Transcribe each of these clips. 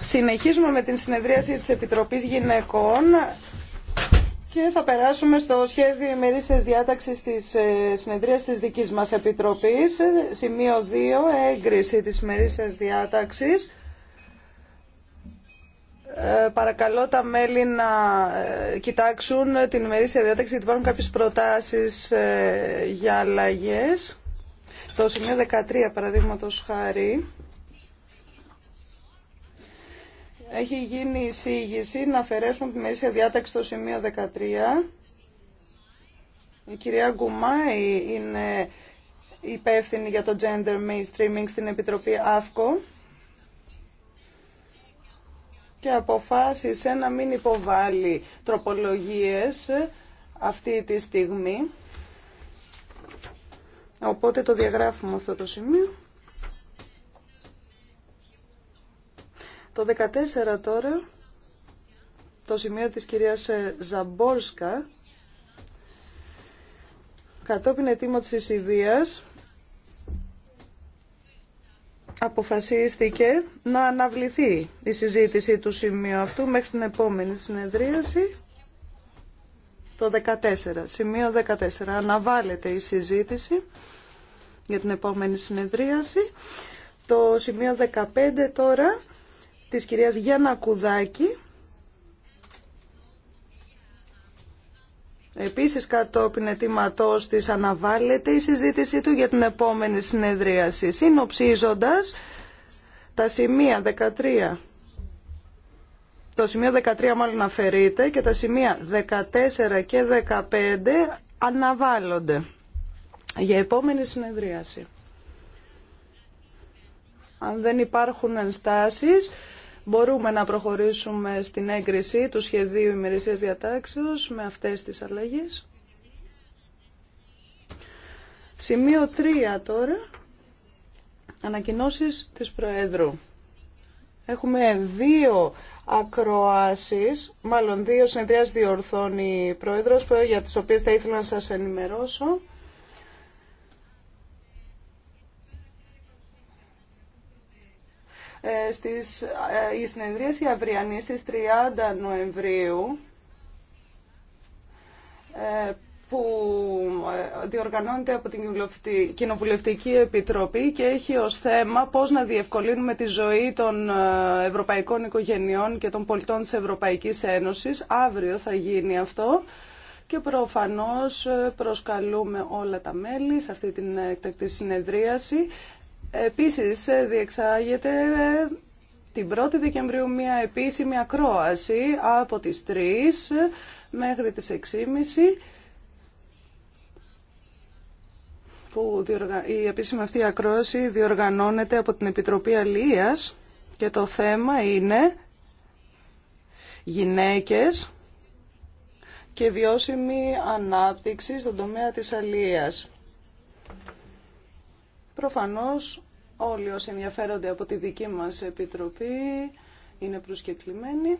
Συνεχίζουμε με την συνεδρίαση της Επιτροπής Γυναικών και θα περάσουμε στο σχέδιο ημερήσιας διάταξης της ε, συνεδρίας της δικής μας Επιτροπής. Σημείο 2, έγκριση της ημερήσιας διάταξης. Ε, παρακαλώ τα μέλη να ε, κοιτάξουν την ημερήσια διάταξη γιατί υπάρχουν κάποιες προτάσεις ε, για αλλαγές. Το σημείο 13 παραδείγματο χάρη έχει γίνει εισήγηση να αφαιρέσουμε τη μέση διάταξη στο σημείο 13. Η κυρία Γκουμάη είναι υπεύθυνη για το gender mainstreaming στην Επιτροπή ΑΦΚΟ και αποφάσισε να μην υποβάλει τροπολογίες αυτή τη στιγμή. Οπότε το διαγράφουμε αυτό το σημείο. Το 14 τώρα, το σημείο της κυρίας ε, Ζαμπόρσκα, κατόπιν αιτήματος της Ιδίας, αποφασίστηκε να αναβληθεί η συζήτηση του σημείου αυτού μέχρι την επόμενη συνεδρίαση. Το 14, σημείο 14, αναβάλλεται η συζήτηση για την επόμενη συνεδρίαση. Το σημείο 15 τώρα της κυρίας Γιάννα Κουδάκη. Επίσης κατόπιν ετοιματός της αναβάλλεται η συζήτησή του για την επόμενη συνεδρίαση. Συνοψίζοντας τα σημεία 13, το σημείο 13 μάλλον αφαιρείται και τα σημεία 14 και 15 αναβάλλονται για επόμενη συνεδρίαση. Αν δεν υπάρχουν ενστάσεις, μπορούμε να προχωρήσουμε στην έγκριση του σχεδίου ημερησίας διατάξεως με αυτές τις αλλαγές. Σημείο 3 τώρα, ανακοινώσεις της Προέδρου. Έχουμε δύο ακροάσεις, μάλλον δύο συνεδρίες διορθώνει η Πρόεδρος, για τις οποίες θα ήθελα να σας ενημερώσω. Ε, στις, ε, η συνεδρίαση αυριανή στις 30 Νοεμβρίου ε, που διοργανώνεται από την Κοινοβουλευτική Επιτροπή και έχει ως θέμα πώς να διευκολύνουμε τη ζωή των ευρωπαϊκών οικογενειών και των πολιτών της Ευρωπαϊκής Ένωσης. Αύριο θα γίνει αυτό και προφανώς προσκαλούμε όλα τα μέλη σε αυτή την εκτακτή συνεδρίαση Επίσης ε, διεξάγεται ε, την 1η Δεκεμβρίου μια επίσημη ακρόαση από τις 3 ε, μέχρι τις 6.30 που η επίσημη αυτή ακρόαση διοργανώνεται από την Επιτροπή Αλίας και το θέμα είναι γυναίκες και βιώσιμη ανάπτυξη στον τομέα της αλίας. Προφανώς όλοι όσοι ενδιαφέρονται από τη δική μας Επιτροπή είναι προσκεκλημένοι.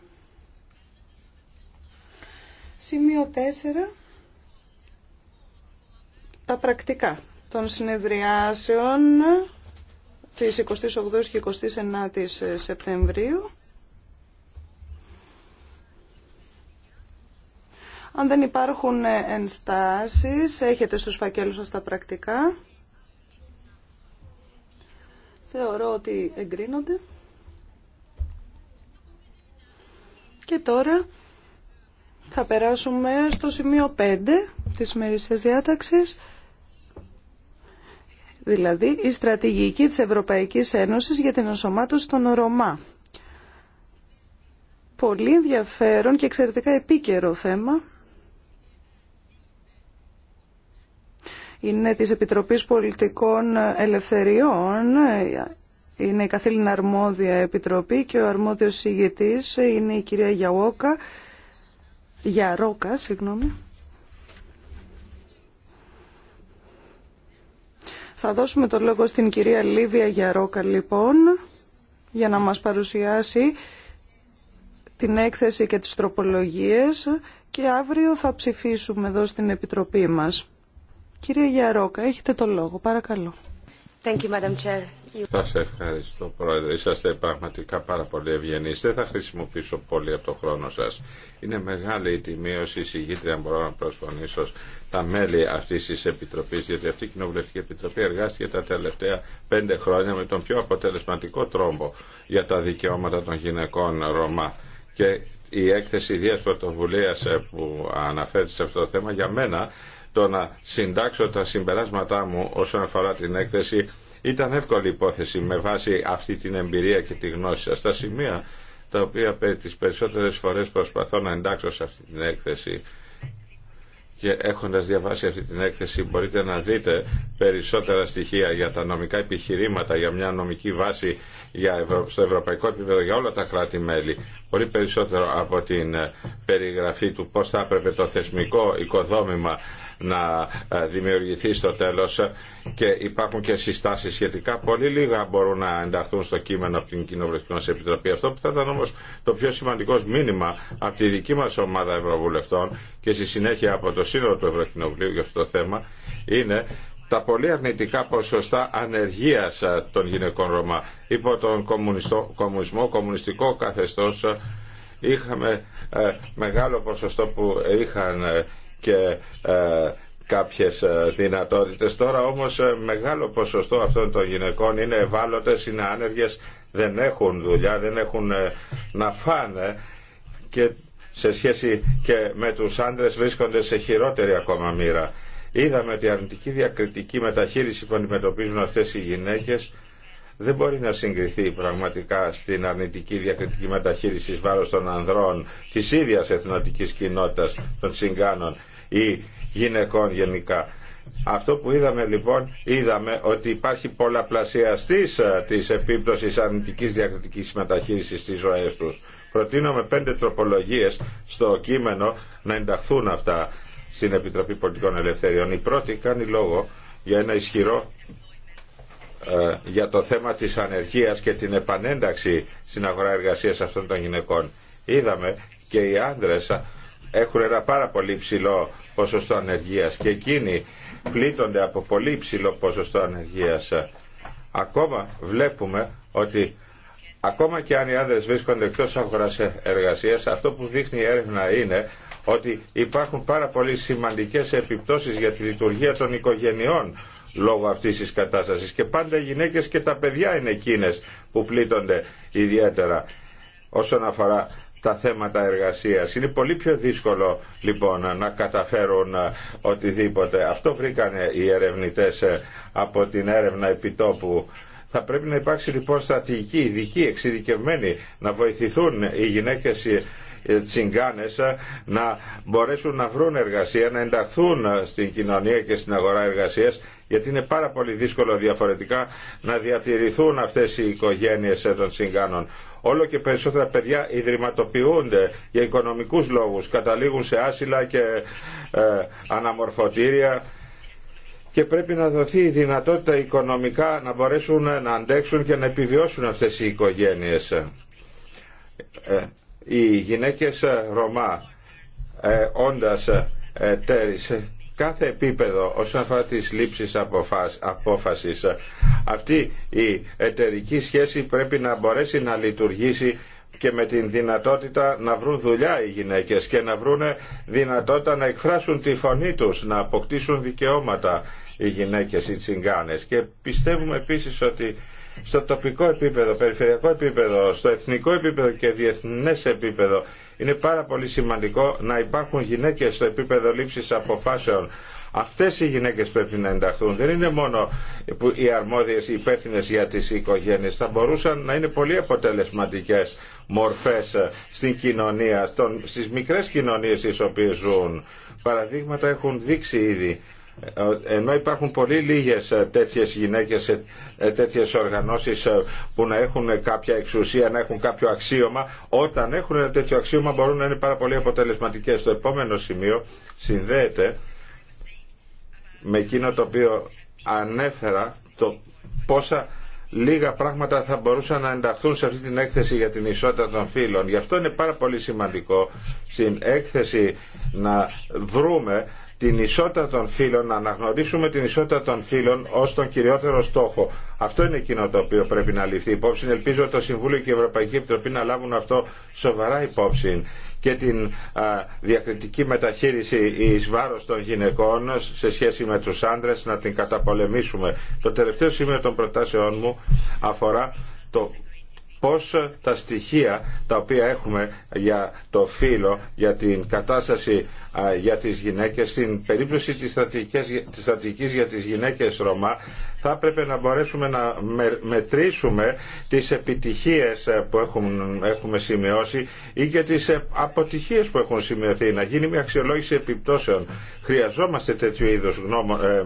Σημείο 4. Τα πρακτικά των συνεδριάσεων της 28 και 29 Σεπτεμβρίου. Αν δεν υπάρχουν ενστάσεις, έχετε στους φακέλους σας τα πρακτικά θεωρώ ότι εγκρίνονται. Και τώρα θα περάσουμε στο σημείο 5 της μερίσσιας διάταξης, δηλαδή η στρατηγική της Ευρωπαϊκής Ένωσης για την ενσωμάτωση των Ρωμά. Πολύ ενδιαφέρον και εξαιρετικά επίκαιρο θέμα. είναι της Επιτροπής Πολιτικών Ελευθεριών. Είναι η καθήλυνα αρμόδια επιτροπή και ο αρμόδιος ηγετής είναι η κυρία Γιαόκα, Γιαρόκα, συγγνώμη. Θα δώσουμε το λόγο στην κυρία Λίβια Γιαρόκα λοιπόν για να μας παρουσιάσει την έκθεση και τις τροπολογίες και αύριο θα ψηφίσουμε εδώ στην Επιτροπή μας. Κύριε Γιαρόκα, έχετε το λόγο. Παρακαλώ. Thank Σα ευχαριστώ, Πρόεδρε. Είσαστε πραγματικά πάρα πολύ ευγενεί. Δεν θα χρησιμοποιήσω πολύ από τον χρόνο σα. Είναι μεγάλη η τιμή ω εισηγήτρια, μπορώ να προσφωνήσω, τα μέλη αυτή τη Επιτροπή, διότι αυτή η Κοινοβουλευτική Επιτροπή εργάστηκε τα τελευταία πέντε χρόνια με τον πιο αποτελεσματικό τρόπο για τα δικαιώματα των γυναικών Ρωμά. Και η έκθεση ιδίας πρωτοβουλία ε, που αναφέρει σε αυτό το θέμα για μένα το να συντάξω τα συμπεράσματά μου όσον αφορά την έκθεση ήταν εύκολη υπόθεση με βάση αυτή την εμπειρία και τη γνώση σας. Τα σημεία τα οποία τις περισσότερες φορές προσπαθώ να εντάξω σε αυτή την έκθεση και έχοντας διαβάσει αυτή την έκθεση μπορείτε να δείτε περισσότερα στοιχεία για τα νομικά επιχειρήματα, για μια νομική βάση για στο ευρωπαϊκό επίπεδο για όλα τα κράτη-μέλη. Πολύ περισσότερο από την ε, περιγραφή του πώς θα έπρεπε το θεσμικό οικοδόμημα να ε, δημιουργηθεί στο τέλος και υπάρχουν και συστάσεις σχετικά. Πολύ λίγα μπορούν να ενταχθούν στο κείμενο από την Κοινοβουλευτική μας Επιτροπή. Αυτό που θα ήταν όμως το πιο σημαντικό μήνυμα από τη δική μας ομάδα Ευρωβουλευτών και στη συνέχεια από το σύνολο του Ευρωκοινοβουλίου για αυτό το θέμα είναι τα πολύ αρνητικά ποσοστά ανεργίας των γυναικών Ρωμά. Υπό τον κομμουνισμό, κομμουνιστικό καθεστώς ε, είχαμε ε, μεγάλο ποσοστό που είχαν και ε, κάποιες ε, δυνατότητες. Τώρα όμως ε, μεγάλο ποσοστό αυτών των γυναικών είναι ευάλωτες, είναι άνεργες, δεν έχουν δουλειά, δεν έχουν να φάνε και σε σχέση και με τους άντρες βρίσκονται σε χειρότερη ακόμα μοίρα. Είδαμε ότι η αρνητική διακριτική μεταχείριση που αντιμετωπίζουν αυτές οι γυναίκες δεν μπορεί να συγκριθεί πραγματικά στην αρνητική διακριτική μεταχείριση βάρος των ανδρών της ίδιας εθνοτικής κοινότητας των συγκάνων ή γυναικών γενικά. Αυτό που είδαμε λοιπόν, είδαμε ότι υπάρχει πολλαπλασιαστής ε, της επίπτωσης αρνητικής διακριτικής μεταχείρισης στις ζωές τους. Προτείνω με πέντε τροπολογίες στο κείμενο να ενταχθούν αυτά στην Επιτροπή Πολιτικών Ελευθεριών. Η πρώτη αρνητικης διακριτικης μεταχειρισης στις ζωε τους προτεινω πεντε τροπολογιες στο κειμενο λόγο για ένα ισχυρό ε, για το θέμα της ανεργίας και την επανένταξη στην αγορά εργασίας αυτών των γυναικών. Είδαμε και οι άντρες έχουν ένα πάρα πολύ ψηλό ποσοστό ανεργίας και εκείνοι πλήττονται από πολύ ψηλό ποσοστό ανεργίας. Ακόμα βλέπουμε ότι ακόμα και αν οι άνδρες βρίσκονται εκτός αγοράς ε, εργασίας, αυτό που δείχνει η έρευνα είναι ότι υπάρχουν πάρα πολύ σημαντικές επιπτώσεις για τη λειτουργία των οικογενειών λόγω αυτής της κατάστασης και πάντα οι γυναίκες και τα παιδιά είναι εκείνες που πλήττονται ιδιαίτερα όσον αφορά τα θέματα εργασίας. Είναι πολύ πιο δύσκολο λοιπόν να καταφέρουν ε, οτιδήποτε. Αυτό βρήκανε οι ερευνητές ε, από την έρευνα επιτόπου. Θα πρέπει να υπάρξει λοιπόν στρατηγική, ειδική, εξειδικευμένη, να βοηθηθούν οι γυναίκες ε, τσιγκάνες να μπορέσουν να βρουν εργασία, να ενταχθούν στην κοινωνία και στην αγορά εργασίας γιατί είναι πάρα πολύ δύσκολο διαφορετικά να διατηρηθούν αυτές οι οικογένειες των συγκάνων. Όλο και περισσότερα παιδιά ιδρυματοποιούνται για οικονομικούς λόγους, καταλήγουν σε άσυλα και ε, αναμορφωτήρια και πρέπει να δοθεί η δυνατότητα οικονομικά να μπορέσουν να αντέξουν και να επιβιώσουν αυτές οι οικογένειες. Ε, οι γυναίκες Ρωμά ε, όντας τέρισε κάθε επίπεδο όσον αφορά τις λήψεις απόφασης. Ε, αυτή η εταιρική σχέση πρέπει να μπορέσει να λειτουργήσει και με την δυνατότητα να βρουν δουλειά οι γυναίκες και να βρουν δυνατότητα να εκφράσουν τη φωνή τους, να αποκτήσουν δικαιώματα οι γυναίκες, οι τσιγκάνες. Και πιστεύουμε επίσης ότι στο τοπικό επίπεδο, περιφερειακό επίπεδο, στο εθνικό επίπεδο και διεθνές επίπεδο είναι πάρα πολύ σημαντικό να υπάρχουν γυναίκες στο επίπεδο λήψης αποφάσεων. Αυτές οι γυναίκες πρέπει να ενταχθούν. Δεν είναι μόνο οι αρμόδιες οι υπεύθυνε για τις οικογένειες. Θα μπορούσαν να είναι πολύ αποτελεσματικές μορφές στην κοινωνία, στον, στις μικρές κοινωνίες τις οποίες ζουν. Παραδείγματα έχουν δείξει ήδη ενώ υπάρχουν πολύ λίγες ε, τέτοιες γυναίκες ε, τέτοιες οργανώσεις ε, που να έχουν κάποια εξουσία, να έχουν κάποιο αξίωμα όταν έχουν ένα τέτοιο αξίωμα μπορούν να είναι πάρα πολύ αποτελεσματικές το επόμενο σημείο συνδέεται με εκείνο το οποίο ανέφερα το πόσα λίγα πράγματα θα μπορούσαν να ενταχθούν σε αυτή την έκθεση για την ισότητα των φύλων. Γι' αυτό είναι πάρα πολύ σημαντικό στην έκθεση να βρούμε την ισότητα των φύλων, να αναγνωρίσουμε την ισότητα των φύλων ως τον κυριότερο στόχο. Αυτό είναι εκείνο το οποίο πρέπει να ληφθεί υπόψη. Ελπίζω το Συμβούλιο και η Ευρωπαϊκή Επιτροπή να λάβουν αυτό σοβαρά υπόψη και την διακριτική μεταχείριση εις βάρος των γυναικών σε σχέση με τους άντρες να την καταπολεμήσουμε. Το τελευταίο σημείο των προτάσεών μου αφορά το πώς τα στοιχεία τα οποία έχουμε για το φύλλο, για την κατάσταση για τις γυναίκες. Στην περίπτωση της στρατηγικής για τις γυναίκες Ρωμά θα έπρεπε να μπορέσουμε να μετρήσουμε τις επιτυχίες ε, που έχουν, έχουμε σημειώσει ή και τις ε, αποτυχίες που έχουν σημειωθεί. Να γίνει μια αξιολόγηση επιπτώσεων. Χρειαζόμαστε τέτοιου είδους γνώμο, ε,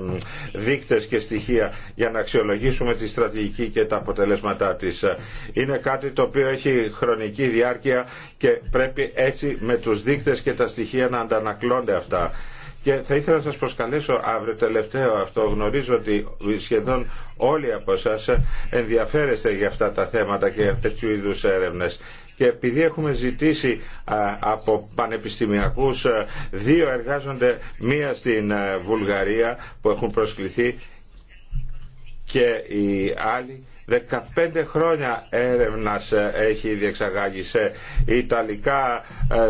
δείκτες και στοιχεία για να αξιολογήσουμε τη στρατηγική και τα αποτελέσματά της. Είναι κάτι το οποίο έχει χρονική διάρκεια και πρέπει έτσι με τους δείκτες και τα στοιχεία να αντανακλάσουμε αυτά. Και θα ήθελα να σας προσκαλέσω αύριο τελευταίο αυτό. Γνωρίζω ότι σχεδόν όλοι από εσά ενδιαφέρεστε για αυτά τα θέματα και για τέτοιου είδου έρευνες και επειδή έχουμε ζητήσει από πανεπιστημιακούς δύο εργάζονται μία στην Βουλγαρία που έχουν προσκληθεί και οι άλλοι 15 χρόνια έρευνας ε, έχει διεξαγάγει σε ιταλικά, ε,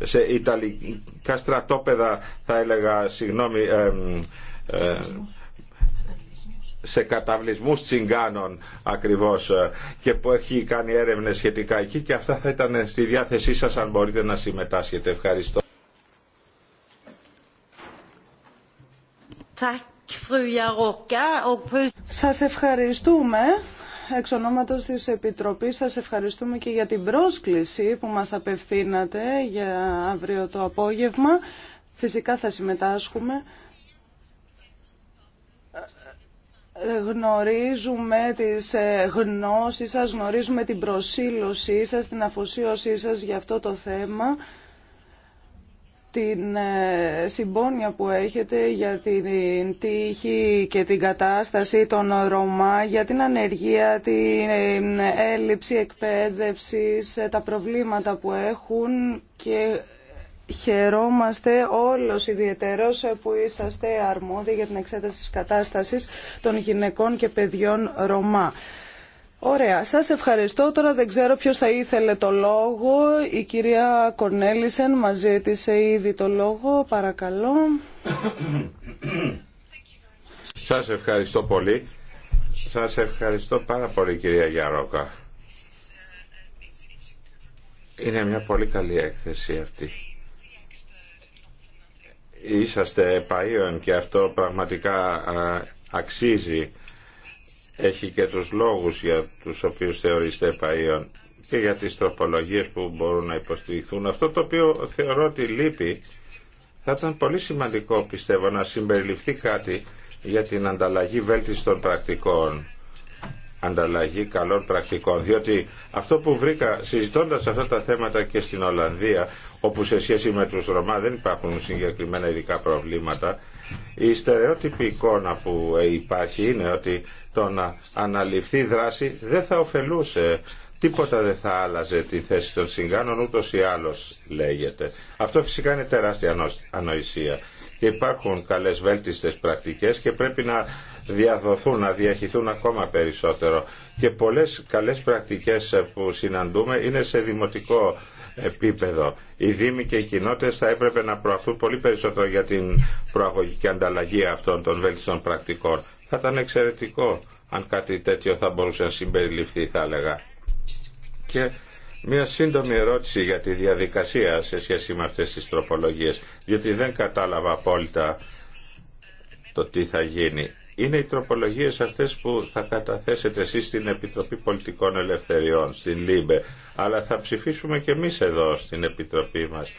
ε, σε ιταλικά στρατόπεδα θα έλεγα συγγνώμη σε καταβλισμούς τσιγκάνων ακριβώς και που έχει κάνει έρευνες σχετικά εκεί και αυτά θα ήταν στη διάθεσή σας αν μπορείτε να συμμετάσχετε. Ευχαριστώ. Σας ευχαριστούμε εξ ονόματος της Επιτροπής σας ευχαριστούμε και για την πρόσκληση που μας απευθύνατε για αύριο το απόγευμα. Φυσικά θα συμμετάσχουμε. Γνωρίζουμε τις ε, γνώσεις σας, γνωρίζουμε την προσήλωσή σας, την αφοσίωσή σας για αυτό το θέμα την ε, συμπόνια που έχετε για την τύχη και την κατάσταση των Ρωμά, για την ανεργία, την ε, έλλειψη εκπαίδευσης, ε, τα προβλήματα που έχουν και χαιρόμαστε όλος ιδιαιτερός που είσαστε αρμόδιοι για την εξέταση της κατάστασης των γυναικών και παιδιών Ρωμά. Ωραία. Σας ευχαριστώ. Τώρα δεν ξέρω ποιος θα ήθελε το λόγο. Η κυρία Κορνέλισεν μας ζήτησε ήδη το λόγο. Παρακαλώ. Σας ευχαριστώ πολύ. Σας ευχαριστώ πάρα πολύ κυρία Γιαρόκα. Είναι μια πολύ καλή έκθεση αυτή. Είσαστε επαίων και αυτό πραγματικά αξίζει έχει και τους λόγους για τους οποίους θεωρείστε παίων και για τις τροπολογίες που μπορούν να υποστηριχθούν. Αυτό το οποίο θεωρώ ότι λείπει θα ήταν πολύ σημαντικό πιστεύω να συμπεριληφθεί κάτι για την ανταλλαγή βέλτιστων πρακτικών ανταλλαγή καλών πρακτικών διότι αυτό που βρήκα συζητώντας αυτά τα θέματα και στην Ολλανδία όπου σε σχέση με τους Ρωμά δεν υπάρχουν συγκεκριμένα ειδικά προβλήματα η στερεότυπη εικόνα που ε, υπάρχει είναι ότι το να αναλυφθεί δράση δεν θα ωφελούσε. Τίποτα δεν θα άλλαζε τη θέση των συγκάνων ούτως ή άλλως λέγεται. Αυτό φυσικά είναι τεράστια ανοησία. Και υπάρχουν καλές βέλτιστες πρακτικές και πρέπει να διαδοθούν, να διαχυθούν ακόμα περισσότερο. Και πολλές καλές πρακτικές ε, που συναντούμε είναι σε δημοτικό επίπεδο. Οι Δήμοι και οι κοινότητε θα έπρεπε να προαθούν πολύ περισσότερο για την προαγωγική ανταλλαγή αυτών των βέλτιστων πρακτικών. Θα ήταν εξαιρετικό αν κάτι τέτοιο θα μπορούσε να συμπεριληφθεί, θα έλεγα. Και μια σύντομη ερώτηση για τη διαδικασία σε σχέση με αυτές τις τροπολογίες, διότι δεν κατάλαβα απόλυτα το τι θα γίνει είναι οι τροπολογίε αυτέ που θα καταθέσετε εσεί στην Επιτροπή Πολιτικών Ελευθεριών, στην ΛΥΜΠΕ, αλλά θα ψηφίσουμε και εμεί εδώ στην Επιτροπή μας.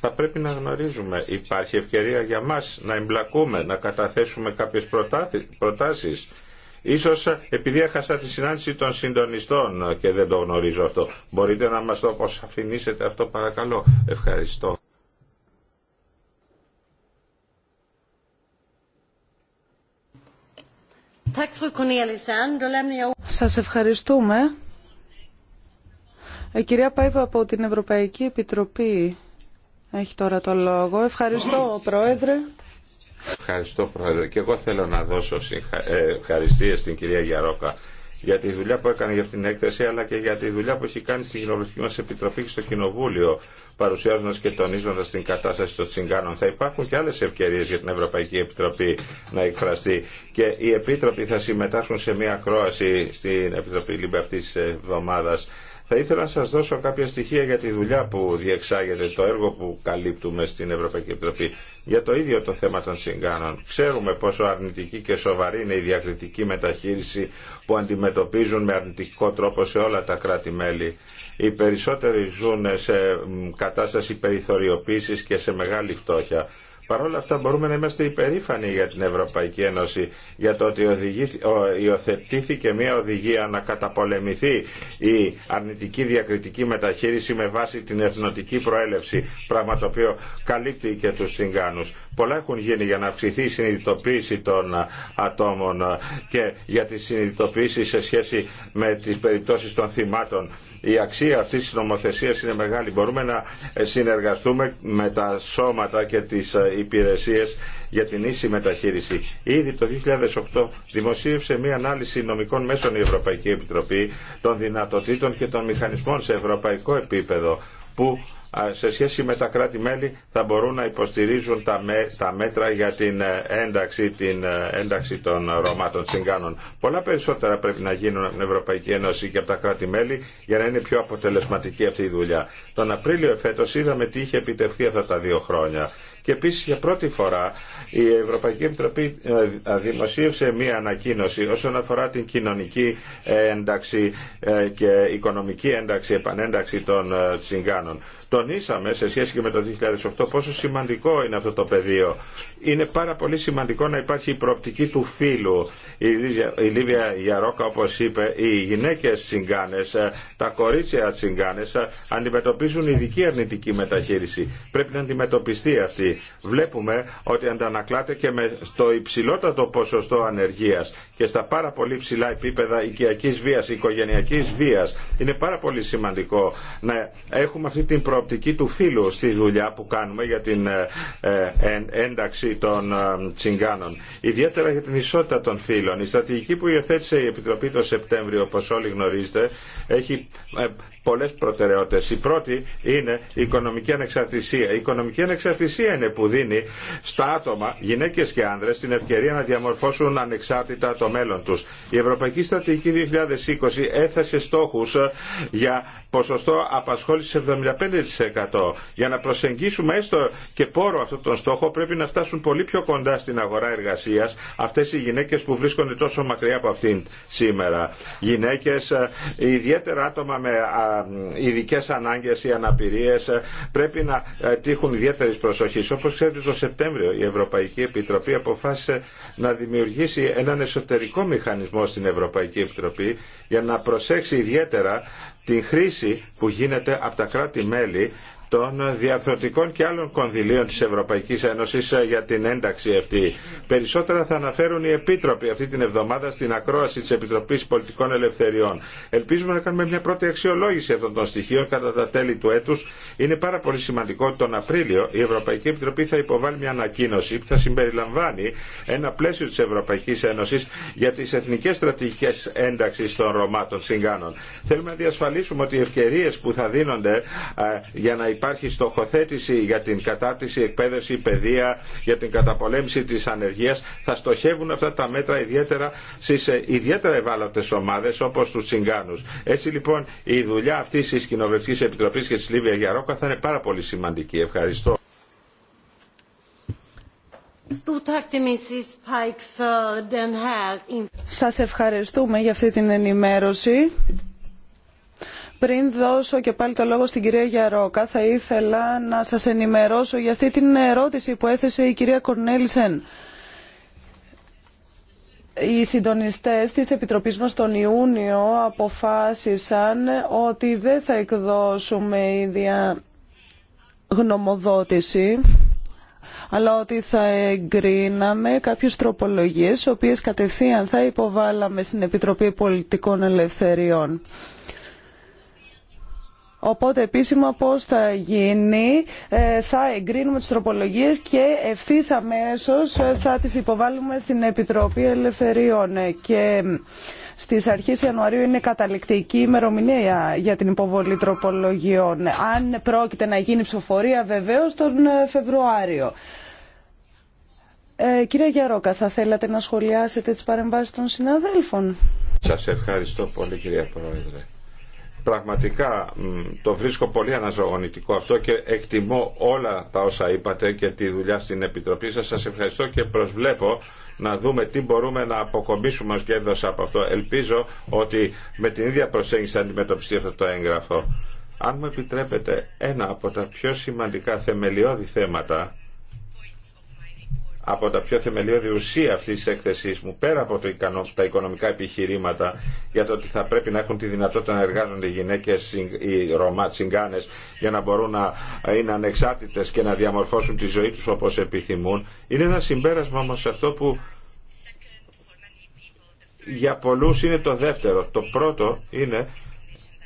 Θα πρέπει να γνωρίζουμε, υπάρχει ευκαιρία για μα, να εμπλακούμε, να καταθέσουμε κάποιες προτάσεις. Ίσως επειδή έχασα τη συνάντηση των συντονιστών και δεν το γνωρίζω αυτό. Μπορείτε να μας το αποσαφηνίσετε αυτό παρακαλώ. Ευχαριστώ. Σας ευχαριστούμε. Η ε, κυρία Πάιβα από την Ευρωπαϊκή Επιτροπή έχει τώρα το λόγο. Ευχαριστώ, Πρόεδρε. Ευχαριστώ, Πρόεδρε. Και εγώ θέλω να δώσω ε, ευχαριστίες στην κυρία Γιαρόκα για τη δουλειά που έκανε για αυτήν την έκθεση αλλά και για τη δουλειά που έχει κάνει στην Κοινοβουλευτική μας Επιτροπή και στο Κοινοβούλιο παρουσιάζοντας και τονίζοντας την κατάσταση των τσιγκάνων. Θα υπάρχουν και άλλες ευκαιρίες για την Ευρωπαϊκή Επιτροπή να εκφραστεί και οι Επίτροποι θα συμμετάσχουν σε μια ακρόαση στην Επιτροπή αυτή αυτής εβδομάδας θα ήθελα να σας δώσω κάποια στοιχεία για τη δουλειά που διεξάγεται, το έργο που καλύπτουμε στην Ευρωπαϊκή Επιτροπή. Για το ίδιο το θέμα των συγκάνων. Ξέρουμε πόσο αρνητική και σοβαρή είναι η διακριτική μεταχείριση που αντιμετωπίζουν με αρνητικό τρόπο σε όλα τα κράτη-μέλη. Οι περισσότεροι ζουν σε κατάσταση περιθωριοποίησης και σε μεγάλη φτώχεια. Παρ' όλα αυτά μπορούμε να είμαστε υπερήφανοι για την Ευρωπαϊκή Ένωση, για το ότι υιοθετήθηκε μια οδηγία να καταπολεμηθεί η αρνητική διακριτική μεταχείριση με βάση την εθνοτική προέλευση, πράγμα το οποίο καλύπτει και τους Τσιγκάνους. Πολλά έχουν γίνει για να αυξηθεί η συνειδητοποίηση των ατόμων και για τη συνειδητοποίηση σε σχέση με τις περιπτώσεις των θυμάτων η αξία αυτή τη νομοθεσία είναι μεγάλη. Μπορούμε να ε, συνεργαστούμε με τα σώματα και τι ε, υπηρεσίε για την ίση μεταχείριση. Ήδη το 2008 δημοσίευσε μία ανάλυση νομικών μέσων η Ευρωπαϊκή Επιτροπή των δυνατοτήτων και των μηχανισμών σε ευρωπαϊκό επίπεδο που σε σχέση με τα κράτη-μέλη θα μπορούν να υποστηρίζουν τα, μέτρα για την ε, ένταξη, την ε, ένταξη των ρωματων των Τσιγκάνων. Πολλά περισσότερα πρέπει να γίνουν από την Ευρωπαϊκή Ένωση και από τα κράτη-μέλη για να είναι πιο αποτελεσματική αυτή η δουλειά. Τον Απρίλιο εφέτος είδαμε τι είχε επιτευχθεί αυτά τα δύο χρόνια. Και επίσης για πρώτη φορά η Ευρωπαϊκή Επιτροπή ε, δημοσίευσε μία ανακοίνωση όσον αφορά την κοινωνική ένταξη και οικονομική ένταξη, επανένταξη των Τσιγκάνων τονίσαμε σε σχέση και με το 2008 πόσο σημαντικό είναι αυτό το πεδίο. Είναι πάρα πολύ σημαντικό να υπάρχει η προοπτική του φίλου. Η Λίβια Γιαρόκα όπως είπε, οι γυναίκες τσιγκάνες, τα κορίτσια τσιγκάνες αντιμετωπίζουν ειδική αρνητική μεταχείριση. Πρέπει να αντιμετωπιστεί αυτή. Βλέπουμε ότι αντανακλάται και με το υψηλότατο ποσοστό ανεργίας και στα πάρα πολύ ψηλά επίπεδα οικιακής βίας, οικογενειακής βίας. Είναι πάρα πολύ σημαντικό να έχουμε αυτή την προοπτική του φίλου στη δουλειά που κάνουμε για την ε, ε, ένταξη των ε, τσιγκάνων. Ιδιαίτερα για την ισότητα των φίλων Η στρατηγική που υιοθέτησε η Επιτροπή το Σεπτέμβριο, όπως όλοι γνωρίζετε, έχει Πολλέ προτεραιότητε. Η πρώτη είναι η οικονομική ανεξαρτησία. Η οικονομική ανεξαρτησία είναι που δίνει στα άτομα, γυναίκες και άνδρες, την ευκαιρία να διαμορφώσουν ανεξάρτητα το μέλλον τους. Η Ευρωπαϊκή Στρατηγική 2020 έθεσε στόχους ε, για ποσοστό απασχόληση 75%. Για να προσεγγίσουμε έστω και πόρο αυτόν τον στόχο πρέπει να φτάσουν πολύ πιο κοντά στην αγορά εργασίας αυτές οι γυναίκες που βρίσκονται τόσο μακριά από αυτήν σήμερα. Γυναίκες, ε, ιδιαίτερα άτομα με ειδικέ ανάγκες ή αναπηρίες ε, πρέπει να ε, τύχουν ιδιαίτερης προσοχής. Όπως ξέρετε το Σεπτέμβριο η Ευρωπαϊκή Επιτροπή αποφάσισε να δημιουργήσει έναν εσωτερικό μηχανισμό στην Ευρωπαϊκή Επιτροπή για να προσέξει ιδιαίτερα την χρήση που γίνεται από τα κράτη-μέλη των διαρθρωτικών και άλλων κονδυλίων της Ευρωπαϊκής Ένωσης ε, για την ένταξη αυτή. Περισσότερα θα αναφέρουν οι επίτροποι αυτή την εβδομάδα στην ακρόαση της Επιτροπής Πολιτικών Ελευθεριών. Ελπίζουμε να κάνουμε μια πρώτη αξιολόγηση αυτών των στοιχείων κατά τα τέλη του έτους. Είναι πάρα πολύ σημαντικό ότι τον Απρίλιο η Ευρωπαϊκή Επιτροπή θα υποβάλει μια ανακοίνωση που θα συμπεριλαμβάνει ένα πλαίσιο της Ευρωπαϊκής Ένωσης για τις εθνικές στρατηγικές ένταξης των ρωμάτων συγκάνων. Θέλουμε να διασφαλίσουμε ότι οι ευκαιρίες που θα δίνονται ε, για να υπάρχει στοχοθέτηση για την κατάρτιση, εκπαίδευση, παιδεία, για την καταπολέμηση της ανεργίας, θα στοχεύουν αυτά τα μέτρα ιδιαίτερα στις ε, ιδιαίτερα ευάλωτες ομάδες όπως τους συγκάνους. Έτσι λοιπόν η δουλειά αυτής της Κοινοβουλευτικής Επιτροπής και της Λίβια Γιαρόκα θα είναι πάρα πολύ σημαντική. Ευχαριστώ. Σας ευχαριστούμε για αυτή την ενημέρωση. Πριν δώσω και πάλι το λόγο στην κυρία Γιαρόκα, θα ήθελα να σας ενημερώσω για αυτή την ερώτηση που έθεσε η κυρία Κορνέλισεν. Οι συντονιστές της Επιτροπής μας τον Ιούνιο αποφάσισαν ότι δεν θα εκδώσουμε ίδια γνωμοδότηση αλλά ότι θα εγκρίναμε κάποιες τροπολογίες, οι οποίες κατευθείαν θα υποβάλαμε στην Επιτροπή Πολιτικών Ελευθεριών. Οπότε επίσημα πώς θα γίνει, ε, θα εγκρίνουμε τις τροπολογίες και ευθύ αμέσως ε, θα τις υποβάλουμε στην Επιτροπή Ελευθερίων ε, και στις αρχές Ιανουαρίου είναι καταληκτική ημερομηνία για την υποβολή τροπολογιών. Αν πρόκειται να γίνει ψηφοφορία βεβαίως τον Φεβρουάριο. Ε, κύριε Γιαρόκα, θα θέλατε να σχολιάσετε τις παρεμβάσεις των συναδέλφων. Σας ευχαριστώ πολύ κυρία Πρόεδρε. Πραγματικά το βρίσκω πολύ αναζωογονητικό αυτό και εκτιμώ όλα τα όσα είπατε και τη δουλειά στην Επιτροπή σας. Σας ευχαριστώ και προσβλέπω να δούμε τι μπορούμε να αποκομίσουμε ως κέρδος από αυτό. Ελπίζω ότι με την ίδια προσέγγιση θα αντιμετωπιστεί αυτό το έγγραφο. Αν μου επιτρέπετε, ένα από τα πιο σημαντικά θεμελιώδη θέματα από τα πιο θεμελιώδη ουσία αυτής της έκθεσής μου, πέρα από το, τα οικονομικά επιχειρήματα για το ότι θα πρέπει να έχουν τη δυνατότητα να εργάζονται οι γυναίκες, οι Ρωμά, για να μπορούν να ε, είναι ανεξάρτητες και να διαμορφώσουν τη ζωή τους όπως επιθυμούν, είναι ένα συμπέρασμα σε αυτό που για πολλούς είναι το δεύτερο. Το πρώτο είναι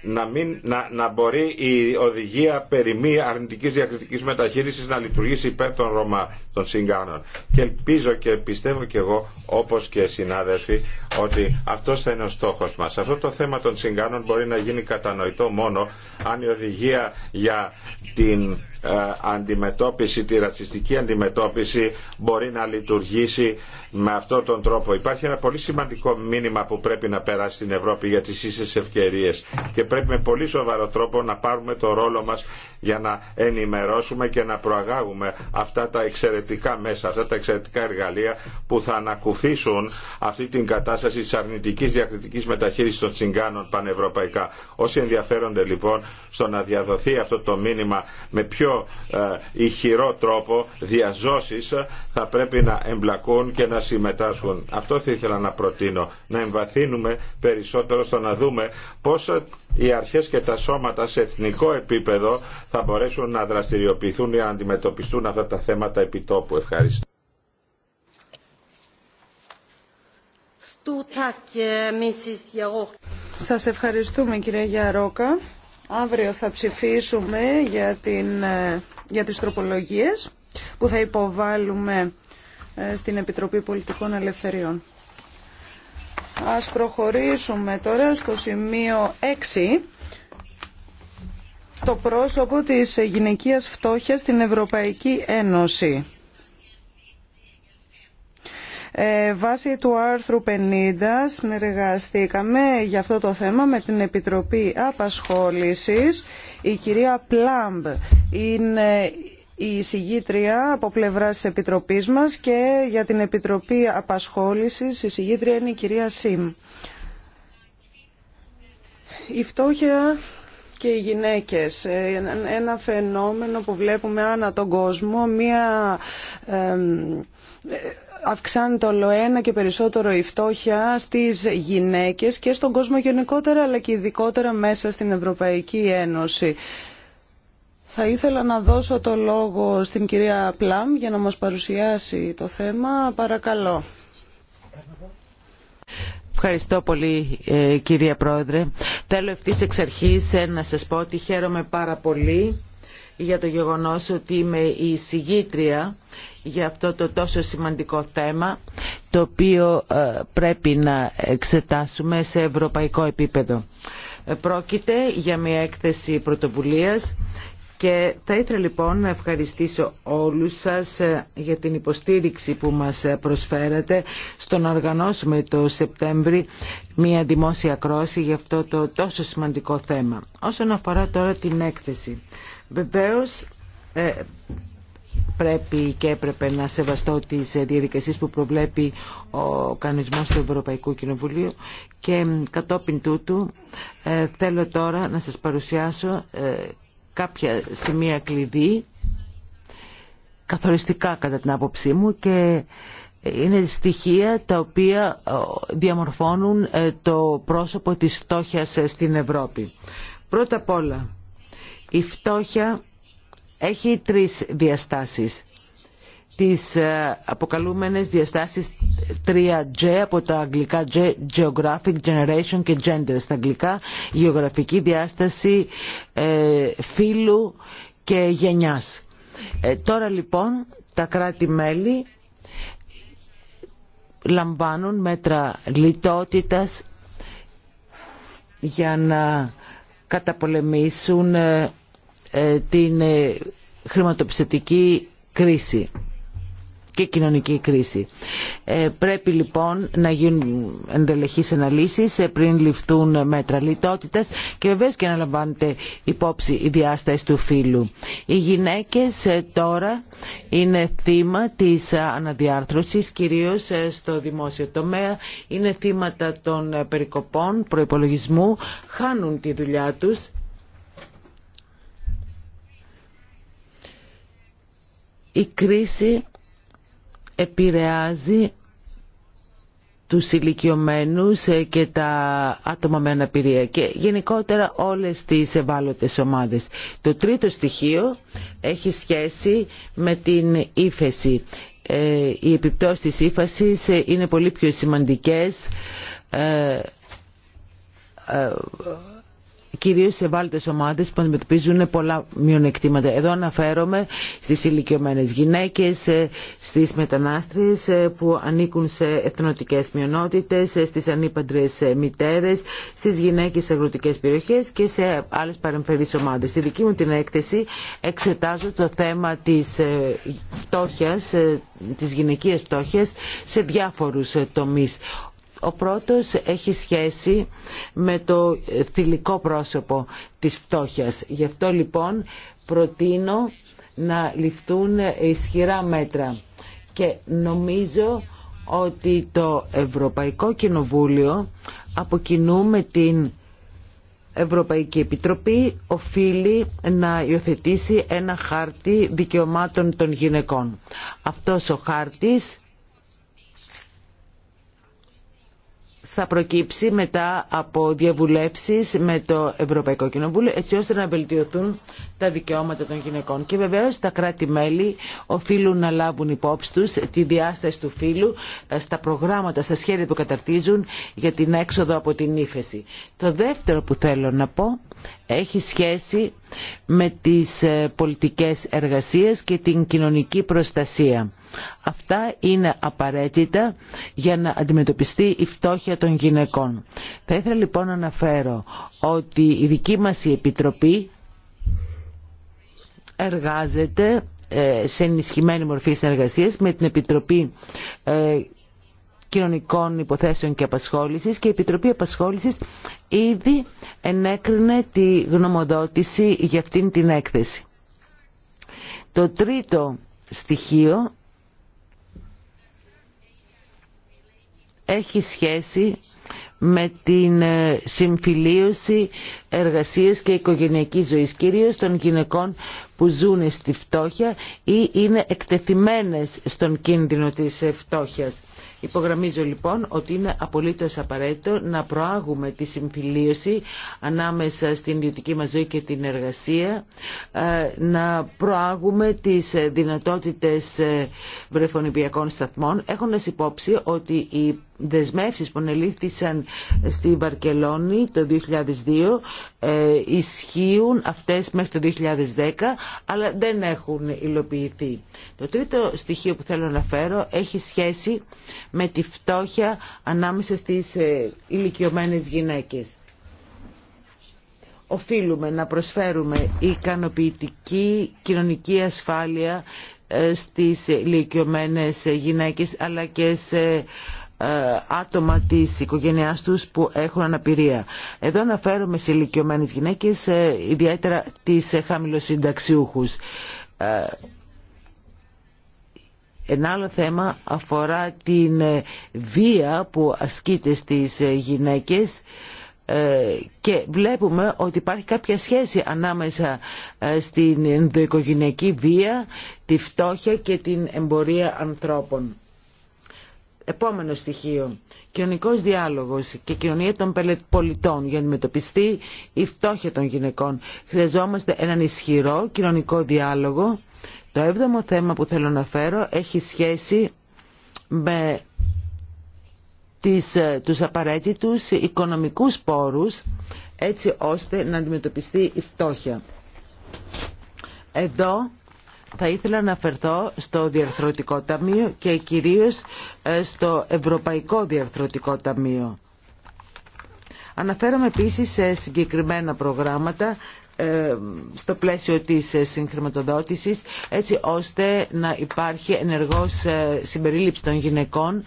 να, μην, να, να μπορεί η οδηγία περί μη αρνητικής διακριτικής μεταχείρισης να λειτουργήσει υπέρ των Ρωμά, των Συγκάνων. Και ελπίζω και πιστεύω και εγώ, όπως και συνάδελφοι, ότι αυτό θα είναι ο στόχο μα. Αυτό το θέμα των συγκάνων μπορεί να γίνει κατανοητό μόνο αν η οδηγία για την ε, αντιμετώπιση, τη ρατσιστική αντιμετώπιση μπορεί να λειτουργήσει με αυτόν τον τρόπο. Υπάρχει ένα πολύ σημαντικό μήνυμα που πρέπει να περάσει στην Ευρώπη για τις ίσες ευκαιρίες και πρέπει με πολύ σοβαρό τρόπο να πάρουμε το ρόλο μας για να ενημερώσουμε και να προαγάγουμε αυτά τα εξαιρετικά μέσα, αυτά τα εξαιρετικά εργαλεία που θα ανακουφίσουν αυτή την κατάσταση της αρνητικής διακριτικής μεταχείρισης των τσιγκάνων πανευρωπαϊκά. Όσοι ενδιαφέρονται λοιπόν στο να διαδοθεί αυτό το μήνυμα με πιο ε, ηχηρό τρόπο διαζώσης θα πρέπει να εμπλακούν και να συμμετάσχουν. Αυτό θα ήθελα να προτείνω, να εμβαθύνουμε περισσότερο στο να δούμε πώς οι αρχές και τα σώματα σε εθνικό επίπεδο θα μπορέσουν να δραστηριοποιηθούν για να αντιμετωπιστούν αυτά τα θέματα τόπου. Ευχαριστώ. Σας ευχαριστούμε κυρία Γιαρόκα. Αύριο θα ψηφίσουμε για, την, ε, για τις τροπολογίες που θα υποβάλουμε ε, στην Επιτροπή Πολιτικών Ελευθεριών. Ας προχωρήσουμε τώρα στο σημείο 6 το πρόσωπο της γυναικείας φτώχειας στην Ευρωπαϊκή Ένωση. Ε, βάσει του άρθρου 50 συνεργαστήκαμε για αυτό το θέμα με την Επιτροπή Απασχόλησης. Η κυρία Πλάμπ είναι η συγγήτρια από πλευρά της Επιτροπής μας και για την Επιτροπή Απασχόλησης η συγγήτρια είναι η κυρία Σιμ. Η φτώχεια και οι γυναίκες. Ε, ένα φαινόμενο που βλέπουμε ανά τον κόσμο, μία ε, αυξάνεται όλο ένα και περισσότερο η φτώχεια στις γυναίκες και στον κόσμο γενικότερα αλλά και ειδικότερα μέσα στην Ευρωπαϊκή Ένωση. Θα ήθελα να δώσω το λόγο στην κυρία Πλάμ για να μας παρουσιάσει το θέμα. Παρακαλώ. Ευχαριστώ πολύ ε, κυρία Πρόεδρε. Θέλω ευθύ εξ αρχής ε, να σας πω ότι χαίρομαι πάρα πολύ για το γεγονός ότι είμαι η συγγήτρια για αυτό το τόσο σημαντικό θέμα το οποίο ε, πρέπει να εξετάσουμε σε ευρωπαϊκό επίπεδο. Πρόκειται για μια έκθεση πρωτοβουλίας και θα ήθελα λοιπόν να ευχαριστήσω όλους σας ε, για την υποστήριξη που μας ε, προσφέρατε στο να οργανώσουμε το Σεπτέμβρη μια δημόσια κρόση για αυτό το τόσο σημαντικό θέμα. Όσον αφορά τώρα την έκθεση, βεβαίως ε, πρέπει και έπρεπε να σεβαστώ τις διαδικασίες που προβλέπει ο κανονισμός του Ευρωπαϊκού Κοινοβουλίου και κατόπιν τούτου θέλω τώρα να σας παρουσιάσω κάποια σημεία κλειδί, καθοριστικά κατά την άποψή μου και είναι στοιχεία τα οποία ε, διαμορφώνουν ε, το πρόσωπο της φτώχειας ε, στην Ευρώπη. Πρώτα απ' όλα, η φτώχεια έχει τρεις διαστάσεις. Τις αποκαλούμενες διαστάσεις 3G από τα αγγλικά Geographic Generation και Gender στα αγγλικά γεωγραφική διάσταση ε, φύλου και γενιάς. Ε, τώρα λοιπόν τα κράτη-μέλη λαμβάνουν μέτρα λιτότητας για να καταπολεμήσουν ε, ε, την χρηματοπιστωτική κρίση και κοινωνική κρίση. Ε, πρέπει λοιπόν να γίνουν εντελεχείς αναλύσεις ε, πριν ληφθούν μέτρα λιτότητας και βέβαια και να λαμβάνεται υπόψη η διάσταση του φύλου. Οι γυναίκες ε, τώρα είναι θύμα της αναδιάρθρωσης κυρίως στο δημόσιο τομέα. Είναι θύματα των περικοπών προϋπολογισμού, χάνουν τη δουλειά τους η κρίση επηρεάζει τους ηλικιωμένου ε, και τα άτομα με αναπηρία και γενικότερα όλες τις ευάλωτες ομάδες. Το τρίτο στοιχείο έχει σχέση με την ύφεση. Ε, οι επιπτώσεις της ύφασης ε, είναι πολύ πιο σημαντικές Κυρίω σε ευάλωτε ομάδε που αντιμετωπίζουν πολλά μειονεκτήματα. Εδώ αναφέρομαι στις ηλικιωμένε γυναίκες, ε, στις μετανάστριες ε, που ανήκουν σε εθνοτικέ μειονότητε, ε, στις ανήπαντρε μητέρε, στις γυναίκες σε αγροτικέ περιοχές και σε άλλες παρεμφερεί ομάδε. Στη δική μου την έκθεση εξετάζω το θέμα τη φτώχεια, τη γυναικεία φτώχειας σε διάφορου τομεί. Ο πρώτος έχει σχέση με το θηλυκό πρόσωπο της φτώχειας. Γι' αυτό λοιπόν προτείνω να ληφθούν ισχυρά μέτρα. Και νομίζω ότι το Ευρωπαϊκό Κοινοβούλιο από με την Ευρωπαϊκή Επιτροπή οφείλει να υιοθετήσει ένα χάρτη δικαιωμάτων των γυναικών. Αυτός ο χάρτης θα προκύψει μετά από διαβουλέψεις με το Ευρωπαϊκό Κοινοβούλιο έτσι ώστε να βελτιωθούν τα δικαιώματα των γυναικών. Και βεβαίως τα κράτη-μέλη οφείλουν να λάβουν υπόψη τους τη διάσταση του φύλου ε, στα προγράμματα, στα σχέδια που καταρτίζουν για την έξοδο από την ύφεση. Το δεύτερο που θέλω να πω έχει σχέση με τις ε, πολιτικές εργασίες και την κοινωνική προστασία. Αυτά είναι απαραίτητα για να αντιμετωπιστεί η φτώχεια των γυναικών. Θα ήθελα λοιπόν να αναφέρω ότι η δική μας η Επιτροπή εργάζεται ε, σε ενισχυμένη μορφή συνεργασίας με την Επιτροπή ε, Κοινωνικών Υποθέσεων και Απασχόλησης και η Επιτροπή Απασχόλησης ήδη ενέκρινε τη γνωμοδότηση για αυτήν την έκθεση. Το τρίτο στοιχείο έχει σχέση με την ε, συμφιλίωση εργασίας και οικογενειακής ζωής, κυρίως των γυναικών που ζουν στη φτώχεια ή είναι εκτεθειμένες στον κίνδυνο της ε, φτώχειας. Υπογραμμίζω λοιπόν ότι είναι απολύτως απαραίτητο να προάγουμε τη συμφιλίωση ανάμεσα στην ιδιωτική μας ζωή και την εργασία, ε, να προάγουμε τις δυνατότητες βρεφονιπιακών σταθμών, έχοντας υπόψη ότι η δεσμεύσεις που ανελήφθησαν στη Βαρκελόνη το 2002 ε, ισχύουν αυτές μέχρι το 2010 αλλά δεν έχουν υλοποιηθεί. Το τρίτο στοιχείο που θέλω να φέρω έχει σχέση με τη φτώχεια ανάμεσα στις ε, ηλικιωμένες γυναίκες. Οφείλουμε να προσφέρουμε ικανοποιητική κοινωνική ασφάλεια ε, στις ηλικιωμένες γυναίκες αλλά και σε ε, άτομα της οικογένειάς τους που έχουν αναπηρία. Εδώ αναφέρομαι σε ηλικιωμένες γυναίκες, ε, ιδιαίτερα τις ε, χαμηλοσυνταξιούχους. Ένα άλλο θέμα αφορά την βία που ασκείται στις γυναίκες και βλέπουμε ότι υπάρχει κάποια σχέση ανάμεσα στην ενδοοικογενειακή βία, τη φτώχεια και την εμπορία ανθρώπων. Επόμενο στοιχείο, κοινωνικός διάλογος και κοινωνία των πολιτών για να αντιμετωπιστεί η φτώχεια των γυναικών. Χρειαζόμαστε έναν ισχυρό κοινωνικό διάλογο. Το έβδομο θέμα που θέλω να φέρω έχει σχέση με τις, ε, τους απαραίτητους οικονομικούς πόρους έτσι ώστε να αντιμετωπιστεί η φτώχεια. Εδώ θα ήθελα να αναφερθώ στο Διαρθρωτικό Ταμείο και κυρίως ε, στο Ευρωπαϊκό Διαρθρωτικό Ταμείο. Αναφέρομαι επίσης σε συγκεκριμένα προγράμματα ε, στο πλαίσιο της ε, συγχρηματοδότησης έτσι ώστε να υπάρχει ενεργός συμπερίληψη των γυναικών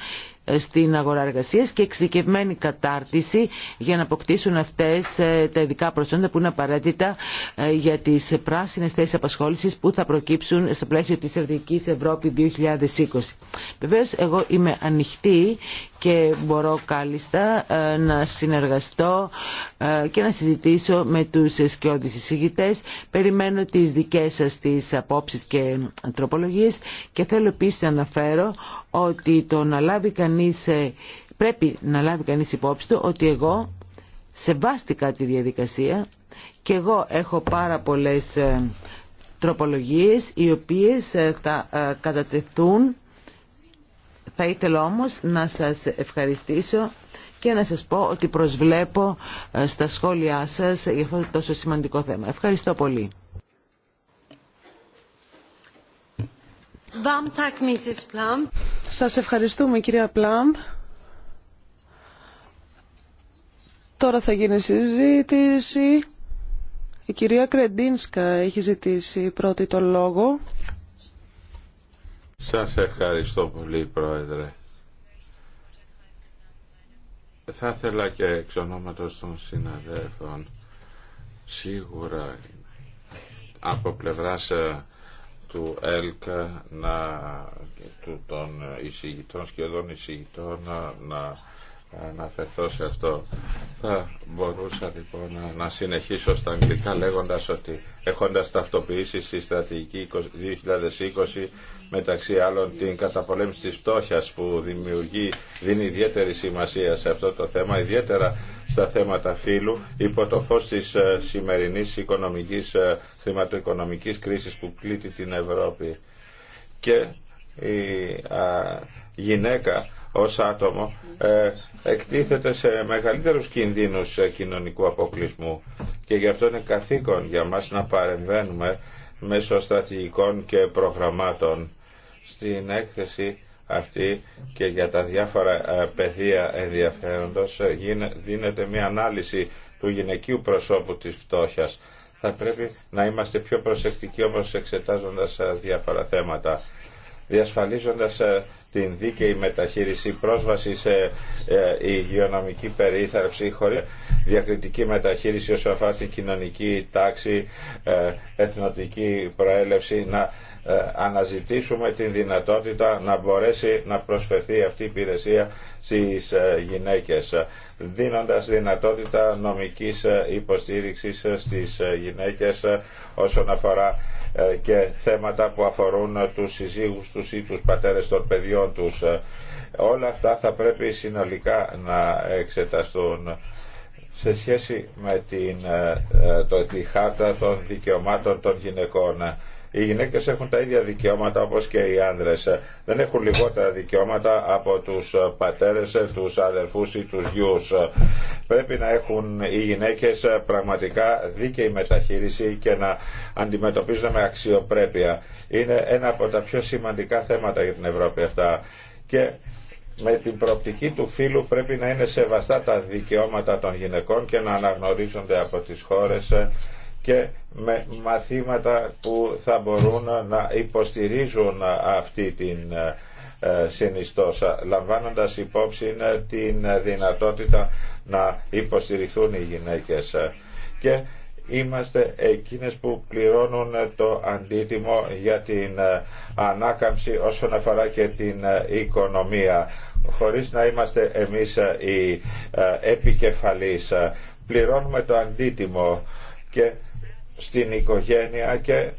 στην αγορά εργασίας και εξειδικευμένη κατάρτιση για να αποκτήσουν αυτές ε, τα ειδικά προσόντα που είναι απαραίτητα ε, για τις πράσινες θέσεις απασχόλησης που θα προκύψουν στο πλαίσιο της Στρατηγικής Ευρώπη 2020. Βεβαίως εγώ είμαι ανοιχτή και μπορώ κάλλιστα ε, να συνεργαστώ ε, και να συζητήσω με τους σκιώδεις εισηγητές. Περιμένω τις δικές σας τις απόψεις και τροπολογίες και θέλω επίσης να αναφέρω ότι το να λάβει κανείς, ε, πρέπει να λάβει κανείς υπόψη του ότι εγώ σεβάστηκα τη διαδικασία και εγώ έχω πάρα πολλές τροπολογίες οι οποίες θα κατατεθούν θα ήθελα όμως να σας ευχαριστήσω και να σας πω ότι προσβλέπω ε, στα σχόλιά σας για αυτό το τόσο σημαντικό θέμα. Ευχαριστώ πολύ. Σας ευχαριστούμε κυρία Πλάμπ. Τώρα θα γίνει συζήτηση. Η κυρία Κρεντίνσκα έχει ζητήσει πρώτη το λόγο. Σας ευχαριστώ πολύ Πρόεδρε. Θα ήθελα και εξ ονόματος των συναδέλφων σίγουρα από πλευράς ε, του ΕΛΚΑ να, του, των εισηγητών σχεδόν εισηγητών να αναφερθώ σε αυτό. Θα μπορούσα λοιπόν να συνεχίσω στα αγγλικά λέγοντας ότι έχοντας ταυτοποιήσει στη στρατηγική 2020 μεταξύ άλλων την καταπολέμηση της φτώχειας που δημιουργεί, δίνει ιδιαίτερη σημασία σε αυτό το θέμα, ιδιαίτερα στα θέματα φύλου, υπό το φως της ε, σημερινής οικονομικής, ε, χρηματοοικονομικής κρίσης που πλήττει την Ευρώπη. Και η γυναίκα ως άτομο ε, εκτίθεται σε μεγαλύτερους κινδύνους ε, κοινωνικού αποκλεισμού και γι' αυτό είναι καθήκον για μας να παρεμβαίνουμε μέσω στρατηγικών και προγραμμάτων στην έκθεση αυτή και για τα διάφορα ε, πεδία ενδιαφέροντος δίνεται μια ανάλυση του γυναικείου προσώπου της φτώχειας. Θα πρέπει να είμαστε πιο προσεκτικοί όμως εξετάζοντας διάφορα θέματα διασφαλίζοντας την δίκαιη μεταχείριση, πρόσβαση σε ε, υγειονομική περίθαρψη, χωρίς διακριτική μεταχείριση όσον αφορά την κοινωνική τάξη, ε, εθνοτική προέλευση, να ε, αναζητήσουμε την δυνατότητα να μπορέσει να προσφερθεί αυτή η υπηρεσία στις ε, γυναίκες ε, δίνοντας δυνατότητα νομικής ε, υποστήριξης στις γυναίκες όσον αφορά και θέματα που αφορούν τους συζύγους τους ή τους πατέρες των παιδιών τους. Όλα αυτά θα πρέπει συνολικά να εξεταστούν σε σχέση με την, το, τη χάρτα των δικαιωμάτων των γυναικών. Οι γυναίκες έχουν τα ίδια δικαιώματα όπως και οι άνδρες. Δεν έχουν λιγότερα δικαιώματα από τους πατέρες, τους αδερφούς ή τους γιους. Πρέπει να έχουν οι γυναίκες πραγματικά δίκαιη μεταχείριση και να αντιμετωπίζονται με αξιοπρέπεια. Είναι ένα από τα πιο σημαντικά θέματα για την Ευρώπη αυτά. Και με την προοπτική του φίλου πρέπει να είναι σεβαστά τα δικαιώματα των γυναικών και να αναγνωρίζονται από τις χώρες και με μαθήματα που θα μπορούν να υποστηρίζουν αυτή την ε, ε, συνιστόσα, λαμβάνοντας υπόψη την δυνατότητα να υποστηριχθούν οι γυναίκες. Και είμαστε εκείνες που πληρώνουν το αντίτιμο για την ε, ανάκαμψη όσον αφορά και την οικονομία χωρίς να είμαστε εμείς οι επικεφαλείς πληρώνουμε το αντίτιμο και στην οικογένεια και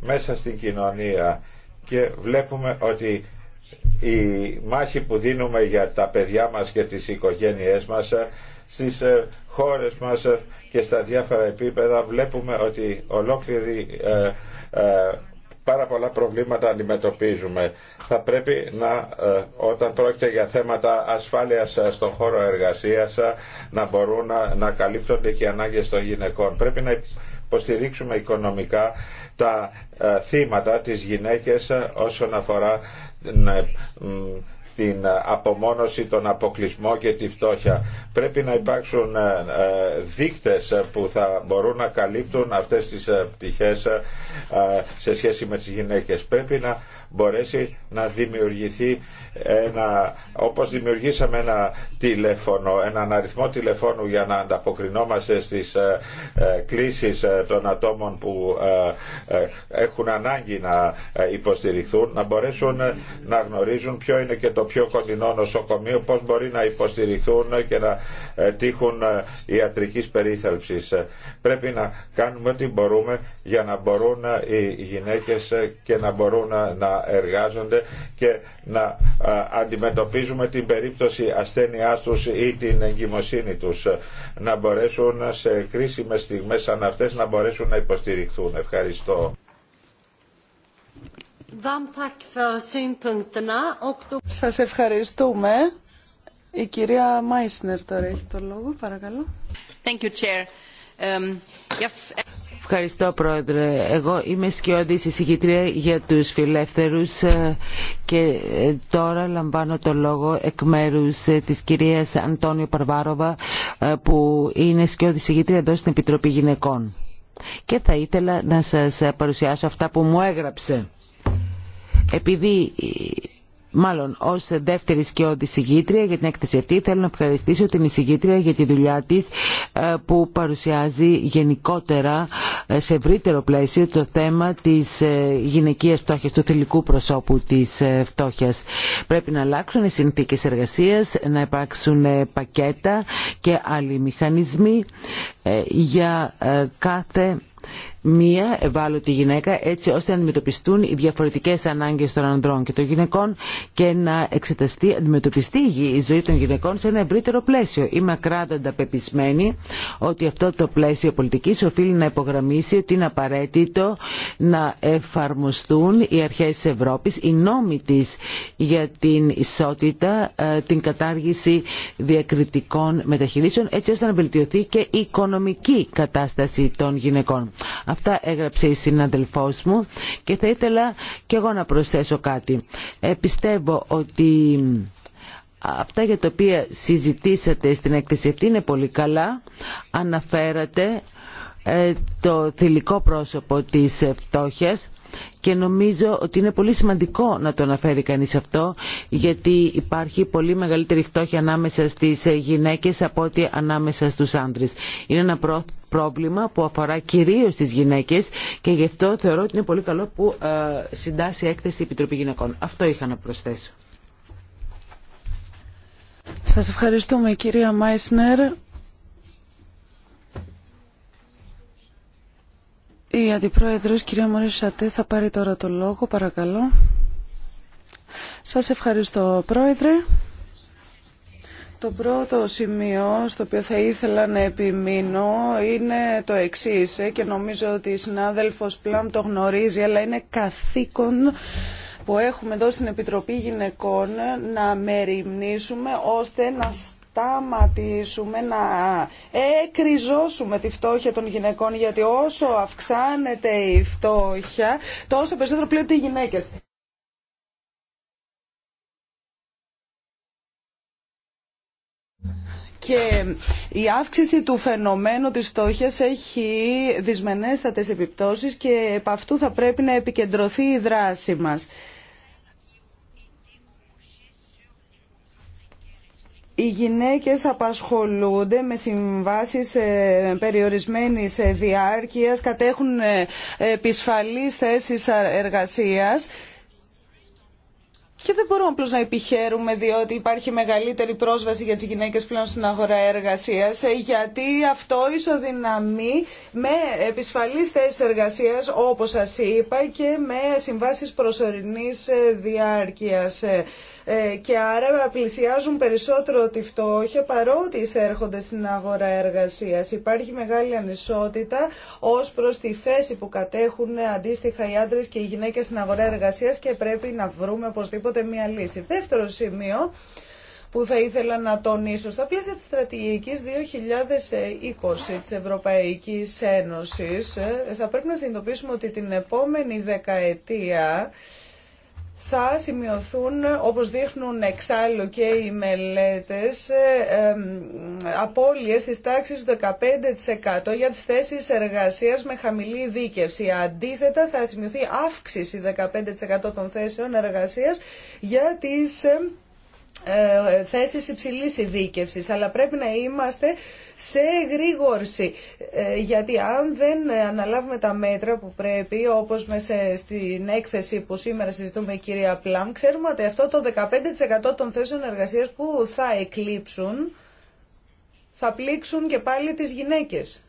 μέσα στην κοινωνία και βλέπουμε ότι η μάχη που δίνουμε για τα παιδιά μας και τις οικογένειές μας στις ε, χώρες μας και στα διάφορα επίπεδα βλέπουμε ότι ολόκληρη ε, ε, πάρα πολλά προβλήματα αντιμετωπίζουμε. Θα πρέπει να, όταν πρόκειται για θέματα ασφάλειας στον χώρο εργασίας, να μπορούν να, καλύπτονται και οι ανάγκες των γυναικών. Πρέπει να υποστηρίξουμε οικονομικά τα ε, θύματα, τις γυναίκες ε, όσον αφορά την ε, απομόνωση, τον αποκλεισμό και τη φτώχεια. Πρέπει να υπάρξουν δίκτες που θα μπορούν να καλύπτουν αυτές τις πτυχές σε σχέση με τις γυναίκες. Πρέπει να μπορέσει να δημιουργηθεί ένα, όπως δημιουργήσαμε ένα τηλέφωνο, έναν αριθμό τηλεφώνου για να ανταποκρινόμαστε στις ε, ε, κλήσεις ε, των ατόμων που έχουν ανάγκη να υποστηριχθούν, να μπορέσουν να γνωρίζουν ποιο είναι και το πιο κοντινό νοσοκομείο, πώς μπορεί να υποστηριχθούν και να τύχουν ιατρικής περίθαλψης. Πρέπει να κάνουμε ό,τι μπορούμε για να μπορούν οι γυναίκες και να μπορούν να εργάζονται και να αντιμετωπίζουμε την περίπτωση ασθένειάς τους ή την εγκυμοσύνη τους να μπορέσουν σε κρίσιμες στιγμές σαν αυτές να μπορέσουν να υποστηριχθούν. Ευχαριστώ. Σας ευχαριστούμε. Η κυρία Μάισνερ τώρα έχει το λόγο, παρακαλώ. Thank you, Chair. Um, yes. Ευχαριστώ πρόεδρε. Εγώ είμαι σκιώδη εισηγητρία για τους φιλεύθερους ε, και ε, τώρα λαμβάνω το λόγο εκ μέρους ε, της κυρίας Αντώνιο Παρβάροβα που είναι σκιώδη εισηγητρία εδώ στην Επιτροπή Γυναικών. Και θα ήθελα να σας παρουσιάσω αυτά που μου έγραψε. Επειδή Μάλλον, ω δεύτερη σκιώδη συγγήτρια για την έκθεση αυτή, θέλω να ευχαριστήσω την εισηγήτρια για τη δουλειά τη ε, που παρουσιάζει γενικότερα ε, σε ευρύτερο πλαίσιο το θέμα τη ε, γυναικεία φτώχεια, του θηλυκού προσώπου τη φτώχεια. Πρέπει να αλλάξουν οι συνθήκε εργασία, να υπάρξουν πακέτα και άλλοι μηχανισμοί για κάθε μία ευάλωτη γυναίκα έτσι ώστε να αντιμετωπιστούν οι διαφορετικές ανάγκες των ανδρών και των γυναικών και να εξεταστεί, αντιμετωπιστεί η ζωή των γυναικών σε ένα ευρύτερο πλαίσιο. Είμαι ακράδαντα πεπισμένη ότι αυτό το πλαίσιο πολιτικής οφείλει να υπογραμμίσει ότι είναι απαραίτητο να εφαρμοστούν οι αρχές της Ευρώπης, οι νόμοι της για την ισότητα, ε, την κατάργηση διακριτικών μεταχειρήσεων έτσι ώστε να βελτιωθεί και η οικονομική κατάσταση των γυναικών. Αυτά έγραψε η συναδελφός μου και θα ήθελα και εγώ να προσθέσω κάτι. Ε, πιστεύω ότι αυτά για τα οποία συζητήσατε στην έκθεση αυτή είναι πολύ καλά. Αναφέρατε ε, το θηλυκό πρόσωπο της φτώχειας και νομίζω ότι είναι πολύ σημαντικό να το αναφέρει κανείς αυτό γιατί υπάρχει πολύ μεγαλύτερη φτώχεια ανάμεσα στις γυναίκες από ότι ανάμεσα στους άντρες. Είναι ένα πρόβλημα που αφορά κυρίως τις γυναίκες και γι' αυτό θεωρώ ότι είναι πολύ καλό που ε, συντάσσει έκθεση η Επιτροπή Γυναικών. Αυτό είχα να προσθέσω. Σας ευχαριστούμε κυρία Μάισνερ. Η Αντιπρόεδρος, κυρία Μωρή θα πάρει τώρα το λόγο, παρακαλώ. Σας ευχαριστώ, Πρόεδρε. Το πρώτο σημείο στο οποίο θα ήθελα να επιμείνω είναι το εξής ε, και νομίζω ότι η συνάδελφος Πλάμ το γνωρίζει, αλλά είναι καθήκον που έχουμε εδώ στην Επιτροπή Γυναικών να μεριμνήσουμε ώστε να σταματήσουμε να εκριζώσουμε τη φτώχεια των γυναικών γιατί όσο αυξάνεται η φτώχεια τόσο περισσότερο πλέονται οι γυναίκες. Και η αύξηση του φαινομένου της φτώχειας έχει δυσμενέστατες επιπτώσεις και επ' αυτού θα πρέπει να επικεντρωθεί η δράση μας. οι γυναίκες απασχολούνται με συμβάσεις ε, περιορισμένης ε, διάρκειας, κατέχουν ε, επισφαλείς θέσεις εργασίας και δεν μπορούμε απλώς να επιχαίρουμε διότι υπάρχει μεγαλύτερη πρόσβαση για τις γυναίκες πλέον στην αγορά εργασία, γιατί αυτό ισοδυναμεί με επισφαλείς θέσεις εργασίας όπως σας είπα, και με συμβάσει προσωρινή διάρκεια. Ε, και άρα πλησιάζουν περισσότερο τη φτώχεια παρότι εισέρχονται στην αγορά εργασίας. Υπάρχει μεγάλη ανισότητα ως προς τη θέση που κατέχουν αντίστοιχα οι άντρες και οι γυναίκες στην αγορά εργασίας και πρέπει να βρούμε οπωσδήποτε μια λύση. Δεύτερο σημείο που θα ήθελα να τονίσω στα πλαίσια της στρατηγικής 2020 της Ευρωπαϊκής Ένωσης ε, θα πρέπει να συνειδητοποιήσουμε ότι την επόμενη δεκαετία θα σημειωθούν, όπως δείχνουν εξάλλου και οι μελέτες, απώλειες της τάξης του 15% για τις θέσεις εργασίας με χαμηλή δίκευση. Αντίθετα, θα σημειωθεί αύξηση 15% των θέσεων εργασίας για τις ε, θέσεις υψηλής ειδίκευσης, αλλά πρέπει να είμαστε σε γρήγορση ε, γιατί αν δεν αναλάβουμε τα μέτρα που πρέπει, όπως μέσα στην έκθεση που σήμερα συζητούμε η κυρία Πλάμ, ξέρουμε ότι αυτό το 15% των θέσεων εργασίας που θα εκλείψουν, θα πλήξουν και πάλι τις γυναίκες.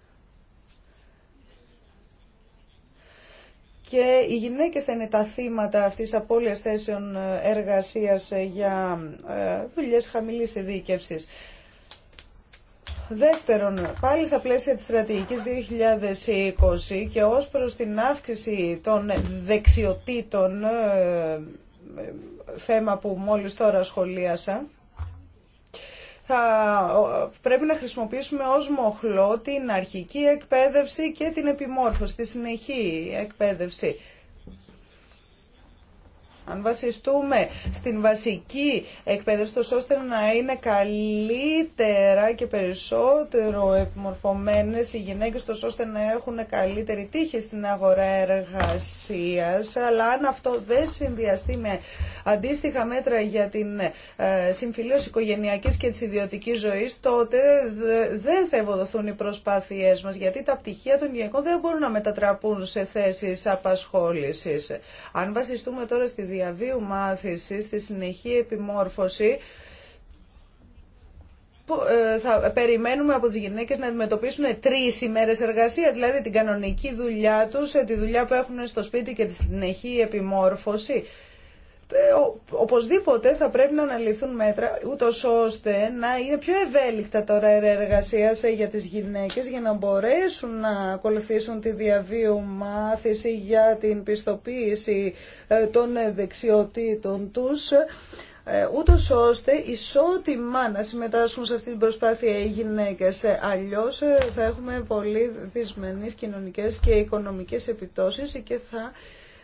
και οι γυναίκες θα είναι τα θύματα αυτής της απώλειας θέσεων ε, εργασίας ε, για ε, δουλειές χαμηλής ειδίκευσης. Δεύτερον, πάλι στα πλαίσια της στρατηγικής 2020 και ως προς την αύξηση των δεξιοτήτων, θέμα που μόλις τώρα σχολίασα, θα πρέπει να χρησιμοποιήσουμε ως μοχλό την αρχική εκπαίδευση και την επιμόρφωση, τη συνεχή εκπαίδευση αν βασιστούμε στην βασική εκπαίδευση ώστε να είναι καλύτερα και περισσότερο επιμορφωμένες οι γυναίκες τους ώστε να έχουν καλύτερη τύχη στην αγορά εργασίας αλλά αν αυτό δεν συνδυαστεί με αντίστοιχα μέτρα για την ε, συμφιλίωση οικογενειακής και τη ιδιωτικής ζωής τότε δεν θα ευοδοθούν οι προσπάθειές μας γιατί τα πτυχία των γυναικών δεν μπορούν να μετατραπούν σε θέσεις απασχόλησης. Αν βασιστούμε τώρα στη διαβίου μάθηση, στη συνεχή επιμόρφωση, ε, θα περιμένουμε από τις γυναίκες να αντιμετωπίσουν τρεις ημέρες εργασίας, δηλαδή την κανονική δουλειά τους, ε, τη δουλειά που έχουν στο σπίτι και τη συνεχή επιμόρφωση. Ε, οπωσδήποτε θα πρέπει να αναλυθούν μέτρα ούτω ώστε να είναι πιο ευέλικτα τώρα εργασία ε, για τις γυναίκες για να μπορέσουν να ακολουθήσουν τη διαβίου μάθηση για την πιστοποίηση ε, των δεξιοτήτων τους ούτω ώστε ισότιμα να συμμετάσχουν σε αυτή την προσπάθεια οι γυναίκες. Αλλιώς θα έχουμε πολύ δυσμενείς κοινωνικές και οικονομικές επιπτώσεις και θα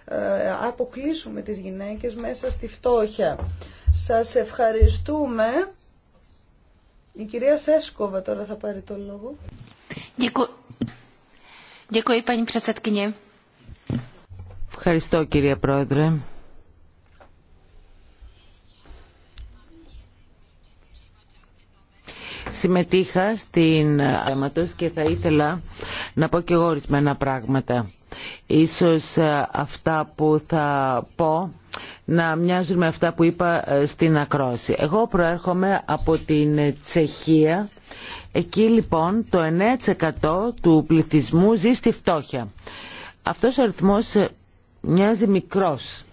ε, αποκλείσουμε τις γυναίκες μέσα στη φτώχεια. Σας ευχαριστούμε. Η κυρία Σέσκοβα τώρα θα πάρει το λόγο. Ευχαριστώ κυρία Πρόεδρε. Συμμετείχα στην άματος και θα ήθελα να πω και εγώ ορισμένα πράγματα. Ίσως ε, αυτά που θα πω να μοιάζουν με αυτά που είπα ε, στην Ακρόση. Εγώ προέρχομαι από την Τσεχία. Εκεί λοιπόν το 9% του πληθυσμού ζει στη φτώχεια. Αυτός ο αριθμός ε, μοιάζει μικρός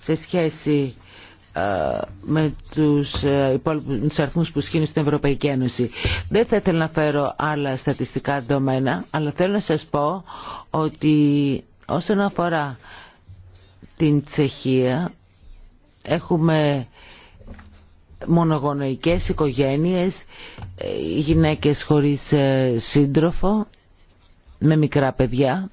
σε σχέση ε, με τους ε, υπόλοιπους αριθμούς που σχήνουν στην Ευρωπαϊκή Ένωση. Δεν θα ήθελα να φέρω άλλα στατιστικά δεδομένα, αλλά θέλω να σας πω ότι όσον αφορά την Τσεχία έχουμε μονογονοϊκές οικογένειες, ε, γυναίκες χωρίς σύντροφο, με μικρά παιδιά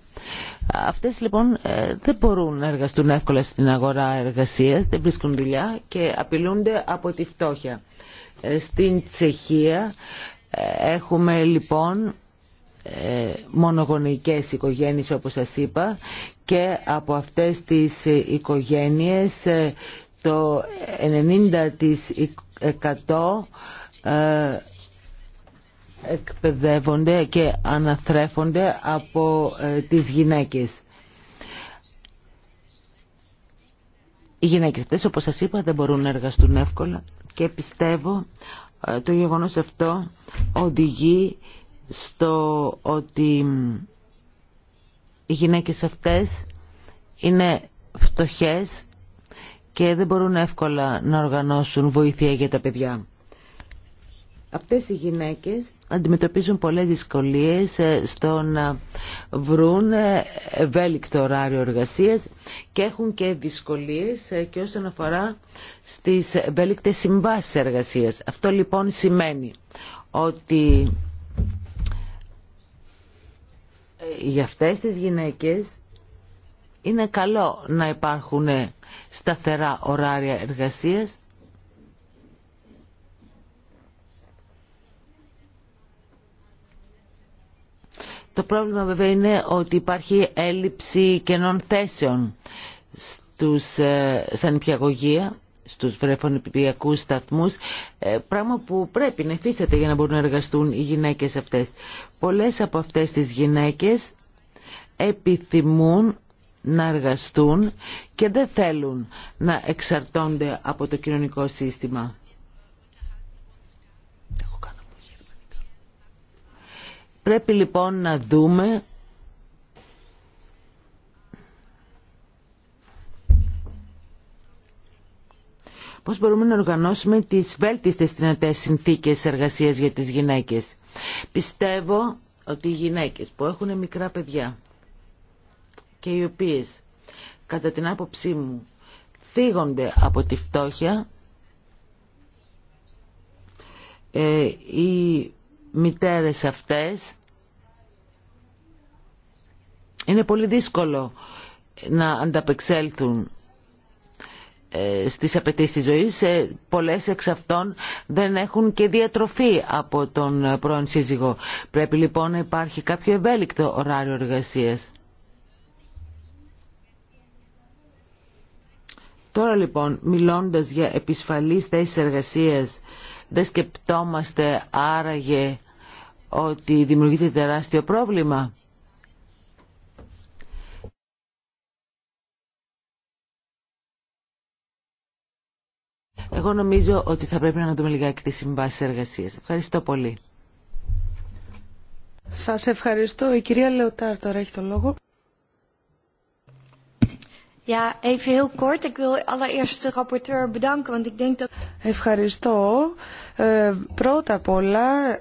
Αυτές λοιπόν ε, δεν μπορούν να εργαστούν εύκολα στην αγορά εργασίας, δεν βρίσκουν δουλειά και απειλούνται από τη φτώχεια. Ε, στην Τσεχία ε, έχουμε λοιπόν μονογονικές οικογένειες όπως σας είπα και από αυτές τις οικογένειες το 90% εκπαιδεύονται και αναθρέφονται από ε, τις γυναίκες. Οι γυναίκες αυτές, όπως σας είπα, δεν μπορούν να εργαστούν εύκολα και πιστεύω ε, το γεγονός αυτό οδηγεί στο ότι οι γυναίκες αυτές είναι φτωχές και δεν μπορούν εύκολα να οργανώσουν βοήθεια για τα παιδιά. Αυτές οι γυναίκες αντιμετωπίζουν πολλές δυσκολίες ε, στο να βρουν ε, ευέλικτο ωράριο εργασίας και έχουν και δυσκολίες ε, και όσον αφορά στις ευέλικτες συμβάσεις εργασίας. Αυτό λοιπόν σημαίνει ότι για αυτές τις γυναίκες είναι καλό να υπάρχουν σταθερά ωράρια εργασίας Το πρόβλημα βέβαια είναι ότι υπάρχει έλλειψη κενών θέσεων στους, ε, στα νηπιαγωγεία στους βρεφονιπιακούς σταθμούς ε, πράγμα που πρέπει να εφίσταται για να μπορούν να εργαστούν οι γυναίκες αυτές. Πολλές από αυτές τις γυναίκες επιθυμούν να εργαστούν και δεν θέλουν να εξαρτώνται από το κοινωνικό σύστημα. Πρέπει λοιπόν να δούμε πώς μπορούμε να οργανώσουμε τις βέλτιστες δυνατές συνθήκες εργασίας για τις γυναίκες. Πιστεύω ότι οι γυναίκες που έχουν μικρά παιδιά και οι οποίες κατά την άποψή μου φύγονται από τη φτώχεια ε, οι μητέρες αυτές είναι πολύ δύσκολο να ανταπεξέλθουν ε, στις απαιτήσεις της ζωής. Ε, πολλές εξ αυτών δεν έχουν και διατροφή από τον πρώην σύζυγο. Πρέπει λοιπόν να υπάρχει κάποιο ευέλικτο ωράριο εργασίας. Τώρα λοιπόν, μιλώντας για επισφαλείς θέσεις εργασίας, δεν σκεπτόμαστε άραγε ότι δημιουργείται τεράστιο πρόβλημα. Εγώ νομίζω ότι θα πρέπει να δούμε λιγάκι τις συμβάσεις εργασία. Ευχαριστώ πολύ. Σας ευχαριστώ. Η κυρία Λεωτάρ τώρα έχει το λόγο. Ευχαριστώ. πρώτα απ' όλα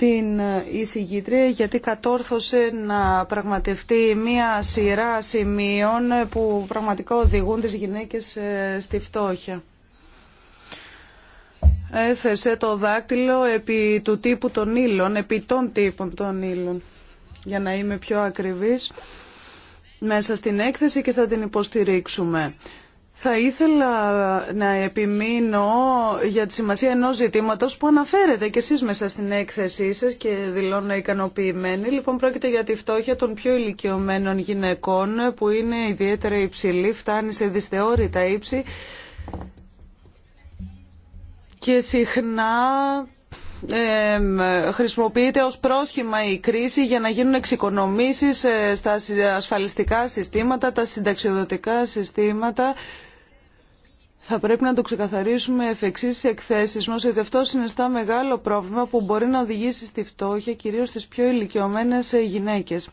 την εισηγήτρια γιατί κατόρθωσε να πραγματευτεί μία σειρά σημείων που πραγματικά οδηγούν τις γυναίκες ε, στη φτώχεια. Έθεσε το δάκτυλο επί του τύπου των ύλων, επί των τύπων των ύλων, για να είμαι πιο ακριβής, μέσα στην έκθεση και θα την υποστηρίξουμε. Θα ήθελα να επιμείνω για τη σημασία ενός ζητήματος που αναφέρετε και εσείς μέσα στην έκθεσή σας και δηλώνω ικανοποιημένη. Λοιπόν, πρόκειται για τη φτώχεια των πιο ηλικιωμένων γυναικών που είναι ιδιαίτερα υψηλή, φτάνει σε δυσθεώρητα ύψη και συχνά χρησιμοποιείται ως πρόσχημα η κρίση για να γίνουν εξοικονομήσεις ε, στα ασφαλιστικά συστήματα, τα συνταξιοδοτικά συστήματα θα πρέπει να το ξεκαθαρίσουμε εφ' εξής σε εκθέσεις μας, ότι αυτό συνιστά μεγάλο πρόβλημα που μπορεί να οδηγήσει στη φτώχεια, κυρίως στις πιο ηλικιωμένες ε, γυναίκες.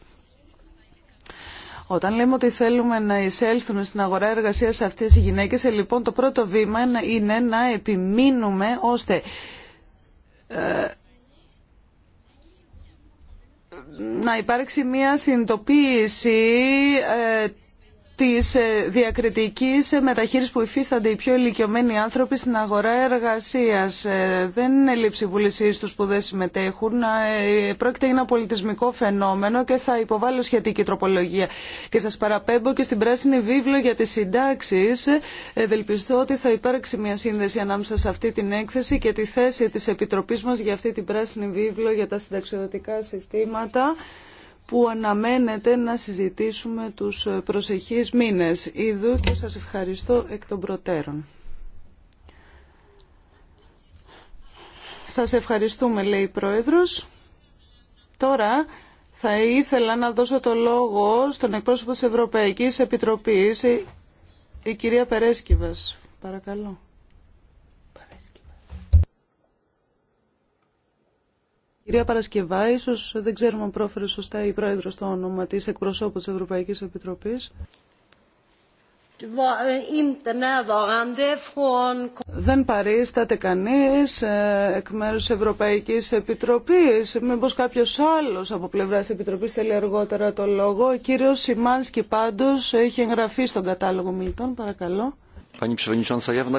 Όταν λέμε ότι θέλουμε να εισέλθουν στην αγορά εργασίας αυτές οι γυναίκες, ε, λοιπόν το πρώτο βήμα είναι να επιμείνουμε ώστε ε, να υπάρξει μια συνειδητοποίηση τη ε, διακριτική ε, μεταχείριση που υφίστανται οι πιο ηλικιωμένοι άνθρωποι στην αγορά εργασία. Ε, δεν είναι λήψη βουλησή του που δεν συμμετέχουν. Πρόκειται για ένα πολιτισμικό φαινόμενο και θα υποβάλω σχετική τροπολογία. Και σα παραπέμπω και στην πράσινη βίβλο για τι συντάξει. Ευελπιστώ ότι θα υπάρξει μια σύνδεση ανάμεσα σε αυτή την έκθεση και τη θέση τη επιτροπή μα για αυτή την πράσινη βίβλο για τα συνταξιοδοτικά συστήματα που αναμένεται να συζητήσουμε τους προσεχείς μήνες. Είδου και σας ευχαριστώ εκ των προτέρων. Σας ευχαριστούμε, λέει η Πρόεδρος. Τώρα θα ήθελα να δώσω το λόγο στον εκπρόσωπο της Ευρωπαϊκής Επιτροπής, η κυρία Περέσκιβας. Παρακαλώ. Κυρία Παρασκευά, ίσω δεν ξέρουμε αν πρόφερε σωστά η πρόεδρο το όνομα τη εκπροσώπου τη Ευρωπαϊκή Επιτροπή. Δεν παρίσταται κανεί ε, εκ μέρου τη Ευρωπαϊκή Επιτροπή. Μήπω κάποιο άλλο από πλευρά τη Επιτροπή θέλει αργότερα το λόγο. Ο κύριο Σιμάνσκι πάντω έχει εγγραφεί στον κατάλογο μιλητών. Παρακαλώ. Pani Przewodnicząca,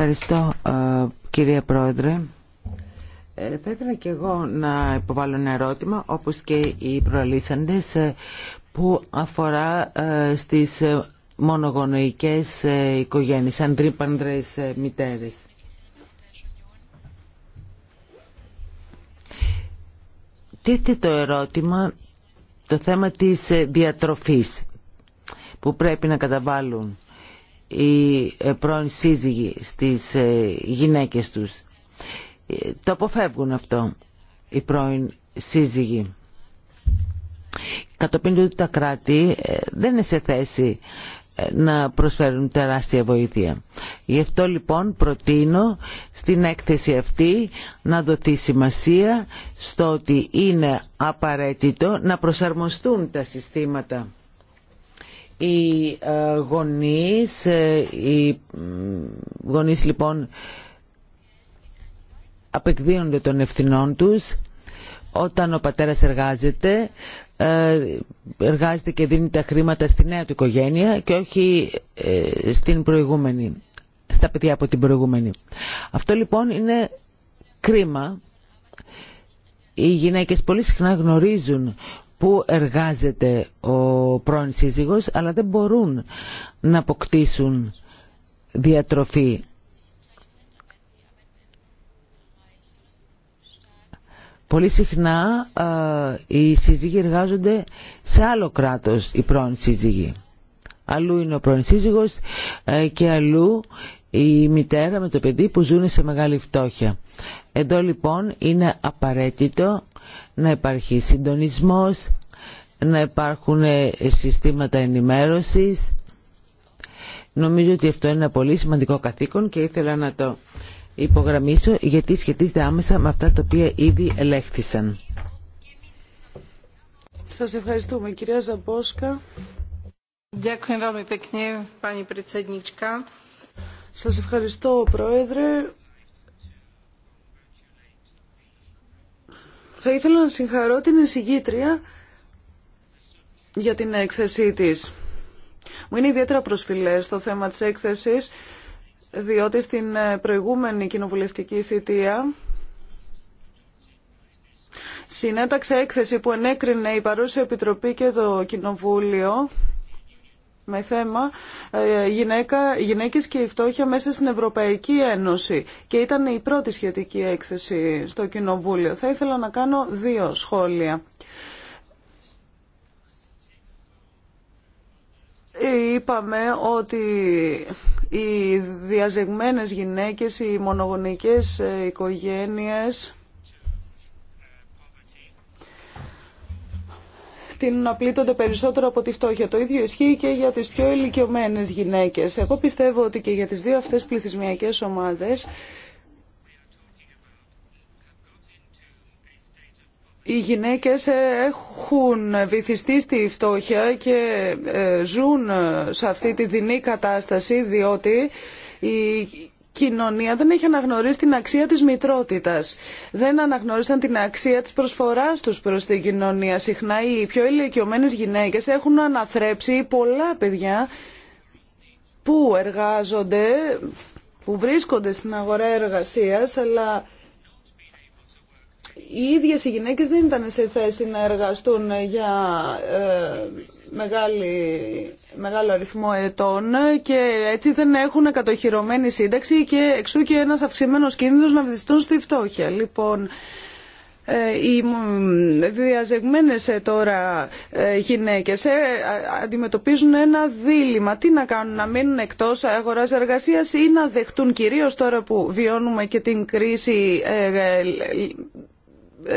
Ευχαριστώ ε, κυρία Πρόεδρε. Ε, θα ήθελα και εγώ να υποβάλω ένα ερώτημα, όπως και οι προαλήσαντες, ε, που αφορά στις μονογονοϊκές οικογένειες, αντρίπανδρες μητέρες. τίθεται το ερώτημα το θέμα της διατροφής που πρέπει να καταβάλουν οι ε, πρώην σύζυγοι στις ε, γυναίκες τους. Ε, το αποφεύγουν αυτό οι πρώην σύζυγοι. Κατοπίν ότι τα κράτη δεν είναι σε θέση να προσφέρουν τεράστια βοήθεια. Γι' αυτό λοιπόν προτείνω στην έκθεση αυτή να δοθεί σημασία στο ότι είναι απαραίτητο να προσαρμοστούν τα συστήματα οι ε, γονείς, ε, οι γονείς λοιπόν απεκδίονται των ευθυνών τους όταν ο πατέρας εργάζεται ε, εργάζεται και δίνει τα χρήματα στη νέα του οικογένεια και όχι στην προηγούμενη, στα παιδιά από την προηγούμενη. Αυτό λοιπόν είναι κρίμα. Οι γυναίκες πολύ συχνά γνωρίζουν που εργάζεται ο πρώην σύζυγος αλλά δεν μπορούν να αποκτήσουν διατροφή. Πολύ συχνά οι σύζυγοι εργάζονται σε άλλο κράτος οι πρώην σύζυγοι. Αλλού είναι ο πρώην σύζυγος ε, και αλλού η μητέρα με το παιδί που ζουν σε μεγάλη φτώχεια. Εδώ λοιπόν είναι απαραίτητο να υπάρχει συντονισμός, να υπάρχουν ε, συστήματα ενημέρωσης. Νομίζω ότι αυτό είναι ένα πολύ σημαντικό καθήκον και ήθελα να το υπογραμμίσω γιατί σχετίζεται άμεσα με αυτά τα οποία ήδη ελέγχθησαν. Σας ευχαριστούμε κυρία Ζαμπόσκα. Σας ευχαριστώ πρόεδρε. Θα ήθελα να συγχαρώ την εισηγήτρια για την έκθεσή της. Μου είναι ιδιαίτερα προσφυλές το θέμα της έκθεσης, διότι στην προηγούμενη κοινοβουλευτική θητεία συνέταξε έκθεση που ενέκρινε η παρούσα Επιτροπή και το Κοινοβούλιο με θέμα ε, γυναίκα, γυναίκες και η φτώχεια μέσα στην Ευρωπαϊκή Ένωση και ήταν η πρώτη σχετική έκθεση στο Κοινοβούλιο. Θα ήθελα να κάνω δύο σχόλια. Είπαμε ότι οι διαζεγμένες γυναίκες, οι μονογονικές ε, οικογένειες την να πλήττονται περισσότερο από τη φτώχεια. Το ίδιο ισχύει και για τις πιο ηλικιωμένε γυναίκες. Εγώ πιστεύω ότι και για τις δύο αυτές πληθυσμιακές ομάδες οι γυναίκες έχουν βυθιστεί στη φτώχεια και ε, ζουν σε αυτή τη δεινή κατάσταση διότι η κοινωνία δεν έχει αναγνωρίσει την αξία της μητρότητα. Δεν αναγνώρισαν την αξία της προσφοράς τους προς την κοινωνία. Συχνά οι πιο ηλικιωμένες γυναίκες έχουν αναθρέψει πολλά παιδιά που εργάζονται, που βρίσκονται στην αγορά εργασίας, αλλά οι ίδιες οι γυναίκες δεν ήταν σε θέση να εργαστούν για ε, μεγάλο αριθμό ετών και έτσι δεν έχουν κατοχυρωμένη σύνταξη και εξού και ένας αυξημένος κίνδυνος να βυθιστούν στη φτώχεια. Λοιπόν, ε, οι διαζεγμένες ε, τώρα γυναίκες αντιμετωπίζουν ένα δίλημα. Τι να κάνουν, να μείνουν εκτός αγοράς εργασίας ή να δεχτούν κυρίως τώρα που βιώνουμε και την κρίση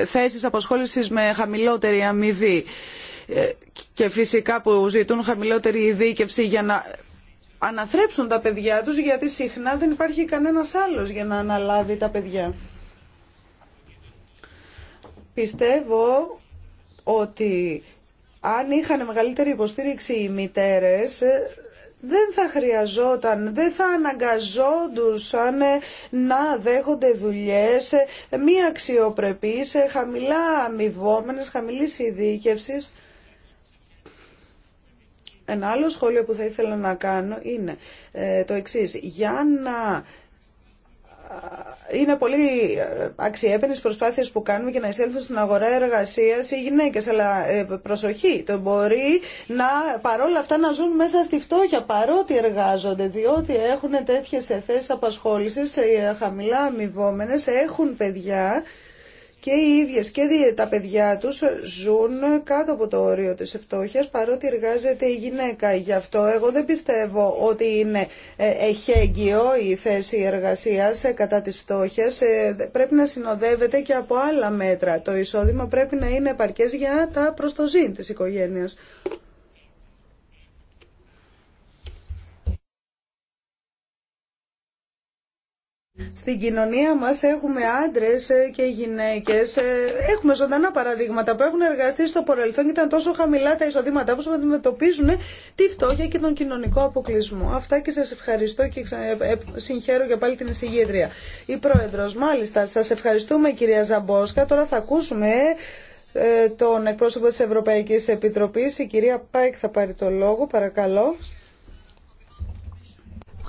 θέσεις απασχόλησης με χαμηλότερη αμοιβή ε, και φυσικά που ζητούν χαμηλότερη ειδίκευση για να αναθρέψουν τα παιδιά τους γιατί συχνά δεν υπάρχει κανένας άλλος για να αναλάβει τα παιδιά. Πιστεύω ότι αν είχαν μεγαλύτερη υποστήριξη οι μητέρες δεν θα χρειαζόταν, δεν θα αναγκαζόντουσαν να δέχονται δουλειές μη αξιοπρεπείς, χαμηλά αμοιβόμενες, χαμηλής ειδίκευσης. Ένα άλλο σχόλιο που θα ήθελα να κάνω είναι ε, το εξής. Για να είναι πολύ ε, αξιέπαινε προσπάθειες που κάνουμε για να εισέλθουν στην αγορά εργασίας οι γυναίκε. Αλλά ε, προσοχή, το μπορεί να, παρόλα αυτά να ζουν μέσα στη φτώχεια παρότι εργάζονται, διότι έχουν τέτοιες θέσει απασχόλησης, ε, χαμηλά αμοιβόμενε, έχουν παιδιά και οι ίδιες και τα παιδιά τους ζουν κάτω από το όριο της φτώχειας παρότι εργάζεται η γυναίκα. Γι' αυτό εγώ δεν πιστεύω ότι είναι ε, εχέγγυο η θέση εργασίας ε, κατά της φτώχειας. Ε, πρέπει να συνοδεύεται και από άλλα μέτρα. Το εισόδημα πρέπει να είναι επαρκές για τα προστοζήν της οικογένειας. Στην κοινωνία μας έχουμε άντρες ε, και γυναίκες. Ε, έχουμε ζωντανά παραδείγματα που έχουν εργαστεί στο παρελθόν και ήταν τόσο χαμηλά τα εισοδήματά που αντιμετωπίζουν ε, τη φτώχεια και τον κοινωνικό αποκλεισμό. Αυτά και σας ευχαριστώ και συγχαίρω για πάλι την εισηγήτρια. Η Πρόεδρος, μάλιστα, σας ευχαριστούμε κυρία Ζαμπόσκα. Τώρα θα ακούσουμε τον εκπρόσωπο της Ευρωπαϊκής Επιτροπής. Η κυρία Πάικ θα πάρει το λόγο, παρακαλώ.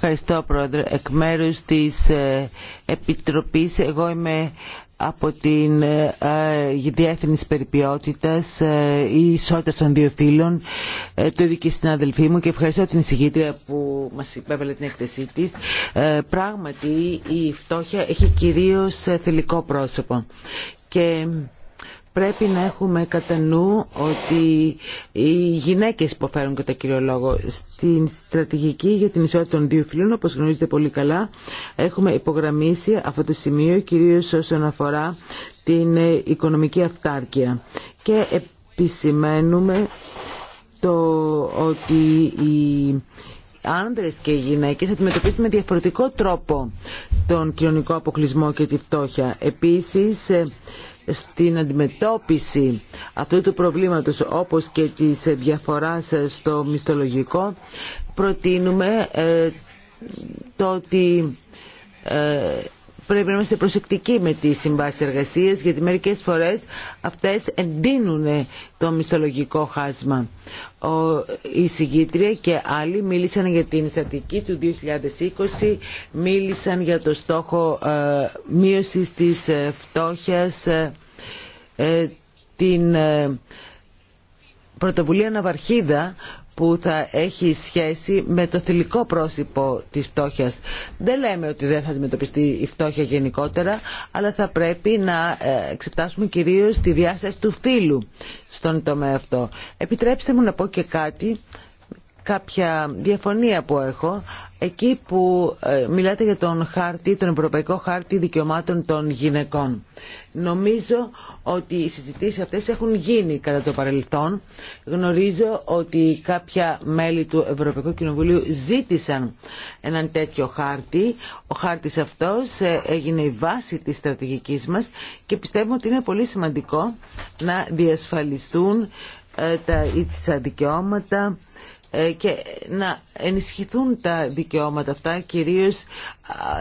Ευχαριστώ Πρόεδρε. Εκ μέρους της ε, Επιτροπής, εγώ είμαι από την ε, ε, διεθνή Περιποιότητας ή Ισότητας των Δύο Φύλων, το ίδιο και μου και ευχαριστώ την εισηγήτρια που μας υπέβαλε την έκθεσή Πράγματι η φτώχεια έχει κυρίως θελικό πρόσωπο και πρέπει να έχουμε κατά νου ότι οι γυναίκες υποφέρουν κατά κύριο λόγο στην στρατηγική για την ισότητα των δύο φίλων όπως γνωρίζετε πολύ καλά, έχουμε υπογραμμίσει αυτό το σημείο, κυρίως όσον αφορά την οικονομική αυτάρκεια. Και επισημαίνουμε το ότι οι άντρες και οι γυναίκες αντιμετωπίζουν με διαφορετικό τρόπο τον κοινωνικό αποκλεισμό και τη φτώχεια. Επίσης, στην αντιμετώπιση αυτού του προβλήματος όπως και της διαφοράς στο μισθολογικό προτείνουμε ε, το ότι ε, πρέπει να είμαστε προσεκτικοί με τις συμβάσεις εργασίας γιατί μερικές φορές αυτές εντείνουν το μισθολογικό χάσμα. Ο, η συγκήτρια και άλλοι μίλησαν για την στατική του 2020, μίλησαν για το στόχο ε, μείωσης της ε, φτώχειας, ε, ε την ε, πρωτοβουλία Ναυαρχίδα που θα έχει σχέση με το θηλυκό πρόσωπο της φτώχειας. Δεν λέμε ότι δεν θα αντιμετωπιστεί η φτώχεια γενικότερα, αλλά θα πρέπει να ε, εξετάσουμε κυρίως τη διάσταση του φύλου στον τομέα αυτό. Επιτρέψτε μου να πω και κάτι κάποια διαφωνία που έχω εκεί που ε, μιλάτε για τον χάρτη, τον Ευρωπαϊκό Χάρτη Δικαιωμάτων των Γυναικών. Νομίζω ότι οι συζητήσεις αυτές έχουν γίνει κατά το παρελθόν. Γνωρίζω ότι κάποια μέλη του Ευρωπαϊκού Κοινοβουλίου ζήτησαν έναν τέτοιο χάρτη. Ο χάρτης αυτός ε, έγινε η βάση της στρατηγικής μας και πιστεύω ότι είναι πολύ σημαντικό να διασφαλιστούν ε, τα ίδια δικαιώματα, ε, και να ενισχυθούν τα δικαιώματα αυτά, κυρίως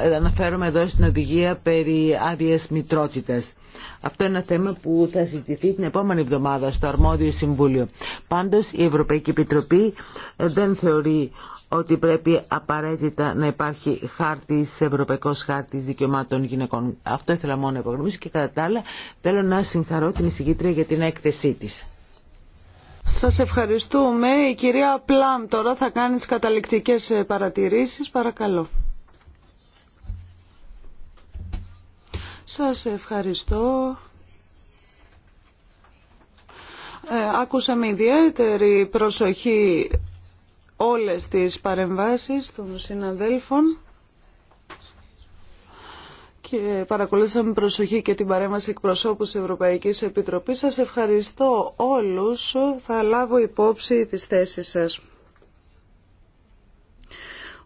ε, αναφέρομαι εδώ στην οδηγία περί άδεια μητρότητας. Αυτό είναι ένα θέμα που θα συζητηθεί την επόμενη εβδομάδα στο αρμόδιο Συμβούλιο. Πάντως η Ευρωπαϊκή Επιτροπή ε, δεν θεωρεί ότι πρέπει απαραίτητα να υπάρχει χάρτης, ευρωπαϊκός χάρτης δικαιωμάτων γυναικών. Αυτό ήθελα μόνο να υπογραμμίσω και κατά τα άλλα θέλω να συγχαρώ την εισηγήτρια για την έκθεσή της. Σας ευχαριστούμε. Η κυρία Πλάμ τώρα θα κάνει τις καταληκτικές ε, παρατηρήσεις. Παρακαλώ. Σας ευχαριστώ. Ε, άκουσα ιδιαίτερη προσοχή όλες τις παρεμβάσεις των συναδέλφων και προσοχή και την παρέμβαση εκπροσώπου της Ευρωπαϊκής Επιτροπής. Σας ευχαριστώ όλους. Θα λάβω υπόψη τις θέσεις σας.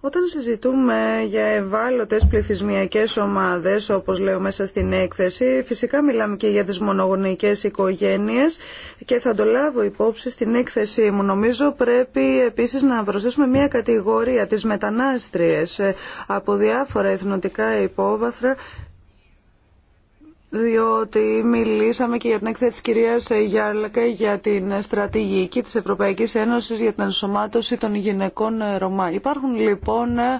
Όταν συζητούμε για ευάλωτες πληθυσμιακές ομάδες, όπως λέω μέσα στην έκθεση, φυσικά μιλάμε και για τις μονογονικές οικογένειες και θα το λάβω υπόψη στην έκθεσή μου. Νομίζω πρέπει επίσης να προσθέσουμε μια κατηγορία, τις μετανάστριες από διάφορα εθνοτικά υπόβαθρα διότι μιλήσαμε και για την έκθεση της κυρίας Γιάρλακα για την στρατηγική της Ευρωπαϊκής Ένωσης για την ενσωμάτωση των γυναικών ε, Ρωμά. Υπάρχουν λοιπόν ε,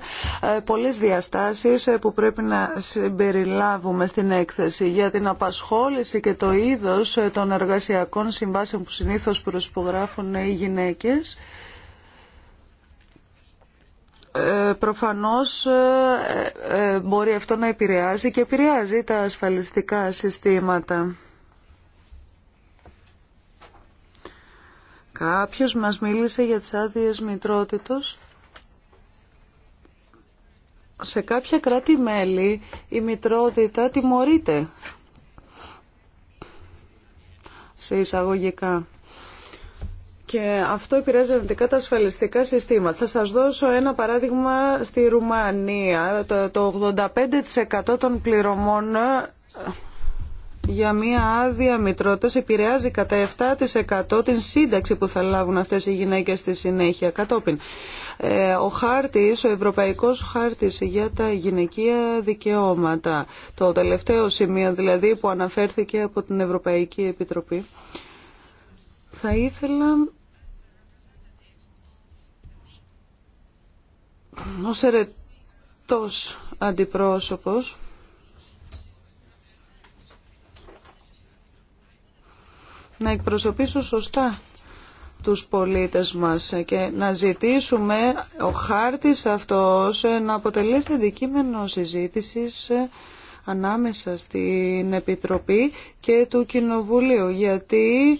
πολλές διαστάσεις ε, που πρέπει να συμπεριλάβουμε στην έκθεση για την απασχόληση και το είδος των εργασιακών συμβάσεων που συνήθως προσπογράφουν οι γυναίκες. Ε, προφανώς ε, ε, μπορεί αυτό να επηρεάζει και επηρεάζει τα ασφαλιστικά συστήματα. Κάποιος μας μίλησε για τις άδειες μητρότητος. Σε κάποια κράτη-μέλη η μητρότητα τιμωρείται σε εισαγωγικά και αυτό επηρεάζει αρνητικά τα ασφαλιστικά συστήματα. Θα σας δώσω ένα παράδειγμα στη Ρουμανία. Το 85% των πληρωμών ε, για μία άδεια μητρότητας επηρεάζει κατά 7% την σύνταξη που θα λάβουν αυτές οι γυναίκες στη συνέχεια κατόπιν. Ε, ο χάρτης, ο ευρωπαϊκός χάρτης για τα γυναικεία δικαιώματα, το τελευταίο σημείο δηλαδή που αναφέρθηκε από την Ευρωπαϊκή Επιτροπή, θα ήθελα ως ερετός αντιπρόσωπος να εκπροσωπήσω σωστά τους πολίτες μας και να ζητήσουμε ο χάρτης αυτός να αποτελέσει αντικείμενο συζήτησης ανάμεσα στην Επιτροπή και του Κοινοβουλίου γιατί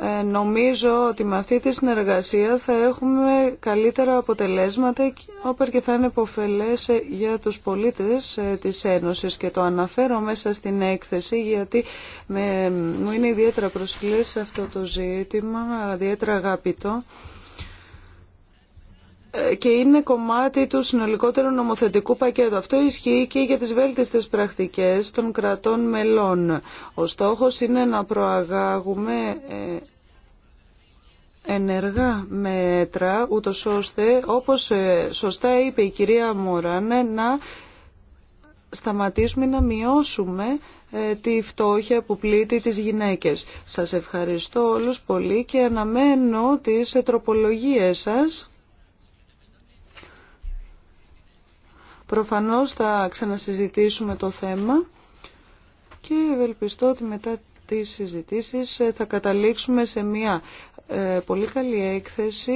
ε, νομίζω ότι με αυτή τη συνεργασία θα έχουμε καλύτερα αποτελέσματα όπερ και θα είναι υποφελές για τους πολίτες ε, της Ένωσης και το αναφέρω μέσα στην έκθεση γιατί με, μου είναι ιδιαίτερα σε αυτό το ζήτημα, ιδιαίτερα αγαπητό. Ε, και είναι κομμάτι του συνολικότερου νομοθετικού πακέτου. Αυτό ισχύει και για τις βέλτιστες πρακτικές των κρατών μελών. Ο στόχος είναι να προαγάγουμε ε, ενεργά μέτρα, ούτως ώστε, όπως ε, σωστά είπε η κυρία Μωράνε, να σταματήσουμε να μειώσουμε τη φτώχεια που πλήττει τις γυναίκες. Σας ευχαριστώ όλους πολύ και αναμένω τις τροπολογίες σας Προφανώς θα ξανασυζητήσουμε το θέμα και ευελπιστώ ότι μετά τις συζητήσεις ε, θα καταλήξουμε σε μια ε, πολύ καλή έκθεση,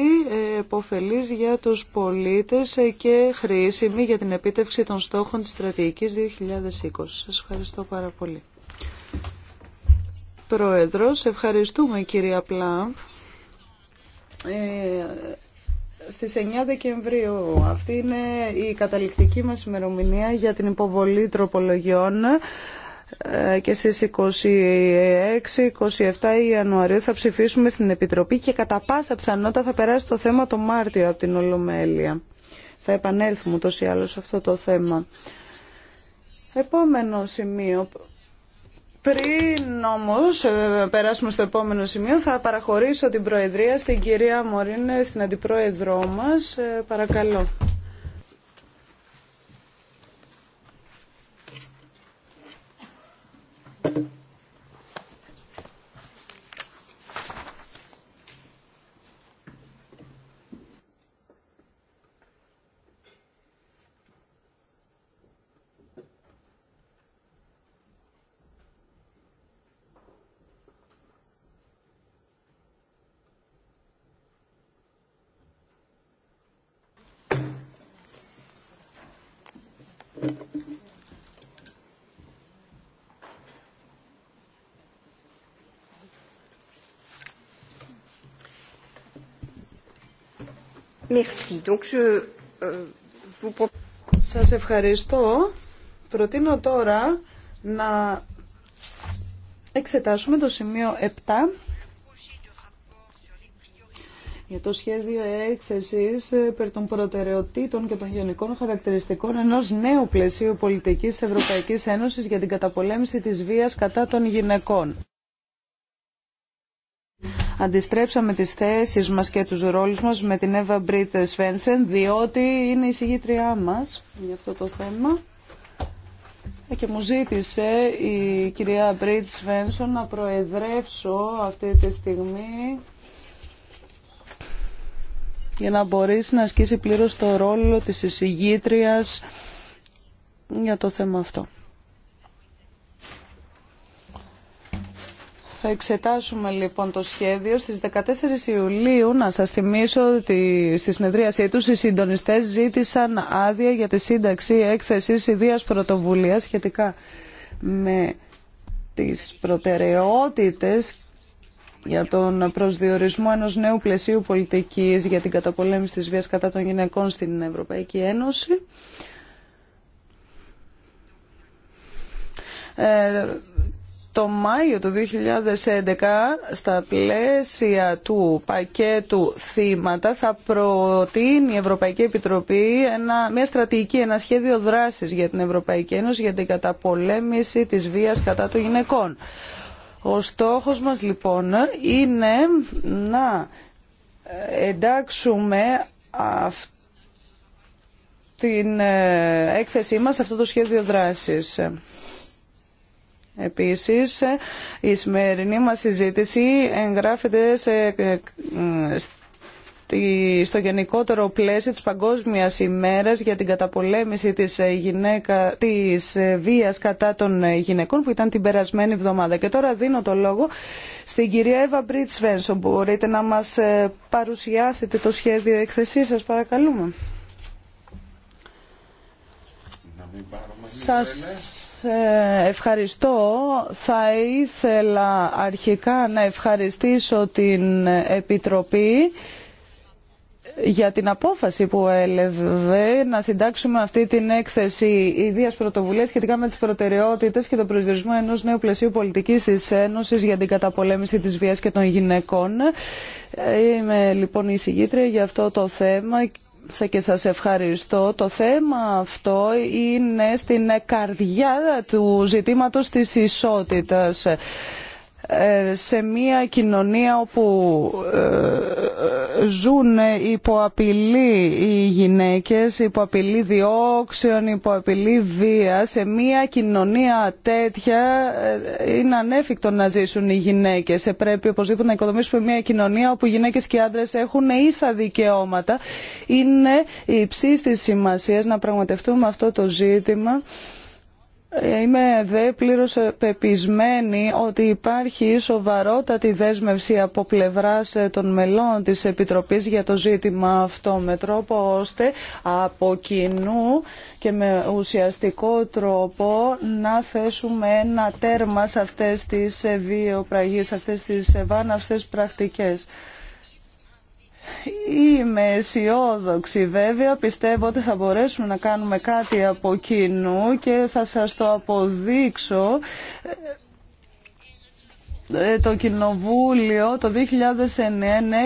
ε, εποφελής για τους πολίτες και χρήσιμη για την επίτευξη των στόχων της στρατηγικής 2020. Σας ευχαριστώ πάρα πολύ. Πρόεδρος, ευχαριστούμε κυρία Πλάμπ στις 9 Δεκεμβρίου. Αυτή είναι η καταληκτική μας ημερομηνία για την υποβολή τροπολογιών ε, και στις 26-27 Ιανουαρίου θα ψηφίσουμε στην Επιτροπή και κατά πάσα πιθανότητα θα περάσει το θέμα το Μάρτιο από την Ολομέλεια. Θα επανέλθουμε ούτως ή άλλως σε αυτό το θέμα. Επόμενο σημείο πριν όμω ε, περάσουμε στο επόμενο σημείο θα παραχωρήσω την Προεδρία στην κυρία Μωρίνε, στην Αντιπρόεδρό μας. Ε, παρακαλώ. Euh, Σας ευχαριστώ. Προτείνω τώρα να εξετάσουμε το σημείο 7 για το σχέδιο έκθεσης ε, περί των προτεραιοτήτων και των γενικών χαρακτηριστικών ενός νέου πλαισίου πολιτικής Ευρωπαϊκής Ένωσης για την καταπολέμηση της βίας κατά των γυναικών αντιστρέψαμε τις θέσεις μας και τους ρόλους μας με την Εύα Μπρίτ Σφένσεν, διότι είναι η συγγήτριά μας για αυτό το θέμα. Ε, και μου ζήτησε η κυρία Μπρίτ Σφένσεν να προεδρεύσω αυτή τη στιγμή για να μπορέσει να ασκήσει πλήρως το ρόλο της συγγήτριας για το θέμα αυτό. Θα εξετάσουμε λοιπόν το σχέδιο στις 14 Ιουλίου. Να σας θυμίσω ότι στη συνεδρίασή τους οι συντονιστές ζήτησαν άδεια για τη σύνταξη έκθεσης ιδίας πρωτοβουλία σχετικά με τις προτεραιότητες για τον προσδιορισμό ενός νέου πλαισίου πολιτικής για την καταπολέμηση της βίας κατά των γυναικών στην Ευρωπαϊκή Ένωση. Ε, το Μάιο του 2011 στα πλαίσια του πακέτου θύματα θα προτείνει η Ευρωπαϊκή Επιτροπή ένα, μια στρατηγική, ένα σχέδιο δράσης για την Ευρωπαϊκή Ένωση για την καταπολέμηση της βίας κατά των γυναικών. Ο στόχος μας λοιπόν είναι να εντάξουμε την ε, έκθεσή μας αυτό το σχέδιο δράσης. Επίσης, η σημερινή μας συζήτηση εγγράφεται σε, στο γενικότερο πλαίσιο της Παγκόσμιας ημέρας για την καταπολέμηση της, ε, γυναίκα, της ε, βίας κατά των ε, γυναικών που ήταν την περασμένη εβδομάδα. Και τώρα δίνω το λόγο στην κυρία Εύα θα Μπορείτε να μας παρουσιάσετε το σχέδιο έκθεσής σας, παρακαλούμε. Ε, ευχαριστώ. Θα ήθελα αρχικά να ευχαριστήσω την Επιτροπή για την απόφαση που έλεβε να συντάξουμε αυτή την έκθεση ιδίας πρωτοβουλία σχετικά με τις προτεραιότητες και τον προσδιορισμό ενός νέου πλαισίου πολιτικής της Ένωσης για την καταπολέμηση της βίας και των γυναικών. Ε, είμαι λοιπόν η για αυτό το θέμα και σας ευχαριστώ. Το θέμα αυτό είναι στην καρδιά του ζητήματος της ισότητας. Ε, σε μια κοινωνία όπου ε, ζουν υπό απειλή οι γυναίκες, υπό απειλή διώξεων, υπό απειλή βία, σε μια κοινωνία τέτοια ε, είναι ανέφικτο να ζήσουν οι γυναίκες. Πρέπει οπωσδήποτε να οικοδομήσουμε μια κοινωνία όπου οι γυναίκες και οι άντρες έχουν ίσα δικαιώματα. Είναι υψής της σημασίας να πραγματευτούμε αυτό το ζήτημα. Ε, είμαι δε πλήρως πεπισμένη ότι υπάρχει σοβαρότατη δέσμευση από πλευράς ε, των μελών της Επιτροπής για το ζήτημα αυτό με τρόπο ώστε από κοινού και με ουσιαστικό τρόπο να θέσουμε ένα τέρμα σε αυτές τις ε, βιοπραγίες, σε αυτές τις βάναυσες πρακτικές. Είμαι αισιόδοξη βέβαια, πιστεύω ότι θα μπορέσουμε να κάνουμε κάτι από κοινού και θα σας το αποδείξω ε, το Κοινοβούλιο το 2009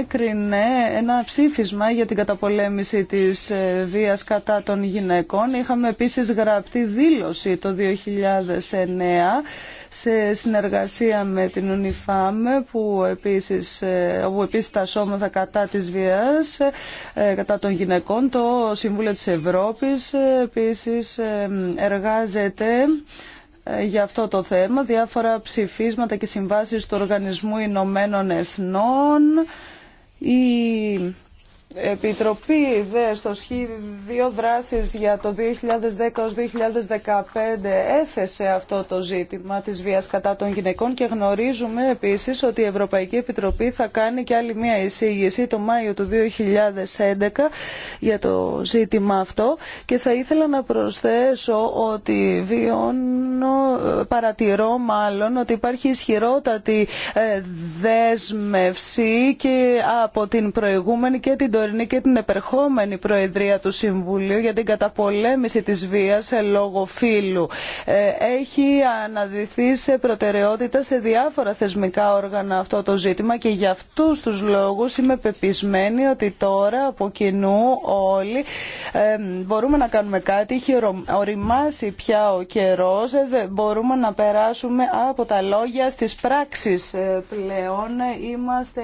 έκρινε ένα ψήφισμα για την καταπολέμηση της ε, βίας κατά των γυναικών. Είχαμε επίσης γραπτή δήλωση το 2009 σε συνεργασία με την UNIFAM που επίσης, ε, όπου επίσης τα σώματα κατά της βίας, ε, κατά των γυναικών, το Συμβούλιο της Ευρώπης ε, επίσης εργάζεται για αυτό το θέμα, διάφορα ψηφίσματα και συμβάσεις του Οργανισμού Ηνωμένων Εθνών, η Επιτροπή δε στο σχέδιο δράσης για το 2010-2015 έθεσε αυτό το ζήτημα της βίας κατά των γυναικών και γνωρίζουμε επίσης ότι η Ευρωπαϊκή Επιτροπή θα κάνει και άλλη μία εισήγηση το Μάιο του 2011 για το ζήτημα αυτό και θα ήθελα να προσθέσω ότι βιώνω, παρατηρώ μάλλον ότι υπάρχει ισχυρότατη ε, δέσμευση και από την προηγούμενη και την τωρινή και την επερχόμενη Προεδρία του Συμβουλίου για την καταπολέμηση της βίας λόγω φύλου. Ε, έχει αναδυθεί σε προτεραιότητα σε διάφορα θεσμικά όργανα αυτό το ζήτημα και για αυτούς τους λόγους είμαι πεπισμένη ότι τώρα από κοινού όλοι ε, μπορούμε να κάνουμε κάτι. Έχει οριμάσει πια ο καιρός, ε, μπορούμε να περάσουμε από τα λόγια στις πράξεις πλέον. Είμαστε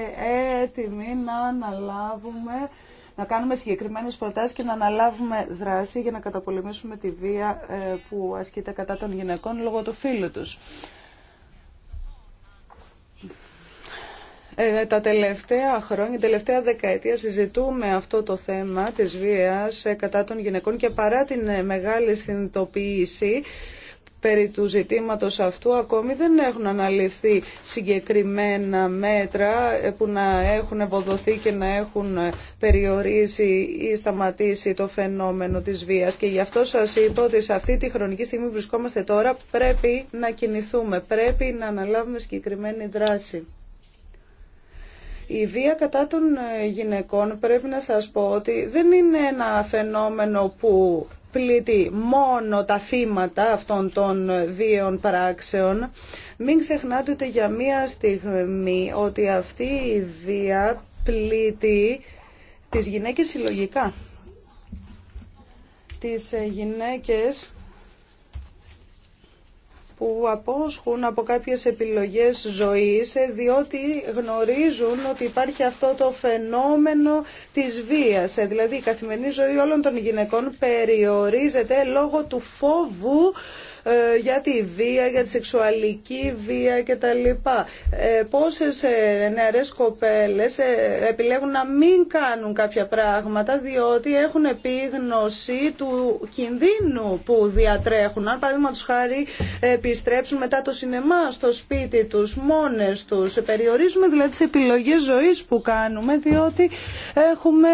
έτοιμοι να αναλάβουμε να κάνουμε συγκεκριμένες προτάσεις και να αναλάβουμε δράση για να καταπολεμήσουμε τη βία ε, που ασκείται κατά των γυναικών λόγω του φίλου τους. Ε, τα τελευταία χρόνια, την τελευταία δεκαετία συζητούμε αυτό το θέμα της βίας ε, κατά των γυναικών και παρά την μεγάλη συνειδητοποίηση περί του ζητήματος αυτού ακόμη δεν έχουν αναλυθεί συγκεκριμένα μέτρα ε, που να έχουν ευοδοθεί και να έχουν ε, περιορίσει ή σταματήσει το φαινόμενο της βίας και γι' αυτό σας είπα ότι σε αυτή τη χρονική στιγμή που βρισκόμαστε τώρα πρέπει να κινηθούμε, πρέπει να αναλάβουμε συγκεκριμένη δράση. Η βία κατά των ε, γυναικών πρέπει να σας πω ότι δεν είναι ένα φαινόμενο που πλήττει μόνο τα θύματα αυτών των βίαιων πράξεων. Μην ξεχνάτε ούτε για μία στιγμή ότι αυτή η βία πλήττει τις γυναίκες συλλογικά. Τις γυναίκες που απόσχουν από κάποιες επιλογές ζωής ε, διότι γνωρίζουν ότι υπάρχει αυτό το φαινόμενο της βίας. Ε, δηλαδή η καθημερινή ζωή όλων των γυναικών περιορίζεται λόγω του φόβου ε, για τη βία, για τη σεξουαλική βία κτλ. Ε, πόσες ε, νεαρές κοπέλες επιλέγουν να μην κάνουν κάποια πράγματα διότι έχουν επίγνωση του κινδύνου που διατρέχουν. Αν παραδείγματο χάρη επιστρέψουν μετά το σινεμά στο σπίτι τους, μόνες τους. Περιορίζουμε δηλαδή τις επιλογές ζωής που κάνουμε διότι έχουμε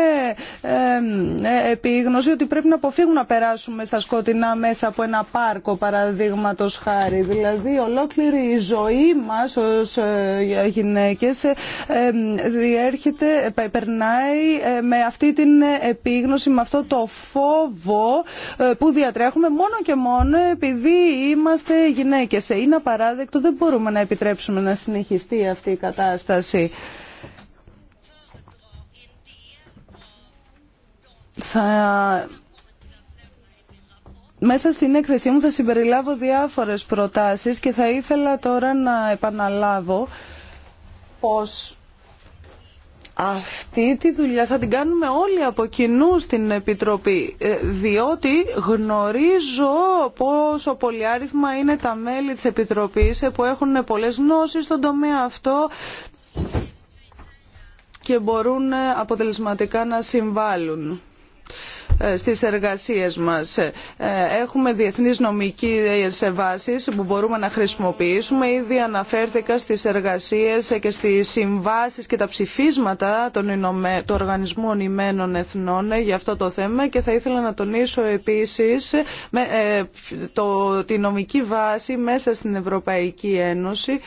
επίγνωση ότι πρέπει να αποφύγουν να περάσουμε στα σκοτεινά μέσα από ένα πάρκο παραδείγματος χάρη. Δηλαδή ολόκληρη η ζωή μας ως ε, γυναίκες ε, διέρχεται, ε, περνάει με αυτή την επίγνωση, με αυτό το φόβο που διατρέχουμε μόνο και μόνο επειδή είμαστε γυναίκες. Είναι απαράδεκτο, δεν μπορούμε να επιτρέψουμε να συνεχιστεί αυτή η κατάσταση. Θα μέσα στην έκθεσή μου θα συμπεριλάβω διάφορες προτάσεις και θα ήθελα τώρα να επαναλάβω πως αυτή τη δουλειά θα την κάνουμε όλοι από κοινού στην Επιτροπή, ε, διότι γνωρίζω πόσο πολυάριθμα είναι τα μέλη της Επιτροπής ε, που έχουν πολλές γνώσεις στον τομέα αυτό και μπορούν ε, αποτελεσματικά να συμβάλλουν. Ε, στις εργασίες μας. Ε, έχουμε διεθνείς σε βάσεις που μπορούμε να χρησιμοποιήσουμε. Ήδη αναφέρθηκα στις εργασίες και στις συμβάσεις και τα ψηφίσματα του Οργανισμών Ημένων Εθνών για αυτό το θέμα και θα ήθελα να τονίσω επίσης ε, τη νομική βάση μέσα στην Ευρωπαϊκή Ένωση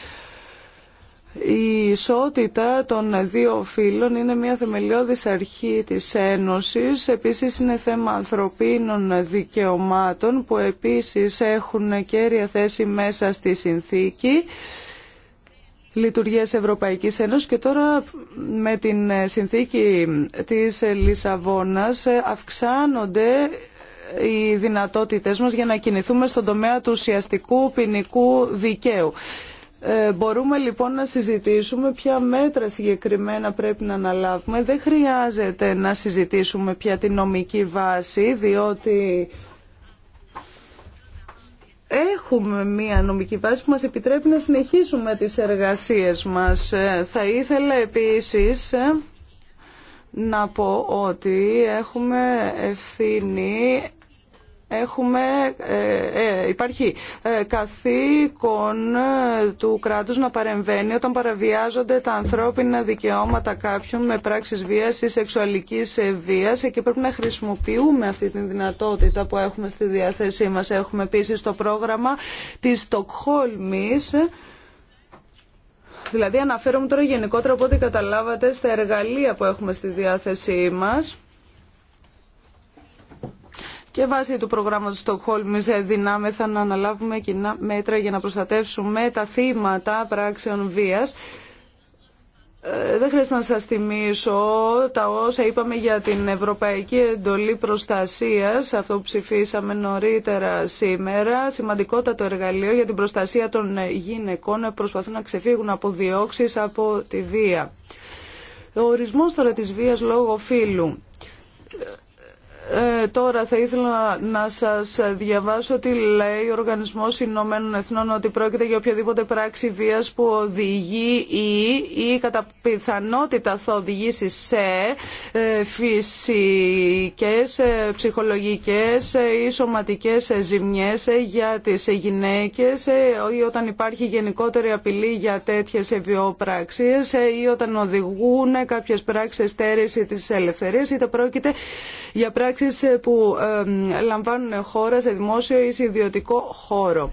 η ισότητα των δύο φύλων είναι μια θεμελιώδης αρχή της Ένωσης. Επίσης είναι θέμα ανθρωπίνων δικαιωμάτων που επίσης έχουν κέρια θέση μέσα στη συνθήκη λειτουργίας Ευρωπαϊκής Ένωσης και τώρα με την συνθήκη της Λισαβόνας αυξάνονται οι δυνατότητες μας για να κινηθούμε στον τομέα του ουσιαστικού ποινικού δικαίου. Ε, μπορούμε λοιπόν να συζητήσουμε ποια μέτρα συγκεκριμένα πρέπει να αναλάβουμε. Δεν χρειάζεται να συζητήσουμε πια τη νομική βάση, διότι έχουμε μία νομική βάση που μας επιτρέπει να συνεχίσουμε τις εργασίες μας. Ε, θα ήθελα επίσης ε, να πω ότι έχουμε ευθύνη έχουμε, ε, ε υπάρχει ε, καθήκον ε, του κράτους να παρεμβαίνει όταν παραβιάζονται τα ανθρώπινα δικαιώματα κάποιων με πράξεις βίας ή σεξουαλικής βίας και πρέπει να χρησιμοποιούμε αυτή τη δυνατότητα που έχουμε στη διάθεσή μας. Έχουμε επίσης το πρόγραμμα της Στοκχόλμης Δηλαδή αναφέρομαι τώρα γενικότερα από ό,τι καταλάβατε στα εργαλεία που έχουμε στη διάθεσή μας και βάσει του προγράμματος Στοκχόλμης ε, δυνάμεθα να αναλάβουμε κοινά μέτρα για να προστατεύσουμε τα θύματα πράξεων βίας. Ε, δεν χρειάζεται να σας θυμίσω τα όσα είπαμε για την Ευρωπαϊκή Εντολή Προστασίας, αυτό που ψηφίσαμε νωρίτερα σήμερα, σημαντικότατο εργαλείο για την προστασία των γυναικών που προσπαθούν να ξεφύγουν από διώξεις από τη βία. Ο ορισμός τώρα της βίας λόγω φύλου ε, τώρα θα ήθελα να σας διαβάσω ότι λέει ο Οργανισμός Ηνωμένων Εθνών ότι πρόκειται για οποιαδήποτε πράξη βίας που οδηγεί ή, ή κατά πιθανότητα θα οδηγήσει σε ε, φυσικές, ε, ψυχολογικές ε, ή σωματικές ζημιές για τις γυναίκες ή όταν υπάρχει γενικότερη απειλή για τέτοιες βιοπράξεις ή όταν οδηγούν κάποιες πράξεις στέρηση της ελευθερίας είτε πρόκειται για πράξη. Ε, που λαμβάνουν χώρα σε δημόσιο ή σε ιδιωτικό χώρο.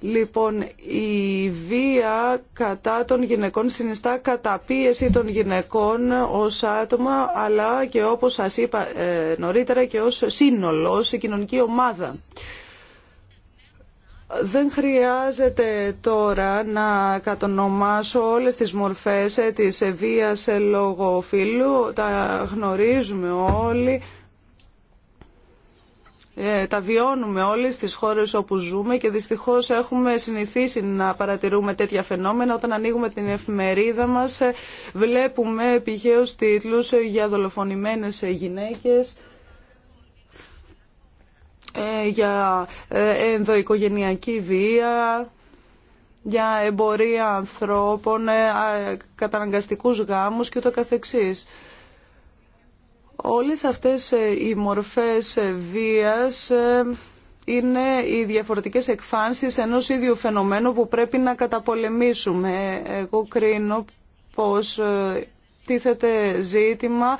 Λοιπόν, η βία κατά των γυναικών συνιστά καταπίεση των γυναικών ως άτομα, αλλά και όπως σας είπα ε, νωρίτερα και ως σύνολο, ως κοινωνική ομάδα. Δεν χρειάζεται τώρα να κατονομάσω όλες τις μορφές ε, της βίας λόγω φύλου. Τα γνωρίζουμε όλοι. Ε, τα βιώνουμε όλοι στις χώρες όπου ζούμε και δυστυχώς έχουμε συνηθίσει να παρατηρούμε τέτοια φαινόμενα. Όταν ανοίγουμε την εφημερίδα μας ε, βλέπουμε επιχαίως τίτλους ε, για δολοφονημένες γυναίκες για ενδοοικογενειακή βία, για εμπορία ανθρώπων, καταναγκαστικούς γάμους και ούτω καθεξής. Όλες αυτές ε, οι μορφές ε, βίας ε, είναι οι διαφορετικές εκφάνσεις ενός ίδιου φαινομένου που πρέπει να καταπολεμήσουμε. Εγώ κρίνω πως τίθεται ζήτημα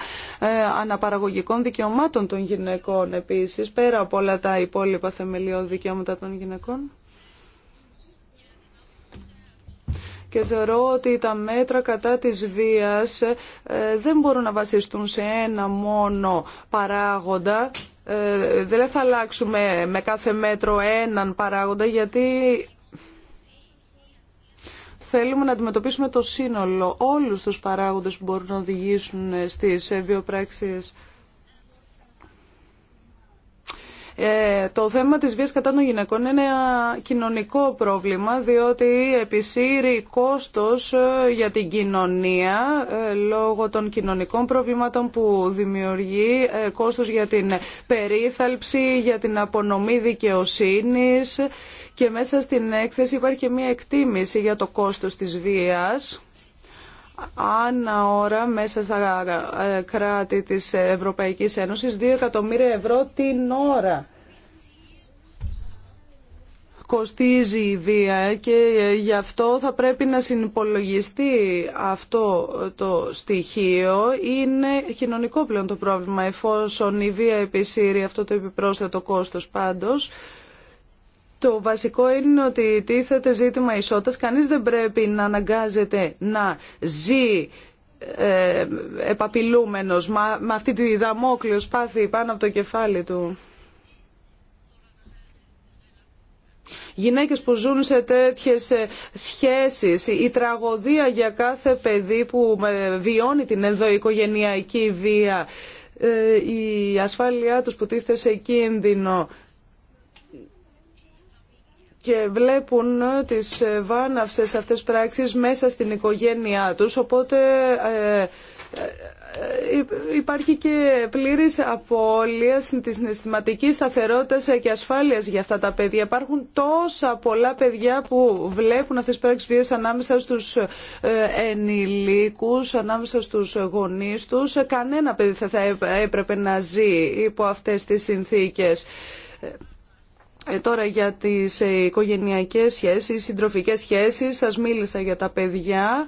αναπαραγωγικών δικαιωμάτων των γυναικών επίσης, πέρα από όλα τα υπόλοιπα θεμελιώδη δικαιώματα των γυναικών. και θεωρώ ότι τα μέτρα κατά της βίας ε, δεν μπορούν να βασιστούν σε ένα μόνο παράγοντα. Ε, δεν θα αλλάξουμε με κάθε μέτρο έναν παράγοντα γιατί θέλουμε να αντιμετωπίσουμε το σύνολο, όλους τους παράγοντες που μπορούν να οδηγήσουν ε, στις βιοπράξεις. Ε, το θέμα της βίας κατά των γυναικών είναι ένα κοινωνικό πρόβλημα διότι επισύρει κόστος ε, για την κοινωνία ε, λόγω των κοινωνικών προβλημάτων που δημιουργεί, κόστος για την περίθαλψη, για την απονομή δικαιοσύνης και μέσα στην έκθεση υπάρχει και μια εκτίμηση για το κόστος της βίας Ανά ώρα μέσα στα ε, κράτη της Ευρωπαϊκής Ένωσης 2 εκατομμύρια ευρώ την ώρα κοστίζει η βία και ε, γι' αυτό θα πρέπει να συνυπολογιστεί αυτό το στοιχείο. Είναι κοινωνικό πλέον το πρόβλημα εφόσον η βία επισύρει αυτό το επιπρόσθετο κόστος πάντως. Το βασικό είναι ότι τίθεται ζήτημα ισότητας. Κανείς δεν πρέπει να αναγκάζεται να ζει ε, επαπειλούμενος μα, με αυτή τη δαμόκλειο σπάθη πάνω από το κεφάλι του. Γυναίκες που ζουν σε τέτοιες ε, σχέσεις, η τραγωδία για κάθε παιδί που ε, βιώνει την ενδοοικογενειακή βία, ε, η ασφάλειά τους που τίθεται σε κίνδυνο, και βλέπουν τις βάναυσες αυτές πράξεις μέσα στην οικογένειά τους, οπότε ε, ε, ε, υπάρχει και πλήρης απώλεια της συναισθηματική σταθερότητας και ασφάλειας για αυτά τα παιδιά. Υπάρχουν τόσα πολλά παιδιά που βλέπουν αυτές τις πράξεις βίας ανάμεσα στους ενηλίκους, ανάμεσα στους γονείς τους. Κανένα παιδί θα έπρεπε να ζει υπό αυτές τις συνθήκες. Ε, τώρα για τις ε, οικογενειακές σχέσεις, συντροφικές σχέσεις, σας μίλησα για τα παιδιά.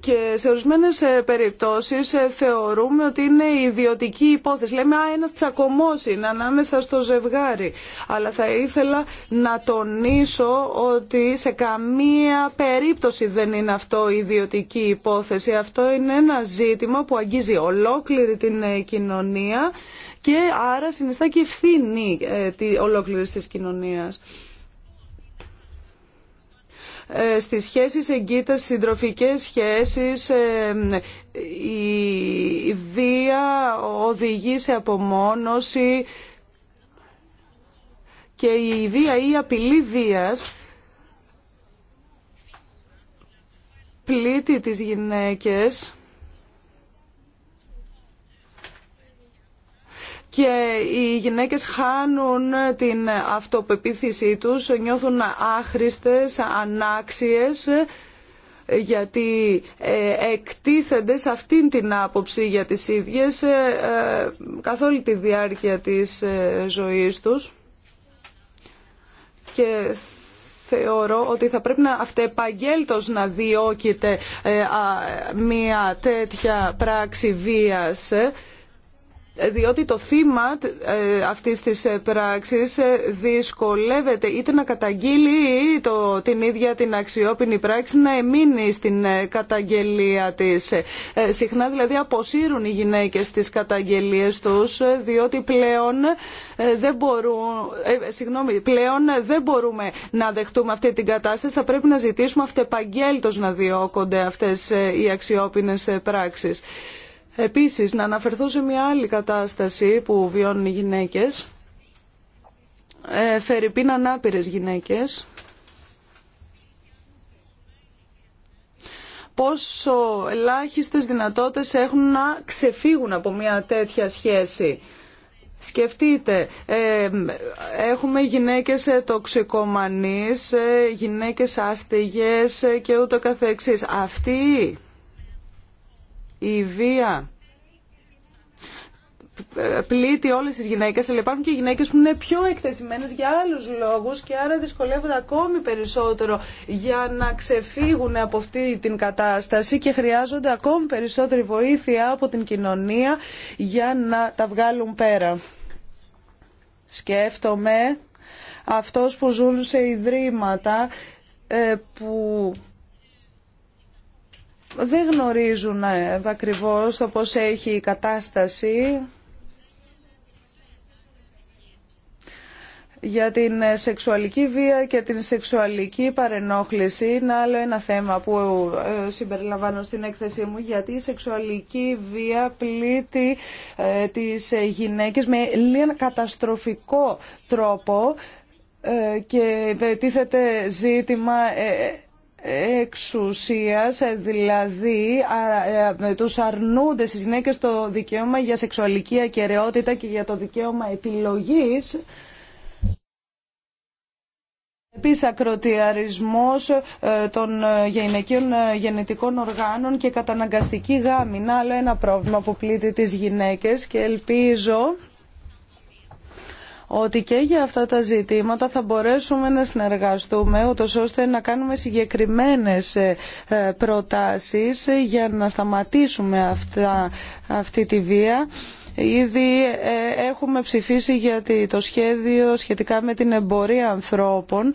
Και σε ορισμένε περιπτώσει ε, θεωρούμε ότι είναι ιδιωτική υπόθεση. Λέμε, α, ένα τσακωμό είναι ανάμεσα στο ζευγάρι. Αλλά θα ήθελα να τονίσω ότι σε καμία περίπτωση δεν είναι αυτό ιδιωτική υπόθεση. Αυτό είναι ένα ζήτημα που αγγίζει ολόκληρη την ε, κοινωνία και άρα συνιστά και ευθύνη ε, ολόκληρης της κοινωνίας ε, στις σχέσεις εγκύτας, συντροφικές σχέσεις, ε, η βία οδηγεί σε απομόνωση και η βία ή η απειλή βίας πλήττει τις γυναίκες και οι γυναίκες χάνουν την αυτοπεποίθησή τους, νιώθουν άχρηστες, ανάξιες γιατί ε, εκτίθενται σε αυτήν την άποψη για τις ίδιες ε, ε, καθ' όλη τη διάρκεια της ζωής τους και θεωρώ ότι θα πρέπει να αυτεπαγγέλτος να διώκεται μία τέτοια πράξη βίας διότι το θύμα ε, αυτής της ε, πράξης ε, δυσκολεύεται είτε να καταγγείλει ή το, την ίδια την αξιόπινη πράξη να εμείνει στην καταγγελία της. Συχνά δηλαδή αποσύρουν οι γυναίκες τις καταγγελίες τους διότι πλέον δεν, ε, πλέον δεν μπορούμε να δεχτούμε αυτή την κατάσταση. Θα πρέπει να ζητήσουμε αυτεπαγγέλτος να διώκονται αυτές οι αξιόπινες πράξεις. Επίσης, να αναφερθώ σε μια άλλη κατάσταση που βιώνουν οι γυναίκες. Ε, Φερρυπίν ανάπηρες γυναίκες. Πόσο ελάχιστες δυνατότητες έχουν να ξεφύγουν από μια τέτοια σχέση. Σκεφτείτε, ε, έχουμε γυναίκες ε, τοξικομανείς, ε, γυναίκες άστιγες και ούτω καθεξής. Αυτοί η βία πλήττει όλες τις γυναίκες, αλλά υπάρχουν και γυναίκες που είναι πιο εκτεθειμένες για άλλους λόγους και άρα δυσκολεύονται ακόμη περισσότερο για να ξεφύγουν από αυτή την κατάσταση και χρειάζονται ακόμη περισσότερη βοήθεια από την κοινωνία για να τα βγάλουν πέρα. Σκέφτομαι αυτός που ζουν σε ιδρύματα ε, που δεν γνωρίζουν ε, ακριβώς το πώς έχει η κατάσταση για την ε, σεξουαλική βία και την σεξουαλική παρενόχληση είναι άλλο ένα θέμα που ε, συμπεριλαμβάνω στην έκθεσή μου γιατί η σεξουαλική βία πλήττει τις γυναίκες με λίγο καταστροφικό τρόπο και τίθεται ζήτημα εξουσίας, δηλαδή ε, τους αρνούνται στις γυναίκες το δικαίωμα για σεξουαλική ακαιρεότητα και για το δικαίωμα επιλογής Επίσης ακροτιαρισμός ε, των ε, γυναικείων γενετικών οργάνων και καταναγκαστική γάμη. Να άλλο ένα πρόβλημα που πλήττει τις γυναίκες και ελπίζω ότι και για αυτά τα ζητήματα θα μπορέσουμε να συνεργαστούμε ούτως ώστε να κάνουμε συγκεκριμένες ε, προτάσεις για να σταματήσουμε αυτά, αυτή τη βία. Ήδη ε, έχουμε ψηφίσει για το σχέδιο σχετικά με την εμπορία ανθρώπων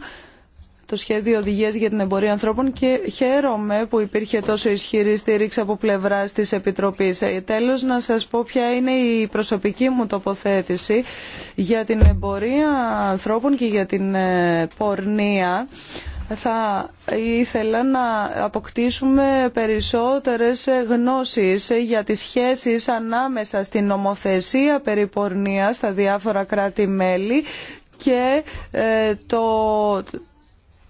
το σχέδιο οδηγία για την εμπορία ανθρώπων και χαίρομαι που υπήρχε τόσο ισχυρή στήριξη από πλευρά της Επιτροπή. Ε, τέλο να σα πω ποια είναι η προσωπική μου τοποθέτηση για την εμπορία ανθρώπων και για την ε, πορνεία θα ήθελα να αποκτήσουμε περισσότερες γνώσεις για τις σχέσεις ανάμεσα στην νομοθεσία περί πορνείας στα διάφορα κράτη-μέλη και ε, το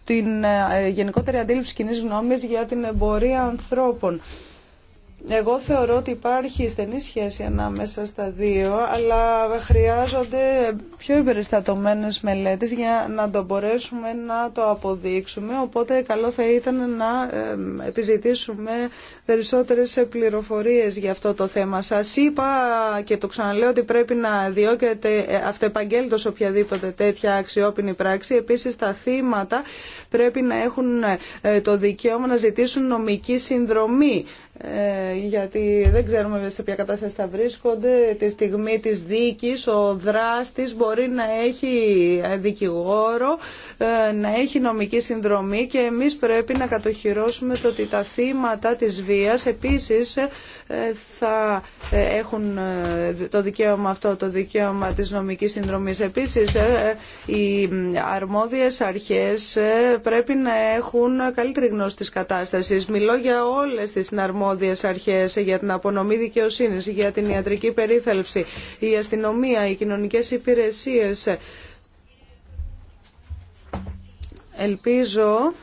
την ε, γενικότερη αντίληψη κοινή γνώμης για την εμπορία ανθρώπων. Εγώ θεωρώ ότι υπάρχει στενή σχέση ανάμεσα στα δύο, αλλά χρειάζονται πιο υπεριστατωμένες μελέτες για να το μπορέσουμε να το αποδείξουμε, οπότε καλό θα ήταν να επιζητήσουμε περισσότερες πληροφορίες για αυτό το θέμα. Σας είπα και το ξαναλέω ότι πρέπει να διώκεται ε, αυτεπαγγέλτος οποιαδήποτε τέτοια αξιόπινη πράξη. Επίσης τα θύματα πρέπει να έχουν ε, το δικαίωμα να ζητήσουν νομική συνδρομή ε, γιατί δεν ξέρουμε σε ποια κατάσταση θα βρίσκονται. Τη στιγμή της δίκης ο δράστης μπορεί να έχει δικηγόρο, ε, να έχει νομική συνδρομή και εμείς πρέπει να κατοχυρώσουμε το ότι τα θύματα της βίας επίσης ε, ε, θα ε, έχουν ε, το δικαίωμα αυτό, το δικαίωμα της νομικής συνδρομής. Επίσης, οι αρμόδιες αρχές πρέπει να έχουν καλύτερη γνώση της κατάστασης. Μιλώ για όλες τις αρμόδιες αρχές, για την απονομή δικαιοσύνης, για την ιατρική περίθαλψη, η αστυνομία, οι κοινωνικές υπηρεσίες. Ελπίζω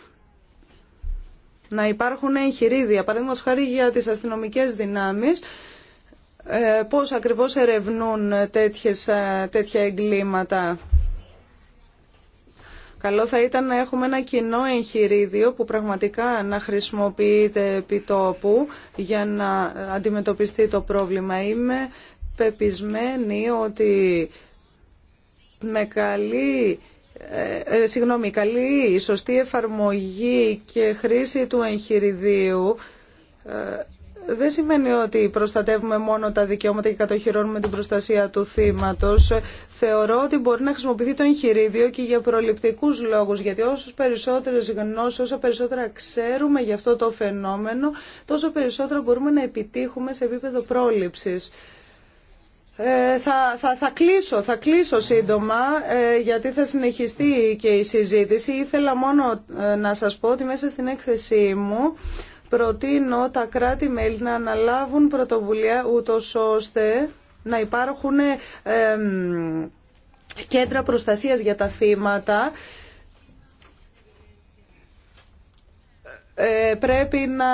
να υπάρχουν εγχειρίδια, παραδείγματος χάρη για τις αστυνομικές δυνάμεις, ε, πώς ακριβώς ερευνούν ε, τέτοια εγκλήματα. Καλό θα ήταν να έχουμε ένα κοινό εγχειρίδιο που πραγματικά να χρησιμοποιείται επί τόπου για να αντιμετωπιστεί το πρόβλημα. Είμαι πεπισμένη ότι με καλή ε, ε, συγγνώμη, καλή, σωστή εφαρμογή και χρήση του εγχειριδίου ε, δεν σημαίνει ότι προστατεύουμε μόνο τα δικαιώματα και κατοχυρώνουμε την προστασία του θύματος. Θεωρώ ότι μπορεί να χρησιμοποιηθεί το εγχειρίδιο και για προληπτικούς λόγους, γιατί όσο περισσότερες γνώσεις, όσο περισσότερα ξέρουμε για αυτό το φαινόμενο, τόσο περισσότερο μπορούμε να επιτύχουμε σε επίπεδο πρόληψης. Ε, θα, θα, θα, κλείσω, θα σύντομα ε, γιατί θα συνεχιστεί και η συζήτηση. Ήθελα μόνο ε, να σας πω ότι μέσα στην έκθεσή μου προτείνω τα κράτη-μέλη να αναλάβουν πρωτοβουλία ούτω ώστε να υπάρχουν ε, κέντρα προστασίας για τα θύματα Ε, πρέπει να,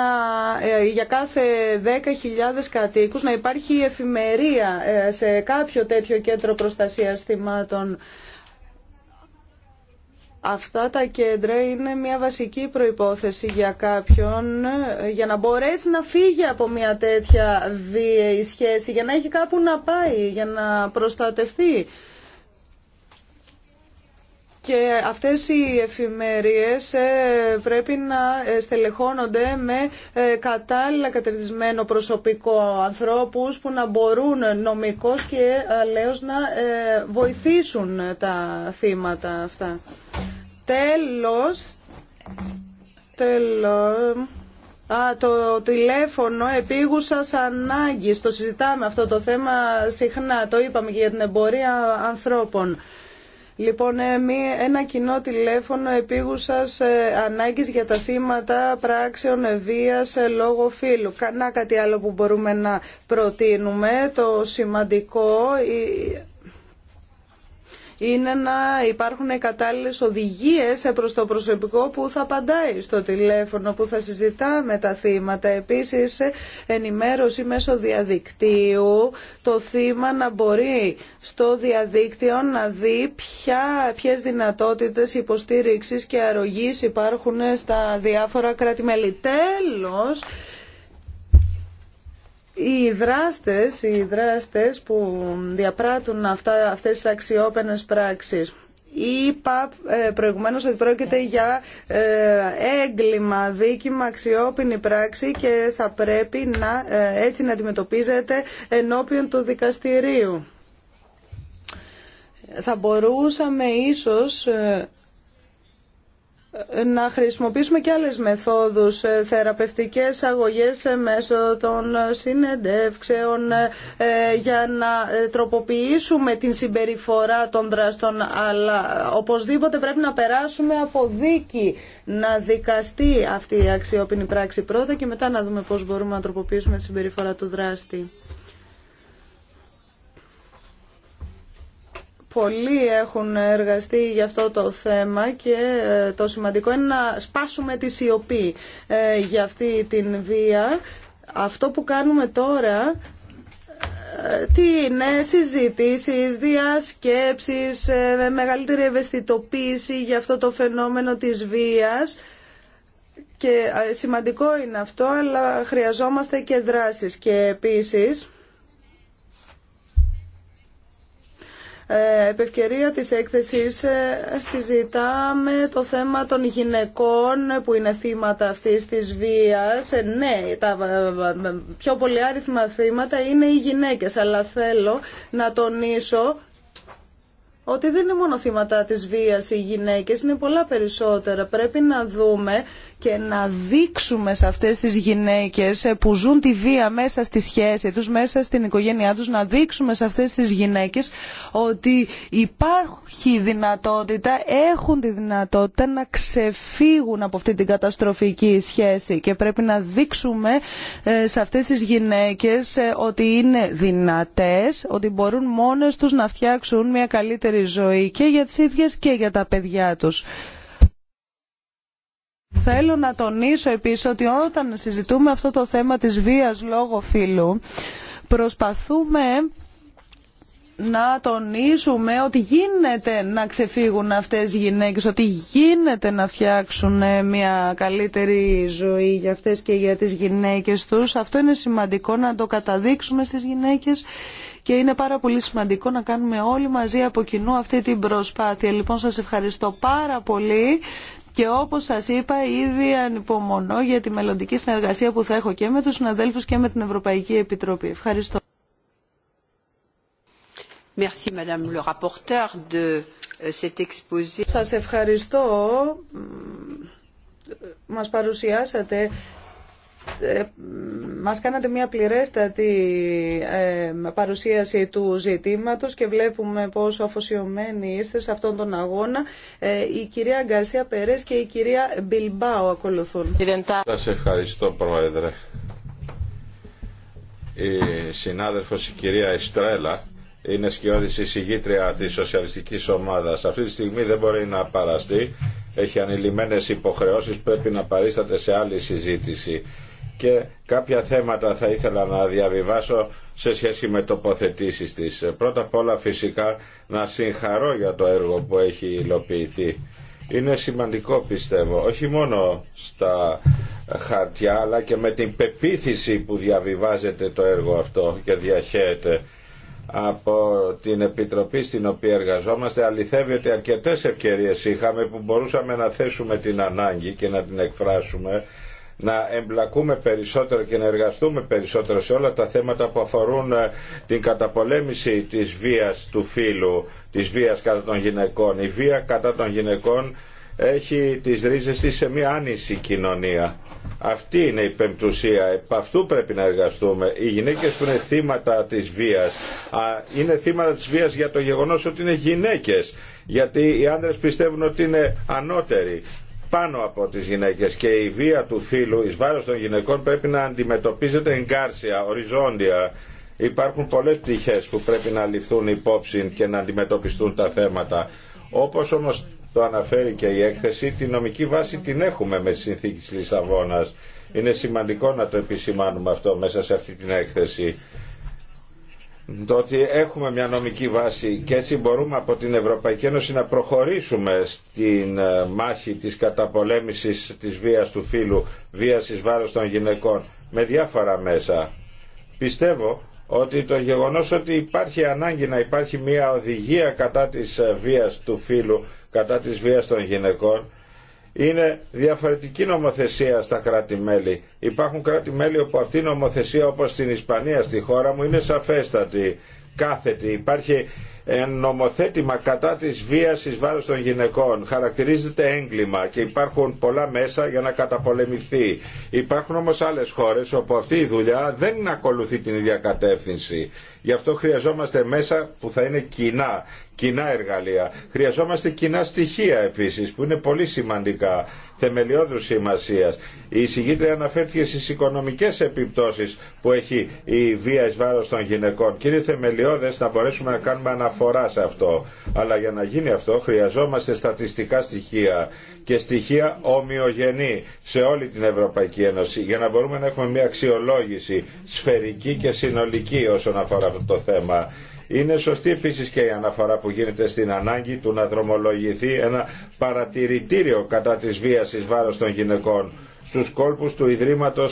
ε, για κάθε 10.000 κατοίκους να υπάρχει εφημερία ε, σε κάποιο τέτοιο κέντρο προστασίας θυμάτων. Αυτά τα κέντρα είναι μια βασική προϋπόθεση για κάποιον για να μπορέσει να φύγει από μια τέτοια βίαιη σχέση, για να έχει κάπου να πάει, για να προστατευτεί και αυτές οι εφημερίες ε, πρέπει να ε, στελεχώνονται με ε, κατάλληλα κατερτισμένο προσωπικό ανθρώπους που να μπορούν νομικός και αλέως να βοηθήσουν τα θύματα αυτά. Τέλος, τέλος, Α, το τηλέφωνο επίγουσα ανάγκη. Το συζητάμε αυτό το θέμα συχνά. Το είπαμε και για την εμπορία ανθρώπων. Λοιπόν, ε, ένα κοινό τηλέφωνο επίγουσας ε, ανάγκης για τα θύματα πράξεων ε, βίας λόγω φύλου. Κανά κάτι άλλο που μπορούμε να προτείνουμε. Το σημαντικό είναι να υπάρχουν κατάλληλε οδηγίες προς το προσωπικό που θα απαντάει στο τηλέφωνο, που θα συζητά με τα θύματα. Επίσης, ενημέρωση μέσω διαδικτύου, το θύμα να μπορεί στο διαδίκτυο να δει ποιε δυνατότητε δυνατότητες υποστήριξης και αρρωγή υπάρχουν στα διάφορα κράτη-μέλη. Τέλος, οι δράστες, δράστες που διαπράττουν αυτά, αυτές τις αξιόπαινες πράξεις Είπα ε, προηγουμένως ότι πρόκειται για ε, έγκλημα, δίκημα, αξιόπινη πράξη και θα πρέπει να, ε, έτσι να αντιμετωπίζεται ενώπιον του δικαστηρίου. Θα μπορούσαμε ίσως να χρησιμοποιήσουμε και άλλες μεθόδους, ε, θεραπευτικές αγωγές ε, μέσω των συνεντεύξεων ε, για να τροποποιήσουμε την συμπεριφορά των δραστών, αλλά οπωσδήποτε πρέπει να περάσουμε από δίκη, να δικαστεί αυτή η αξιόπινη πράξη πρώτα και μετά να δούμε πώς μπορούμε να τροποποιήσουμε τη συμπεριφορά του δράστη. Πολλοί έχουν εργαστεί για αυτό το θέμα και ε, το σημαντικό είναι να σπάσουμε τη σιωπή ε, για αυτή την βία. Αυτό που κάνουμε τώρα ε, τι είναι, συζητήσεις, διασκέψεις, με μεγαλύτερη ευαισθητοποίηση για αυτό το φαινόμενο της βίας και σημαντικό είναι αυτό, αλλά χρειαζόμαστε και δράσεις και επίσης Ε, επ' ευκαιρία της έκθεσης ε, συζητάμε το θέμα των γυναικών που είναι θύματα αυτής της βίας. Ε, ναι, τα πιο πολλοί άριθμα θύματα είναι οι γυναίκες, αλλά θέλω να τονίσω ότι δεν είναι μόνο θύματα της βίας οι γυναίκες, είναι πολλά περισσότερα. Πρέπει να δούμε και να δείξουμε σε αυτές τις γυναίκες που ζουν τη βία μέσα στη σχέση τους, μέσα στην οικογένειά τους, να δείξουμε σε αυτές τις γυναίκες ότι υπάρχει δυνατότητα, έχουν τη δυνατότητα να ξεφύγουν από αυτή την καταστροφική σχέση και πρέπει να δείξουμε ε, σε αυτές τις γυναίκες ε, ότι είναι δυνατές, ότι μπορούν μόνες τους να φτιάξουν μια καλύτερη ζωή και για τις ίδιες και για τα παιδιά τους. Θέλω να τονίσω επίσης ότι όταν συζητούμε αυτό το θέμα της βίας λόγω φύλου, προσπαθούμε να τονίσουμε ότι γίνεται να ξεφύγουν αυτές οι γυναίκες, ότι γίνεται να φτιάξουν μια καλύτερη ζωή για αυτές και για τις γυναίκες τους. Αυτό είναι σημαντικό να το καταδείξουμε στις γυναίκες και είναι πάρα πολύ σημαντικό να κάνουμε όλοι μαζί από κοινού αυτή την προσπάθεια. Λοιπόν, σας ευχαριστώ πάρα πολύ και όπως σας είπα ήδη ανυπομονώ για τη μελλοντική συνεργασία που θα έχω και με τους συναδέλφους και με την Ευρωπαϊκή Επιτροπή. Ευχαριστώ. Merci, Madame le rapporteur, de euh, cet exposé. Σας ευχαριστώ μας παρουσιάσατε ε, μας κάνατε μια πληρέστατη ε, παρουσίαση του ζητήματος και βλέπουμε πόσο αφοσιωμένοι είστε σε αυτόν τον αγώνα. Ε, η κυρία Γκαρσία Περές και η κυρία Μπιλμπάου ακολουθούν. Σα ευχαριστώ Πρόεδρε. Η συνάδελφος η κυρία Εστρέλα είναι σκιώδης συγγήτρια της Σοσιαλιστικής Ομάδας. Αυτή τη στιγμή δεν μπορεί να παραστεί. Έχει ανηλυμένες υποχρεώσεις, πρέπει να παρίσταται σε άλλη συζήτηση και κάποια θέματα θα ήθελα να διαβιβάσω σε σχέση με τοποθετήσεις της. Πρώτα απ' όλα φυσικά να συγχαρώ για το έργο που έχει υλοποιηθεί. Είναι σημαντικό πιστεύω, όχι μόνο στα χαρτιά αλλά και με την πεποίθηση που διαβιβάζεται το έργο αυτό και διαχέεται από την Επιτροπή στην οποία εργαζόμαστε αληθεύει ότι αρκετές ευκαιρίες είχαμε που μπορούσαμε να θέσουμε την ανάγκη και να την εκφράσουμε να εμπλακούμε περισσότερο και να εργαστούμε περισσότερο σε όλα τα θέματα που αφορούν ε, την καταπολέμηση της βίας του φύλου, της βίας κατά των γυναικών. Η βία κατά των γυναικών έχει τις ρίζες της σε μια άνηση κοινωνία. Αυτή είναι η πεμπτουσία. Επ' αυτού πρέπει να εργαστούμε. Οι γυναίκες που είναι θύματα της βίας, α, είναι θύματα της βίας για το γεγονός ότι είναι γυναίκες. Γιατί οι άντρες πιστεύουν ότι είναι ανώτεροι πάνω από τις γυναίκες και η βία του φίλου, εις βάρος των γυναικών πρέπει να αντιμετωπίζεται εγκάρσια, οριζόντια. Υπάρχουν πολλές πτυχές που πρέπει να ληφθούν υπόψη και να αντιμετωπιστούν τα θέματα. Όπως όμως το αναφέρει και η έκθεση, τη νομική βάση την έχουμε με τη συνθήκη της Λισαβόνας. Είναι σημαντικό να το επισημάνουμε αυτό μέσα σε αυτή την έκθεση το ότι έχουμε μια νομική βάση και έτσι μπορούμε από την Ευρωπαϊκή Ένωση να προχωρήσουμε στην ε, μάχη της καταπολέμησης της βίας του φύλου, βίας εις βάρος των γυναικών, με διάφορα μέσα. Πιστεύω ότι το γεγονός ότι υπάρχει ανάγκη να υπάρχει μια οδηγία κατά της ε, βίας του φύλου, κατά της βίας των γυναικών, είναι διαφορετική νομοθεσία στα κράτη-μέλη. Υπάρχουν κράτη-μέλη όπου αυτή η νομοθεσία όπως στην Ισπανία, στη χώρα μου, είναι σαφέστατη, κάθετη. Υπάρχει ε, νομοθέτημα κατά της βίας εις βάρος των γυναικών. Χαρακτηρίζεται έγκλημα και υπάρχουν πολλά μέσα για να καταπολεμηθεί. Υπάρχουν όμως άλλες χώρες όπου αυτή η δουλειά δεν ακολουθεί την ίδια κατεύθυνση. Γι' αυτό χρειαζόμαστε μέσα που θα είναι κοινά κοινά εργαλεία. Χρειαζόμαστε κοινά στοιχεία επίσης που είναι πολύ σημαντικά, θεμελιώδους σημασία. Η εισηγήτρια αναφέρθηκε στι οικονομικέ επιπτώσει που έχει η βία ει βάρο των γυναικών και είναι θεμελιώδες να μπορέσουμε να κάνουμε αναφορά σε αυτό. Αλλά για να γίνει αυτό χρειαζόμαστε στατιστικά στοιχεία και στοιχεία ομοιογενή σε όλη την Ευρωπαϊκή Ένωση για να μπορούμε να έχουμε μια αξιολόγηση σφαιρική και συνολική όσον αφορά αυτό το θέμα είναι σωστή επίση και η αναφορά που γίνεται στην ανάγκη του να δρομολογηθεί ένα παρατηρητήριο κατά τη βία ει βάρο των γυναικών στου κόλπου του Ιδρύματο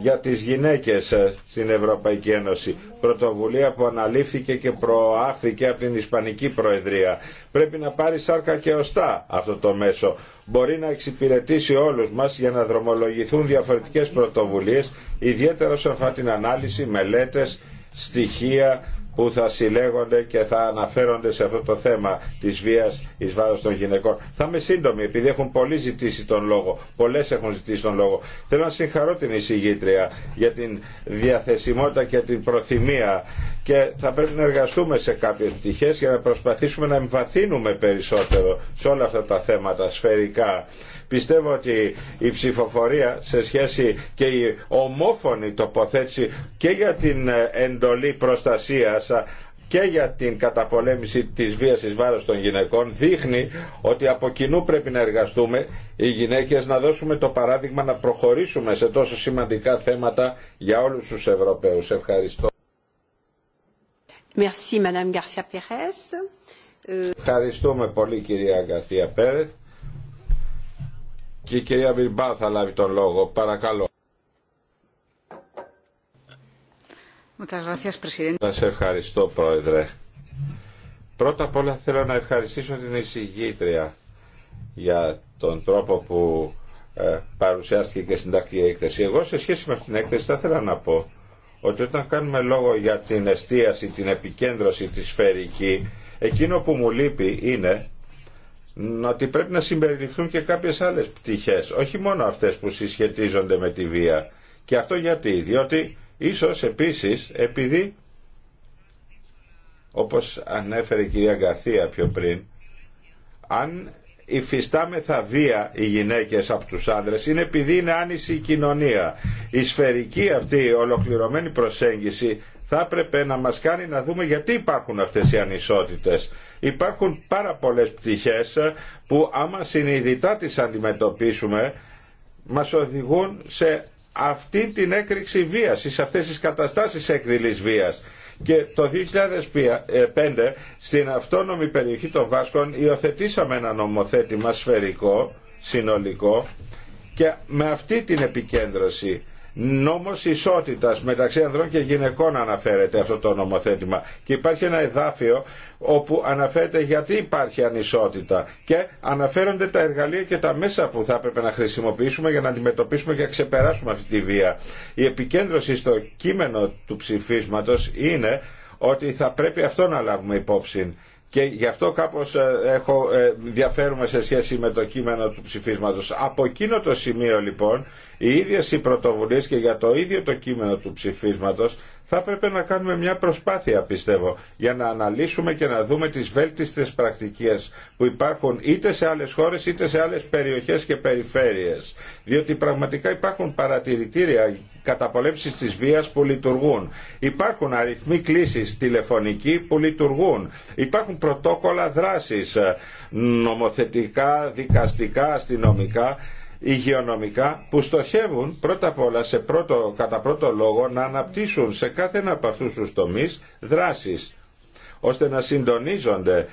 για τις γυναίκες ε, στην Ευρωπαϊκή Ένωση. Πρωτοβουλία που αναλήφθηκε και προάχθηκε από την Ισπανική Προεδρία. Πρέπει να πάρει σάρκα και οστά αυτό το μέσο. Μπορεί να εξυπηρετήσει όλου μα για να δρομολογηθούν διαφορετικέ πρωτοβουλίε, ιδιαίτερα σε αυτή την ανάλυση, μελέτε, στοιχεία που θα συλλέγονται και θα αναφέρονται σε αυτό το θέμα της βίας εις βάρος των γυναικών. Θα είμαι σύντομη επειδή έχουν πολλοί ζητήσει τον λόγο, πολλές έχουν ζητήσει τον λόγο. Θέλω να συγχαρώ την εισηγήτρια για την διαθεσιμότητα και την προθυμία και θα πρέπει να εργαστούμε σε κάποιες πτυχές για να προσπαθήσουμε να εμβαθύνουμε περισσότερο σε όλα αυτά τα θέματα σφαιρικά. Πιστεύω ότι η ψηφοφορία σε σχέση και η ομόφωνη τοποθέτηση και για την ε, εντολή προστασία και για την καταπολέμηση της βίας εις βάρος των γυναικών δείχνει ότι από κοινού πρέπει να εργαστούμε οι γυναίκες να δώσουμε το παράδειγμα να προχωρήσουμε σε τόσο σημαντικά θέματα για όλους τους Ευρωπαίους. Ευχαριστώ. Merci, Madame Garcia Perez. Ε, Ευχαριστούμε πολύ κυρία Γκαρθία Πέρεθ και η κυρία Βιμπά θα λάβει τον λόγο. Παρακαλώ. Σας ευχαριστώ Πρόεδρε. Πρώτα απ' όλα θέλω να ευχαριστήσω την εισηγήτρια για τον τρόπο που ε, παρουσιάστηκε και στην η έκθεση. Εγώ σε σχέση με αυτήν την έκθεση θα ήθελα να πω ότι όταν κάνουμε λόγο για την εστίαση, την επικέντρωση, τη σφαιρική, εκείνο που μου λείπει είναι ότι πρέπει να συμπεριληφθούν και κάποιες άλλες πτυχές, όχι μόνο αυτές που συσχετίζονται με τη βία. Και αυτό γιατί, διότι Ίσως επίσης επειδή όπως ανέφερε η κυρία Γκαθία πιο πριν αν υφιστάμεθα βία οι γυναίκες από τους άνδρες είναι επειδή είναι άνηση η κοινωνία. Η σφαιρική αυτή η ολοκληρωμένη προσέγγιση θα έπρεπε να μας κάνει να δούμε γιατί υπάρχουν αυτές οι ανισότητες. Υπάρχουν πάρα πολλές πτυχές που άμα συνειδητά τις αντιμετωπίσουμε μας οδηγούν σε αυτή την έκρηξη βίας, σε αυτές τις καταστάσεις έκδηλης βίας. Και το 2005 στην αυτόνομη περιοχή των Βάσκων υιοθετήσαμε ένα νομοθέτημα σφαιρικό, συνολικό και με αυτή την επικέντρωση νόμος ισότητας μεταξύ ανδρών και γυναικών αναφέρεται αυτό το νομοθέτημα και υπάρχει ένα εδάφιο όπου αναφέρεται γιατί υπάρχει ανισότητα και αναφέρονται τα εργαλεία και τα μέσα που θα έπρεπε να χρησιμοποιήσουμε για να αντιμετωπίσουμε και να ξεπεράσουμε αυτή τη βία. Η επικέντρωση στο κείμενο του ψηφίσματος είναι ότι θα πρέπει αυτό να λάβουμε υπόψη και γι' αυτό κάπως ε, έχω, ε, διαφέρουμε σε σχέση με το κείμενο του ψηφίσματος. Από εκείνο το σημείο λοιπόν, οι ίδιες οι πρωτοβουλίες και για το ίδιο το κείμενο του ψηφίσματος θα έπρεπε να κάνουμε μια προσπάθεια πιστεύω για να αναλύσουμε και να δούμε τις βέλτιστες πρακτικές που υπάρχουν είτε σε άλλες χώρες είτε σε άλλες περιοχές και περιφέρειες. Διότι πραγματικά υπάρχουν παρατηρητήρια καταπολέψεις της βίας που λειτουργούν. Υπάρχουν αριθμοί κλήσεις τηλεφωνικοί που λειτουργούν. Υπάρχουν πρωτόκολλα δράσης ε, νομοθετικά, δικαστικά, αστυνομικά υγειονομικά που στοχεύουν πρώτα απ' όλα σε πρώτο, κατά πρώτο λόγο να αναπτύσσουν σε κάθε ένα από αυτούς τους τομείς δράσεις ώστε να συντονίζονται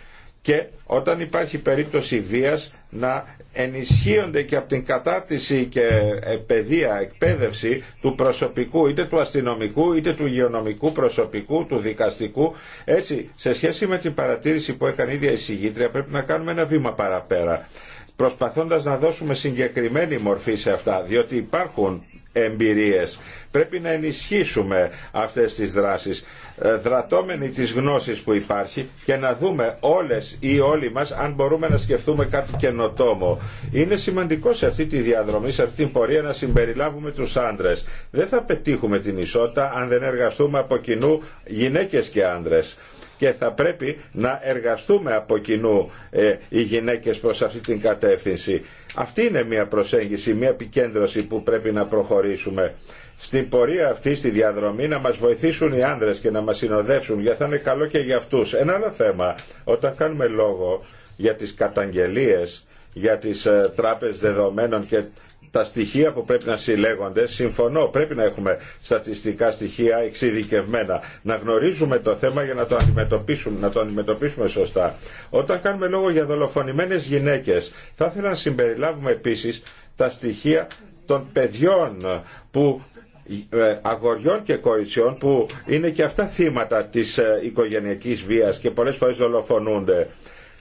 και όταν υπάρχει περίπτωση βίας να ενισχύονται και από την κατάρτιση και ε, παιδεία, εκπαίδευση του προσωπικού, είτε του αστυνομικού, είτε του υγειονομικού προσωπικού, του δικαστικού. Έτσι, σε σχέση με την παρατήρηση που έκανε η ίδια η πρέπει να κάνουμε ένα βήμα παραπέρα προσπαθώντας να δώσουμε συγκεκριμένη μορφή σε αυτά, διότι υπάρχουν εμπειρίες. Πρέπει να ενισχύσουμε αυτές τις δράσεις ε, δρατώμενοι της γνώσης που υπάρχει και να δούμε όλες ή όλοι μας αν μπορούμε να σκεφτούμε κάτι καινοτόμο. Είναι σημαντικό σε αυτή τη διαδρομή, σε αυτή την πορεία να συμπεριλάβουμε τους άντρες. Δεν θα πετύχουμε την ισότητα αν δεν εργαστούμε από κοινού γυναίκες και άντρες και θα πρέπει να εργαστούμε από κοινού ε, οι γυναίκες προς αυτή την κατεύθυνση. Αυτή είναι μια προσέγγιση, μια επικέντρωση που πρέπει να προχωρήσουμε. Στην πορεία αυτή, στη διαδρομή, να μας βοηθήσουν οι άνδρες και να μας συνοδεύσουν, γιατί θα είναι καλό και για αυτούς. Ένα άλλο θέμα, όταν κάνουμε λόγο για τις καταγγελίες, για τις ε, τράπεζες δεδομένων και τα στοιχεία που πρέπει να συλλέγονται, συμφωνώ, πρέπει να έχουμε στατιστικά στοιχεία εξειδικευμένα, να γνωρίζουμε το θέμα για να το αντιμετωπίσουμε, να το αντιμετωπίσουμε σωστά. Όταν κάνουμε λόγο για δολοφονημένες γυναίκες, θα ήθελα να συμπεριλάβουμε επίσης τα στοιχεία των παιδιών που ε, αγοριών και κοριτσιών που είναι και αυτά θύματα της ε, οικογενειακής βίας και πολλές φορές δολοφονούνται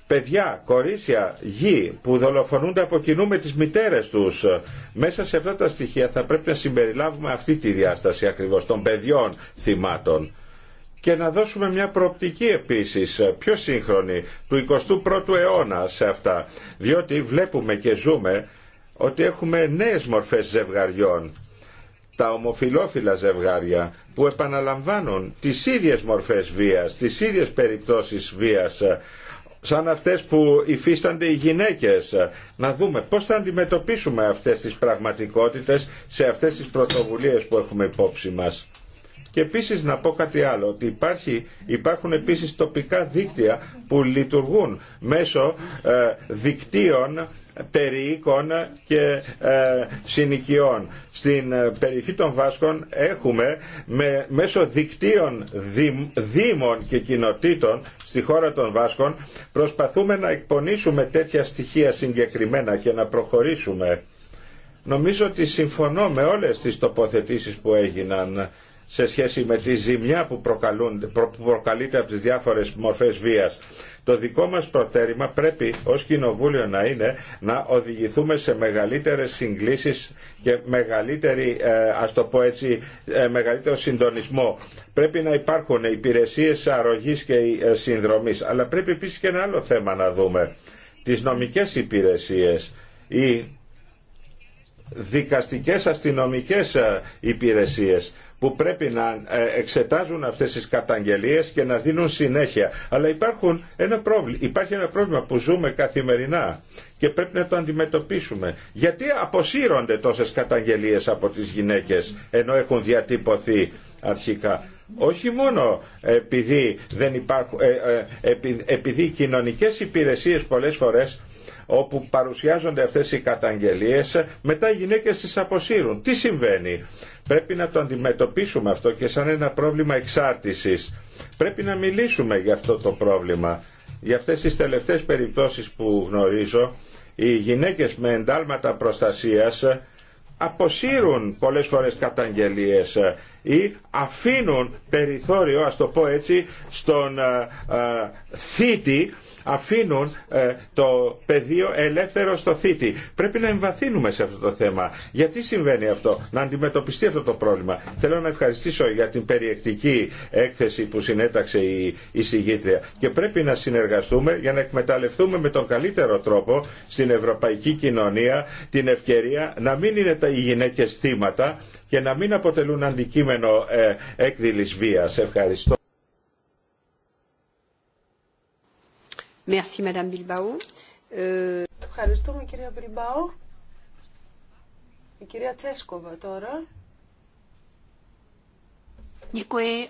παιδιά, κορίτσια, γη που δολοφονούνται από κοινού με τις μητέρες τους. Μέσα σε αυτά τα στοιχεία θα πρέπει να συμπεριλάβουμε αυτή τη διάσταση ακριβώς των παιδιών θυμάτων και να δώσουμε μια προοπτική επίσης πιο σύγχρονη του 21ου αιώνα σε αυτά διότι βλέπουμε και ζούμε ότι έχουμε νέες μορφές ζευγαριών τα ομοφιλόφιλα ζευγάρια που επαναλαμβάνουν τις ίδιες μορφές βίας, τις ίδιες περιπτώσεις βίας σαν αυτές που υφίστανται οι γυναίκες. Να δούμε πώς θα αντιμετωπίσουμε αυτές τις πραγματικότητες σε αυτές τις πρωτοβουλίες που έχουμε υπόψη μας. Και επίσης να πω κάτι άλλο, ότι υπάρχει, υπάρχουν επίσης τοπικά δίκτυα που λειτουργούν μέσω ε, δικτύων περιοίκων και ε, συνοικιών. Στην ε, περιοχή των Βάσκων έχουμε με, μέσω δικτύων δήμων και κοινοτήτων στη χώρα των Βάσκων προσπαθούμε να εκπονήσουμε τέτοια στοιχεία συγκεκριμένα και να προχωρήσουμε. Νομίζω ότι συμφωνώ με όλες τις τοποθετήσεις που έγιναν σε σχέση με τη ζημιά που, προκαλούν, που προκαλείται από τις διάφορες μορφές βίας. Το δικό μας προτέρημα πρέπει ως Κοινοβούλιο να είναι να οδηγηθούμε σε μεγαλύτερες συγκλήσεις και μεγαλύτερη, ε, ας έτσι, ε, μεγαλύτερο συντονισμό. Πρέπει να υπάρχουν υπηρεσίες αρρωγής και ε, συνδρομής. Αλλά πρέπει επίσης και ένα άλλο θέμα να δούμε. Τις νομικές υπηρεσίες ή δικαστικές αστυνομικές υπηρεσίες που πρέπει να ε, εξετάζουν αυτές τις καταγγελίες και να δίνουν συνέχεια. Αλλά υπάρχουν ένα πρόβλημα, υπάρχει ένα πρόβλημα που ζούμε καθημερινά και πρέπει να το αντιμετωπίσουμε. Γιατί αποσύρονται τόσες καταγγελίες από τις γυναίκες ενώ έχουν διατύπωθεί αρχικά. Όχι μόνο επειδή, δεν υπάρχουν, ε, ε, επειδή οι κοινωνικές υπηρεσίες πολλές φορές όπου παρουσιάζονται αυτές οι καταγγελίες μετά οι γυναίκες τις αποσύρουν. Τι συμβαίνει. Πρέπει να το αντιμετωπίσουμε αυτό και σαν ένα πρόβλημα εξάρτησης. Πρέπει να μιλήσουμε για αυτό το πρόβλημα. Για αυτές τις τελευταίες περιπτώσεις που γνωρίζω, οι γυναίκες με εντάλματα προστασίας αποσύρουν πολλές φορές καταγγελίες ή αφήνουν περιθώριο, ας το πω έτσι, στον ε, ε, θήτη αφήνουν ε, το πεδίο ελεύθερο στο θήτη. Πρέπει να εμβαθύνουμε σε αυτό το θέμα. Γιατί συμβαίνει αυτό, να αντιμετωπιστεί αυτό το πρόβλημα. Θέλω να ευχαριστήσω για την περιεκτική έκθεση που συνέταξε η, η συγγήτρια και πρέπει να συνεργαστούμε για να εκμεταλλευτούμε με τον καλύτερο τρόπο στην ευρωπαϊκή κοινωνία την ευκαιρία να μην είναι τα, οι γυναίκες θύματα και να μην αποτελούν αντικείμενο ε, έκδηλης βίας. Ευχαριστώ. Merci, Madame Bilbao. Ε, ευχαριστούμε, κυρία Μπιλμπάου. Η κυρία Τσέσκοβα τώρα. Děkuji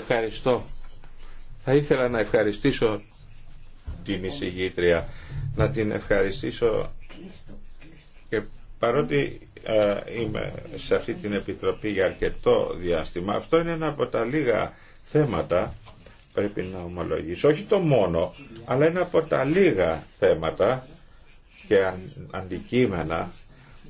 ευχαριστώ. Θα ήθελα να ευχαριστήσω την εισηγήτρια, να την ευχαριστήσω και παρότι ε, είμαι σε αυτή την Επιτροπή για αρκετό διάστημα. Αυτό είναι ένα από τα λίγα θέματα, πρέπει να ομολογήσω, όχι το μόνο, αλλά ένα από τα λίγα θέματα και αντικείμενα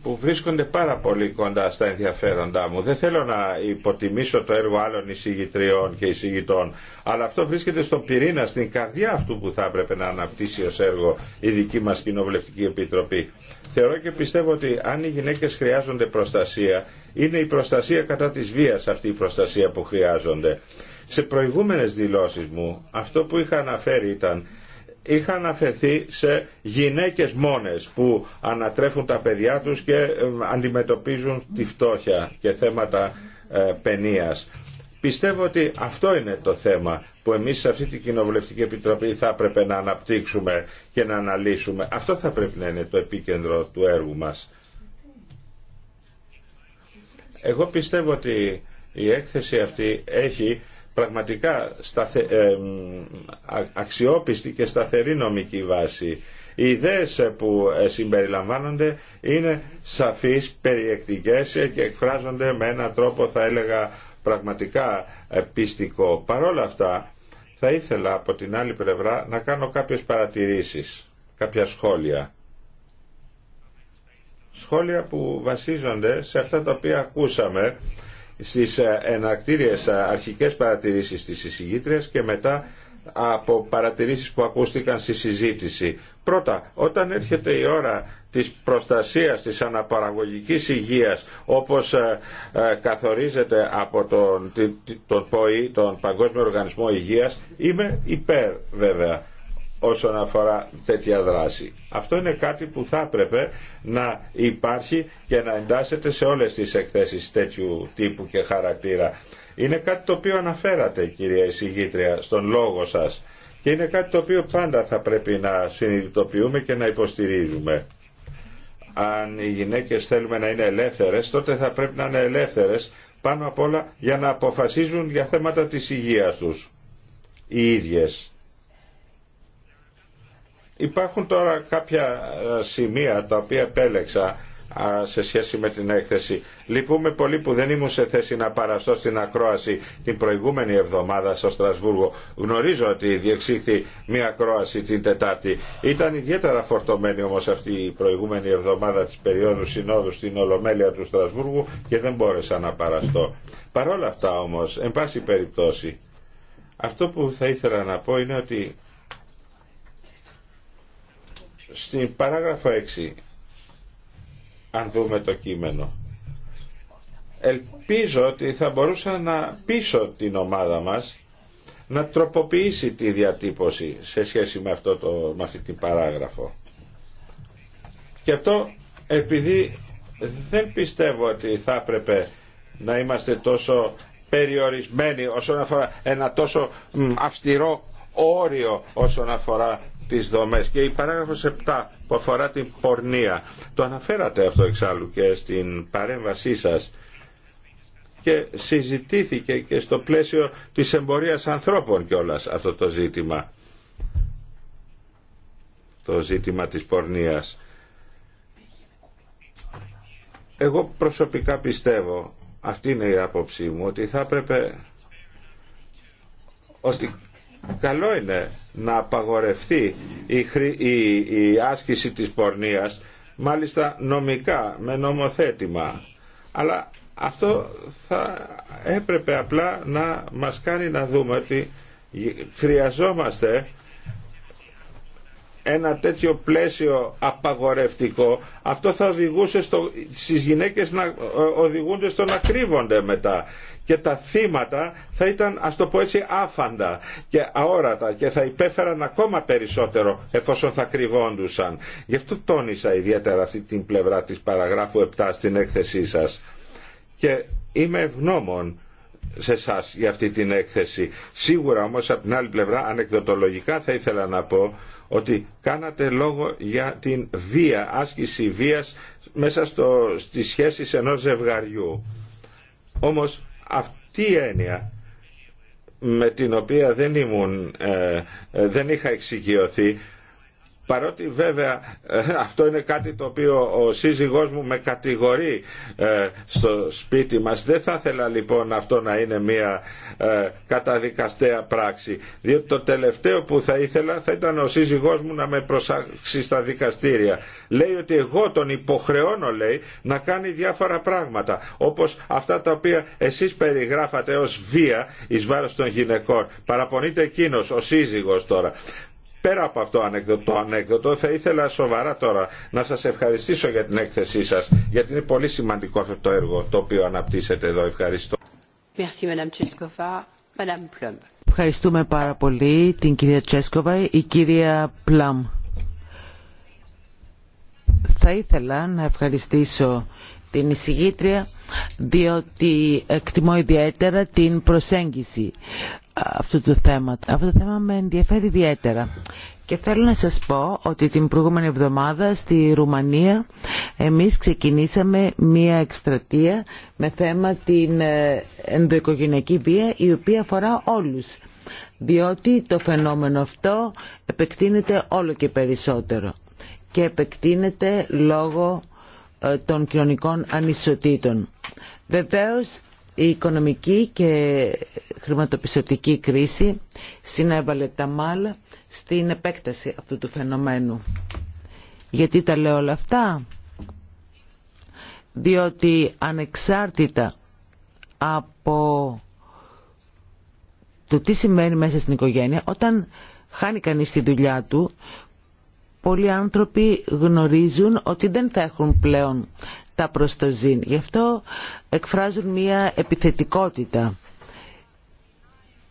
που βρίσκονται πάρα πολύ κοντά στα ενδιαφέροντά μου. Δεν θέλω να υποτιμήσω το έργο άλλων εισηγητριών και εισηγητών, αλλά αυτό βρίσκεται στον πυρήνα, στην καρδιά αυτού που θα έπρεπε να αναπτύσσει ως έργο η δική μας Κοινοβουλευτική Επιτροπή. Θεωρώ και πιστεύω ότι αν οι γυναίκες χρειάζονται προστασία, είναι η προστασία κατά της βίας αυτή η προστασία που χρειάζονται. Σε προηγούμενες δηλώσεις μου αυτό που είχα αναφέρει ήταν είχα αναφερθεί σε γυναίκες μόνες που ανατρέφουν τα παιδιά τους και ε, αντιμετωπίζουν τη φτώχεια και θέματα ε, παινίας. Πιστεύω ότι αυτό είναι το θέμα που εμείς σε αυτή την Κοινοβουλευτική Επιτροπή θα έπρεπε να αναπτύξουμε και να αναλύσουμε. Αυτό θα πρέπει να είναι το επίκεντρο του έργου μας. Εγώ πιστεύω ότι η έκθεση αυτή έχει πραγματικά σταθε, αξιόπιστη και σταθερή νομική βάση. Οι ιδέες που ε, συμπεριλαμβάνονται είναι σαφείς, περιεκτικές και εκφράζονται με έναν τρόπο θα έλεγα πραγματικά ε, πιστικό. Παρόλα αυτά θα ήθελα από την άλλη πλευρά να κάνω κάποιες παρατηρήσεις, κάποια σχόλια. Σχόλια που βασίζονται σε αυτά τα οποία ακούσαμε στις ε, ενακτήριες ε, αρχικές παρατηρήσεις της εισηγήτριας και μετά από παρατηρήσεις που ακούστηκαν στη συζήτηση. Πρώτα, όταν έρχεται η ώρα της προστασίας της αναπαραγωγικής υγείας όπως ε, καθορίζεται από τον, τον, τον, ΠΟΗ, τον Παγκόσμιο Οργανισμό Υγείας, είμαι υπέρ βέβαια όσον αφορά τέτοια δράση. Αυτό είναι κάτι που θα έπρεπε να υπάρχει και να εντάσσεται σε όλες τις εκθέσεις τέτοιου τύπου και χαρακτήρα. Είναι κάτι το οποίο αναφέρατε κυρία εισηγήτρια στον λόγο σας και είναι κάτι το οποίο πάντα θα πρέπει να συνειδητοποιούμε και να υποστηρίζουμε. Αν οι γυναίκες θέλουμε να είναι ελεύθερες, τότε θα πρέπει να είναι ελεύθερες πάνω απ' όλα για να αποφασίζουν για θέματα της υγείας τους οι ίδιες Υπάρχουν τώρα κάποια ε, σημεία τα οποία επέλεξα σε σχέση με την έκθεση. Λυπούμε πολύ που δεν ήμουν σε θέση να παραστώ στην ακρόαση την προηγούμενη εβδομάδα στο Στρασβούργο. Γνωρίζω ότι διεξήχθη μία ακρόαση την Τετάρτη. Ήταν ιδιαίτερα φορτωμένη όμως αυτή η προηγούμενη εβδομάδα της περίοδου συνόδου στην Ολομέλεια του Στρασβούργου και δεν μπόρεσα να παραστώ. Παρ' όλα αυτά όμως, εν πάση περιπτώσει, αυτό που θα ήθελα να πω είναι ότι στην παράγραφο 6, αν δούμε το κείμενο, ελπίζω ότι θα μπορούσα να πείσω την ομάδα μας να τροποποιήσει τη διατύπωση σε σχέση με, αυτό το, με αυτή την παράγραφο. Και αυτό επειδή δεν πιστεύω ότι θα έπρεπε να είμαστε τόσο περιορισμένοι όσον αφορά ένα τόσο αυστηρό όριο όσον αφορά τις δομές και η παράγραφος 7 που αφορά την πορνεία. Το αναφέρατε αυτό εξάλλου και στην παρέμβασή σας και συζητήθηκε και στο πλαίσιο της εμπορίας ανθρώπων κιόλας αυτό το ζήτημα. Το ζήτημα της πορνείας. Εγώ προσωπικά πιστεύω, αυτή είναι η άποψή μου, ότι θα έπρεπε ότι καλό είναι να απαγορευτεί η, άσκηση της πορνείας μάλιστα νομικά με νομοθέτημα αλλά αυτό θα έπρεπε απλά να μας κάνει να δούμε ότι χρειαζόμαστε ένα τέτοιο πλαίσιο απαγορευτικό, αυτό θα οδηγούσε στο, στις γυναίκες να οδηγούνται στο να κρύβονται μετά και τα θύματα θα ήταν ας το πω έτσι άφαντα και αόρατα και θα υπέφεραν ακόμα περισσότερο εφόσον θα κρυβόντουσαν. Γι' αυτό τόνισα ιδιαίτερα αυτή την πλευρά της παραγράφου 7 στην έκθεσή σας και είμαι ευγνώμων σε εσά για αυτή την έκθεση. Σίγουρα όμως από την άλλη πλευρά ανεκδοτολογικά θα ήθελα να πω ότι κάνατε λόγο για την βία, άσκηση βίας μέσα στο, στις σχέσεις ενός ζευγαριού. Όμως αυτή η έννοια με την οποία δεν, ε, ε, δεν είχα εξοικειωθεί παρότι βέβαια ε, αυτό είναι κάτι το οποίο ο σύζυγός μου με κατηγορεί ε, στο σπίτι μας. Δεν θα ήθελα λοιπόν αυτό να είναι μια ε, καταδικαστέα πράξη, διότι το τελευταίο που θα ήθελα θα ήταν ο σύζυγός μου να με προσάξει στα δικαστήρια. Λέει ότι εγώ τον υποχρεώνω, λέει, να κάνει διάφορα πράγματα, όπως αυτά τα οποία εσείς περιγράφατε ως βία εις βάρος των γυναικών. Παραπονείται εκείνος, ο σύζυγος τώρα. Πέρα από αυτό το ανέκδοτο, θα ήθελα σοβαρά τώρα να σας ευχαριστήσω για την έκθεσή σας, γιατί είναι πολύ σημαντικό αυτό το έργο το οποίο αναπτύσσεται εδώ. Ευχαριστώ. Ευχαριστούμε πάρα πολύ την κυρία Τσέσκοβα. Η κυρία Πλάμ. Θα ήθελα να ευχαριστήσω την εισηγήτρια διότι εκτιμώ ιδιαίτερα την προσέγγιση αυτό το θέμα με ενδιαφέρει ιδιαίτερα. Και θέλω να σας πω ότι την προηγούμενη εβδομάδα στη Ρουμανία εμείς ξεκινήσαμε μία εκστρατεία με θέμα την ε, ενδοοικογενειακή βία η οποία αφορά όλους. Διότι το φαινόμενο αυτό επεκτείνεται όλο και περισσότερο και επεκτείνεται λόγω ε, των κοινωνικών ανισοτήτων. Βεβαίως η οικονομική και χρηματοπιστωτική κρίση συνέβαλε τα μάλα στην επέκταση αυτού του φαινομένου. Γιατί τα λέω όλα αυτά. Διότι ανεξάρτητα από το τι σημαίνει μέσα στην οικογένεια, όταν χάνει κανείς τη δουλειά του, πολλοί άνθρωποι γνωρίζουν ότι δεν θα έχουν πλέον τα προστοζήν. Γι' αυτό εκφράζουν μια επιθετικότητα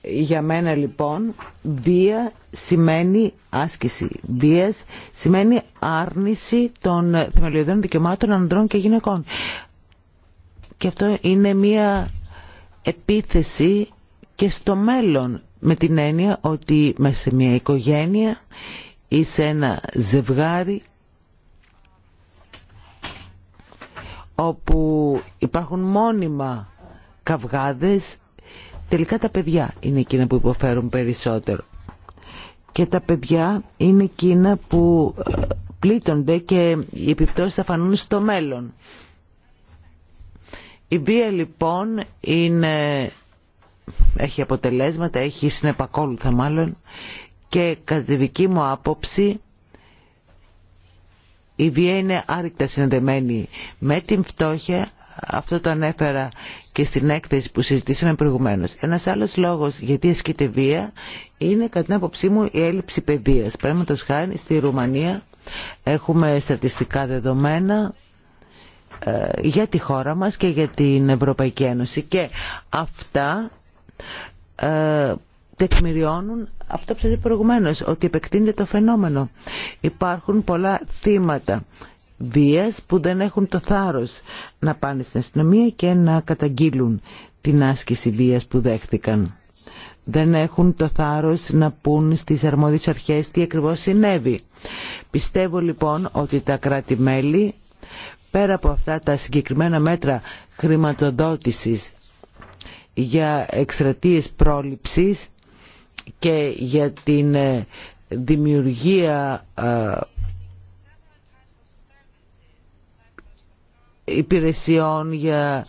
για μένα λοιπόν βία σημαίνει άσκηση. Βία σημαίνει άρνηση των θεμελιωδών δικαιωμάτων ανδρών και γυναικών. Και αυτό είναι μια επίθεση και στο μέλλον με την έννοια ότι μέσα σε μια οικογένεια ή σε ένα ζευγάρι όπου υπάρχουν μόνιμα καυγάδες Τελικά τα παιδιά είναι εκείνα που υποφέρουν περισσότερο. Και τα παιδιά είναι εκείνα που ε, πλήττονται και οι επιπτώσει θα φανούν στο μέλλον. Η βία λοιπόν είναι... έχει αποτελέσματα, έχει συνεπακόλουθα μάλλον και κατά τη δική μου άποψη η βία είναι άρρηκτα συνδεμένη με την φτώχεια, αυτό το ανέφερα και στην έκθεση που συζητήσαμε προηγουμένως. Ένας άλλος λόγος γιατί ασκείται βία είναι κατά την άποψή μου η έλλειψη παιδείας. το χάρη στη Ρουμανία έχουμε στατιστικά δεδομένα ε, για τη χώρα μας και για την Ευρωπαϊκή Ένωση και αυτά ε, τεκμηριώνουν αυτό που σας προηγουμένως ότι επεκτείνεται το φαινόμενο υπάρχουν πολλά θύματα που δεν έχουν το θάρρος να πάνε στην αστυνομία και να καταγγείλουν την άσκηση βίας που δέχτηκαν. Δεν έχουν το θάρρος να πούν στις αρμόδιες αρχές τι ακριβώς συνέβη. Πιστεύω λοιπόν ότι τα κράτη-μέλη πέρα από αυτά τα συγκεκριμένα μέτρα χρηματοδότησης για εξτρατείες πρόληψης και για την ε, δημιουργία ε, υπηρεσιών, για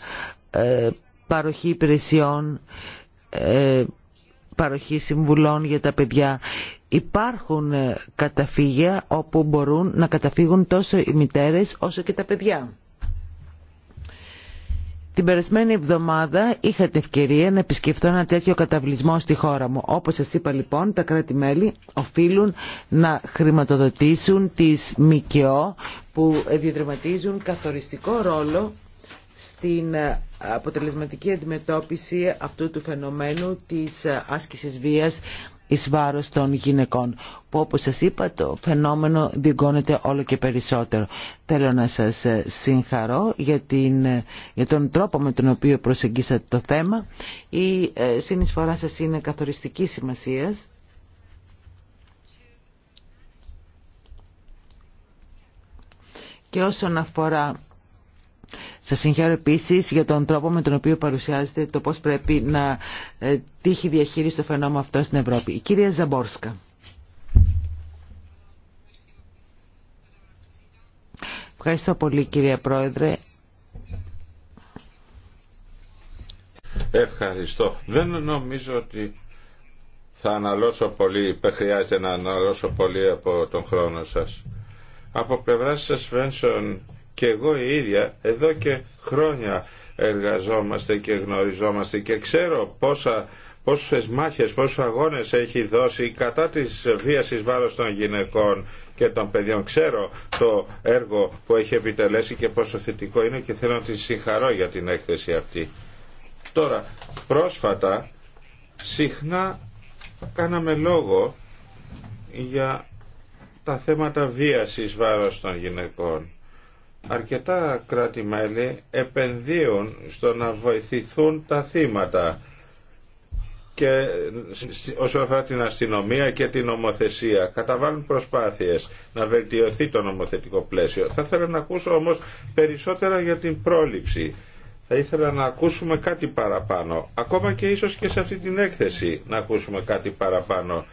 ε, παροχή υπηρεσιών, ε, παροχή συμβουλών για τα παιδιά. Υπάρχουν ε, καταφύγια όπου μπορούν να καταφύγουν τόσο οι μητέρες όσο και τα παιδιά. Την περασμένη εβδομάδα είχα την ευκαιρία να επισκεφθώ ένα τέτοιο καταβλισμό στη χώρα μου. Όπως σας είπα λοιπόν, τα κράτη-μέλη οφείλουν να χρηματοδοτήσουν τις ΜΚΟ που διαδραματίζουν καθοριστικό ρόλο στην αποτελεσματική αντιμετώπιση αυτού του φαινομένου της άσκησης βίας εις βάρος των γυναικών που όπως σας είπα το φαινόμενο διγκώνεται όλο και περισσότερο. Θέλω να σας ε, συγχαρώ για, την, ε, για τον τρόπο με τον οποίο προσεγγίσατε το θέμα. Η ε, συνεισφορά σας είναι καθοριστική σημασίας. Και όσον αφορά Σα συγχαίρω επίση για τον τρόπο με τον οποίο παρουσιάζεται το πώ πρέπει να ε, τύχει διαχείριση το φαινόμενο αυτό στην Ευρώπη. Η κυρία Ζαμπόρσκα. Ευχαριστώ πολύ κύριε Πρόεδρε. Ευχαριστώ. Δεν νομίζω ότι θα αναλώσω πολύ, χρειάζεται να αναλώσω πολύ από τον χρόνο σας. Από πλευρά σας Βένσον, και εγώ η ίδια εδώ και χρόνια εργαζόμαστε και γνωριζόμαστε και ξέρω πόσα πόσες μάχες, πόσους αγώνες έχει δώσει κατά της βίας εις βάρος των γυναικών και των παιδιών. Ξέρω το έργο που έχει επιτελέσει και πόσο θετικό είναι και θέλω να τη συγχαρώ για την έκθεση αυτή. Τώρα, πρόσφατα, συχνά κάναμε λόγο για τα θέματα βίας εις βάρος των γυναικών αρκετά κράτη-μέλη επενδύουν στο να βοηθηθούν τα θύματα και όσον αφορά την αστυνομία και την νομοθεσία καταβάλουν προσπάθειες να βελτιωθεί το νομοθετικό πλαίσιο. Θα ήθελα να ακούσω όμως περισσότερα για την πρόληψη. Θα ήθελα να ακούσουμε κάτι παραπάνω. Ακόμα και ίσως και σε αυτή την έκθεση να ακούσουμε κάτι παραπάνω.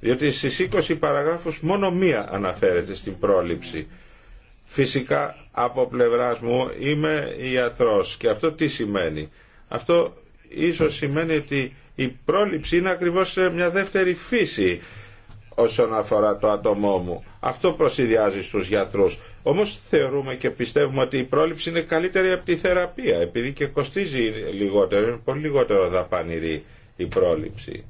Διότι στις 20 παραγράφους μόνο μία αναφέρεται στην πρόληψη. Φυσικά από πλευρά μου είμαι ιατρός και αυτό τι σημαίνει. Αυτό ίσως σημαίνει ότι η πρόληψη είναι ακριβώς μια δεύτερη φύση όσον αφορά το άτομό μου. Αυτό προσυδειάζει στους γιατρούς. Όμως θεωρούμε και πιστεύουμε ότι η πρόληψη είναι καλύτερη από τη θεραπεία επειδή και κοστίζει λιγότερο, είναι πολύ λιγότερο δαπανηρή η πρόληψη.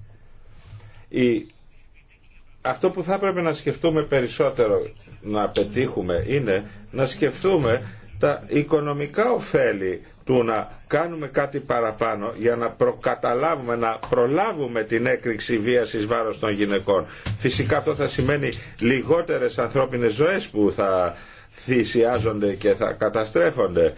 Αυτό που θα έπρεπε να σκεφτούμε περισσότερο να πετύχουμε είναι να σκεφτούμε τα οικονομικά ωφέλη του να κάνουμε κάτι παραπάνω για να προκαταλάβουμε, να προλάβουμε την έκρηξη βίας εις βάρος των γυναικών. Φυσικά αυτό θα σημαίνει λιγότερες ανθρώπινες ζωές που θα θυσιάζονται και θα καταστρέφονται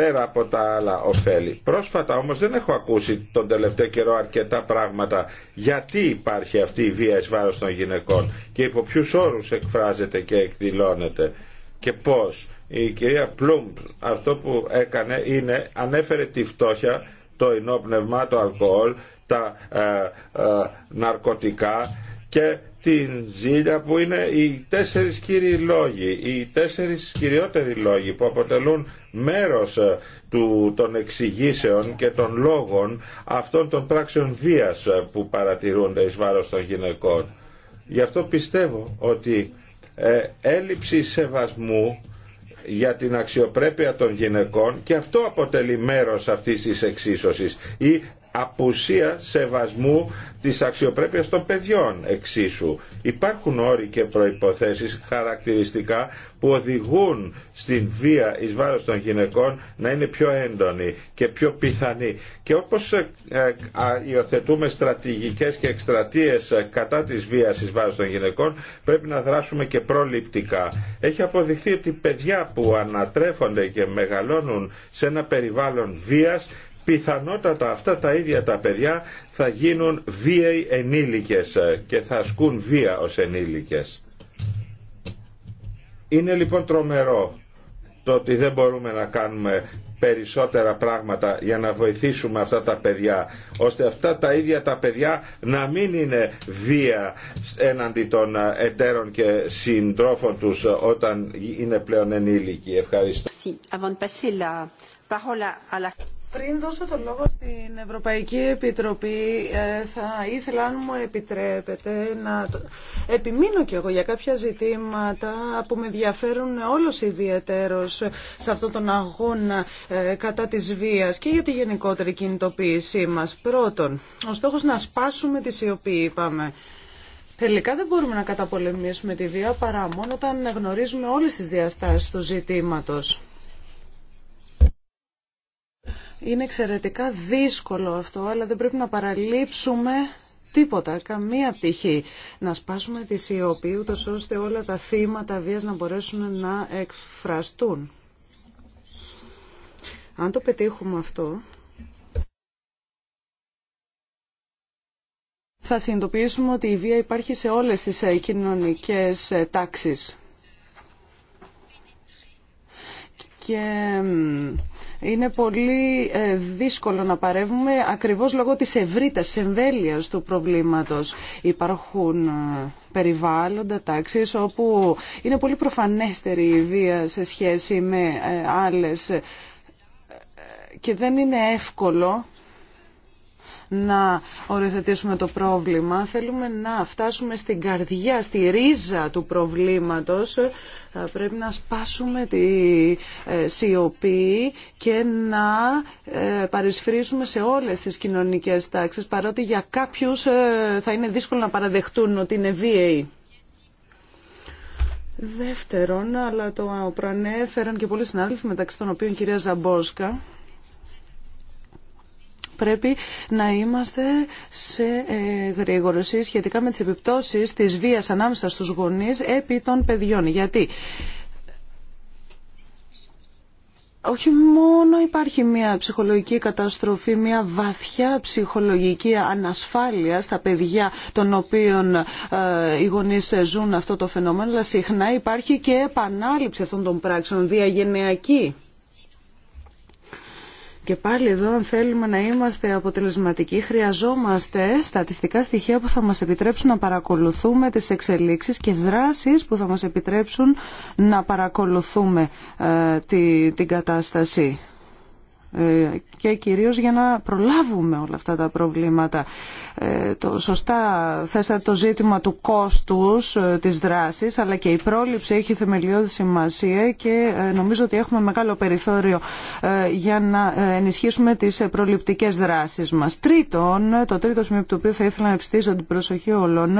πέρα από τα άλλα ωφέλη. Πρόσφατα όμως δεν έχω ακούσει τον τελευταίο καιρό αρκετά πράγματα γιατί υπάρχει αυτή η βία εις βάρος των γυναικών και υπό ποιου όρους εκφράζεται και εκδηλώνεται και πώς. Η κυρία Πλούμπ αυτό που έκανε είναι ανέφερε τη φτώχεια, το ενόπνευμα, το αλκοόλ, τα ε, ε, ναρκωτικά και την Ζήλια που είναι οι τέσσερις κύριοι λόγοι, οι τέσσερις κυριότεροι λόγοι που αποτελούν μέρος ε, του, των εξηγήσεων και των λόγων αυτών των πράξεων βίας ε, που παρατηρούνται εις βάρος των γυναικών. Γι' αυτό πιστεύω ότι ε, έλλειψη σεβασμού για την αξιοπρέπεια των γυναικών και αυτό αποτελεί μέρος αυτής της εξίσωσης ή απουσία σεβασμού της αξιοπρέπειας των παιδιών εξίσου. Υπάρχουν όροι και προϋποθέσεις χαρακτηριστικά που οδηγούν στην βία εις βάρος των γυναικών να είναι πιο έντονη και πιο πιθανή. Και όπως ε, ε, υιοθετούμε στρατηγικές και εκστρατείες ε, κατά της βίας εις βάρος των γυναικών πρέπει να δράσουμε και προληπτικά. Έχει αποδειχθεί ότι παιδιά που ανατρέφονται και μεγαλώνουν σε ένα περιβάλλον βίας πιθανότατα αυτά τα ίδια τα παιδιά θα γίνουν βίαιοι ενήλικες ε, και θα ασκούν βία ως ενήλικες. Είναι λοιπόν τρομερό το ότι δεν μπορούμε να κάνουμε περισσότερα πράγματα για να βοηθήσουμε αυτά τα παιδιά ώστε αυτά τα ίδια τα παιδιά να μην είναι βία έναντι των ε, εταίρων και συντρόφων τους ε, όταν είναι πλέον ενήλικοι. Ευχαριστώ. Πριν δώσω το λόγο στην Ευρωπαϊκή Επιτροπή, ε, θα ήθελα, αν μου επιτρέπετε, να επιμείνω κι εγώ για κάποια ζητήματα που με ενδιαφέρουν όλος ιδιαιτέρως σε αυτόν τον αγώνα ε, κατά της βίας και για τη γενικότερη κινητοποίησή μας. Πρώτον, ο στόχος να σπάσουμε τη σιωπή, είπαμε. Τελικά δεν μπορούμε να καταπολεμήσουμε τη βία παρά μόνο όταν γνωρίζουμε όλες τις διαστάσεις του ζητήματος. Είναι εξαιρετικά δύσκολο αυτό, αλλά δεν πρέπει να παραλείψουμε τίποτα, καμία πτυχή. Να σπάσουμε τη σιωπή, ούτως ώστε όλα τα θύματα βίας να μπορέσουν να εκφραστούν. Αν το πετύχουμε αυτό, θα συνειδητοποιήσουμε ότι η βία υπάρχει σε όλες τις ε, κοινωνικές ε, τάξεις. Και είναι πολύ ε, δύσκολο να παρεύουμε ακριβώς λόγω της ευρύτας εμβέλειας του προβλήματος. Υπάρχουν ε, περιβάλλοντα, τάξεις όπου είναι πολύ προφανέστερη η βία σε σχέση με ε, άλλες και δεν είναι εύκολο να οριοθετήσουμε το πρόβλημα. Θέλουμε να φτάσουμε στην καρδιά, στη ρίζα του προβλήματος. Θα πρέπει να σπάσουμε τη ε, σιωπή και να ε, παρισφρήσουμε σε όλες τις κοινωνικές τάξεις, παρότι για κάποιους ε, θα είναι δύσκολο να παραδεχτούν ότι είναι βίαιοι. Δεύτερον, αλλά το προανέφεραν και πολλοί συνάδελφοι μεταξύ των οποίων κυρία Ζαμπόσκα, πρέπει να είμαστε σε ε, γρήγορωση σχετικά με τις επιπτώσεις της βίας ανάμεσα στους γονείς επί των παιδιών. Γιατί όχι μόνο υπάρχει μια ψυχολογική καταστροφή, μια βαθιά ψυχολογική ανασφάλεια στα παιδιά των οποίων ε, οι γονείς ζουν αυτό το φαινόμενο, αλλά συχνά υπάρχει και επανάληψη αυτών των πράξεων διαγενειακή. Και πάλι εδώ, αν θέλουμε να είμαστε αποτελεσματικοί, χρειαζόμαστε στατιστικά στοιχεία που θα μας επιτρέψουν να παρακολουθούμε τις εξελίξεις και δράσεις που θα μας επιτρέψουν να παρακολουθούμε ε, τη, την κατάσταση. Ε, και κυρίως για να προλάβουμε όλα αυτά τα προβλήματα. Ε, το σωστά θέσατε το ζήτημα του κόστους ε, της δράσης αλλά και η πρόληψη έχει θεμελιώδη σημασία και νομίζω ότι έχουμε μεγάλο περιθώριο για να ενισχύσουμε τις προληπτικές δράσεις μας. Τρίτον, το τρίτο σημείο που θα ήθελα να ευστήσω την προσοχή όλων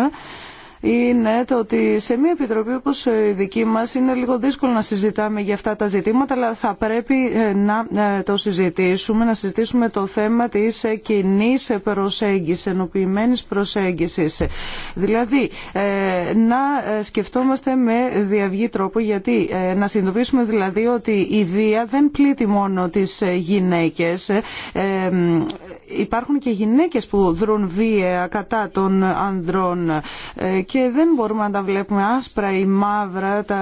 είναι το ότι σε μια επιτροπή όπως η δική μας είναι λίγο δύσκολο να συζητάμε για αυτά τα ζητήματα αλλά θα πρέπει ε, να ε, το συζητήσουμε, να συζητήσουμε το θέμα της ε, κοινή προσέγγισης, ενοποιημένης προσέγγισης. Δηλαδή να σκεφτόμαστε με διαυγή τρόπο γιατί να συνειδητοποιήσουμε δηλαδή ότι η βία δεν πλήττει μόνο τις γυναίκες. Υπάρχουν και γυναίκες που δρούν βία κατά των ανδρών και δεν μπορούμε να τα βλέπουμε άσπρα ή μαύρα τα...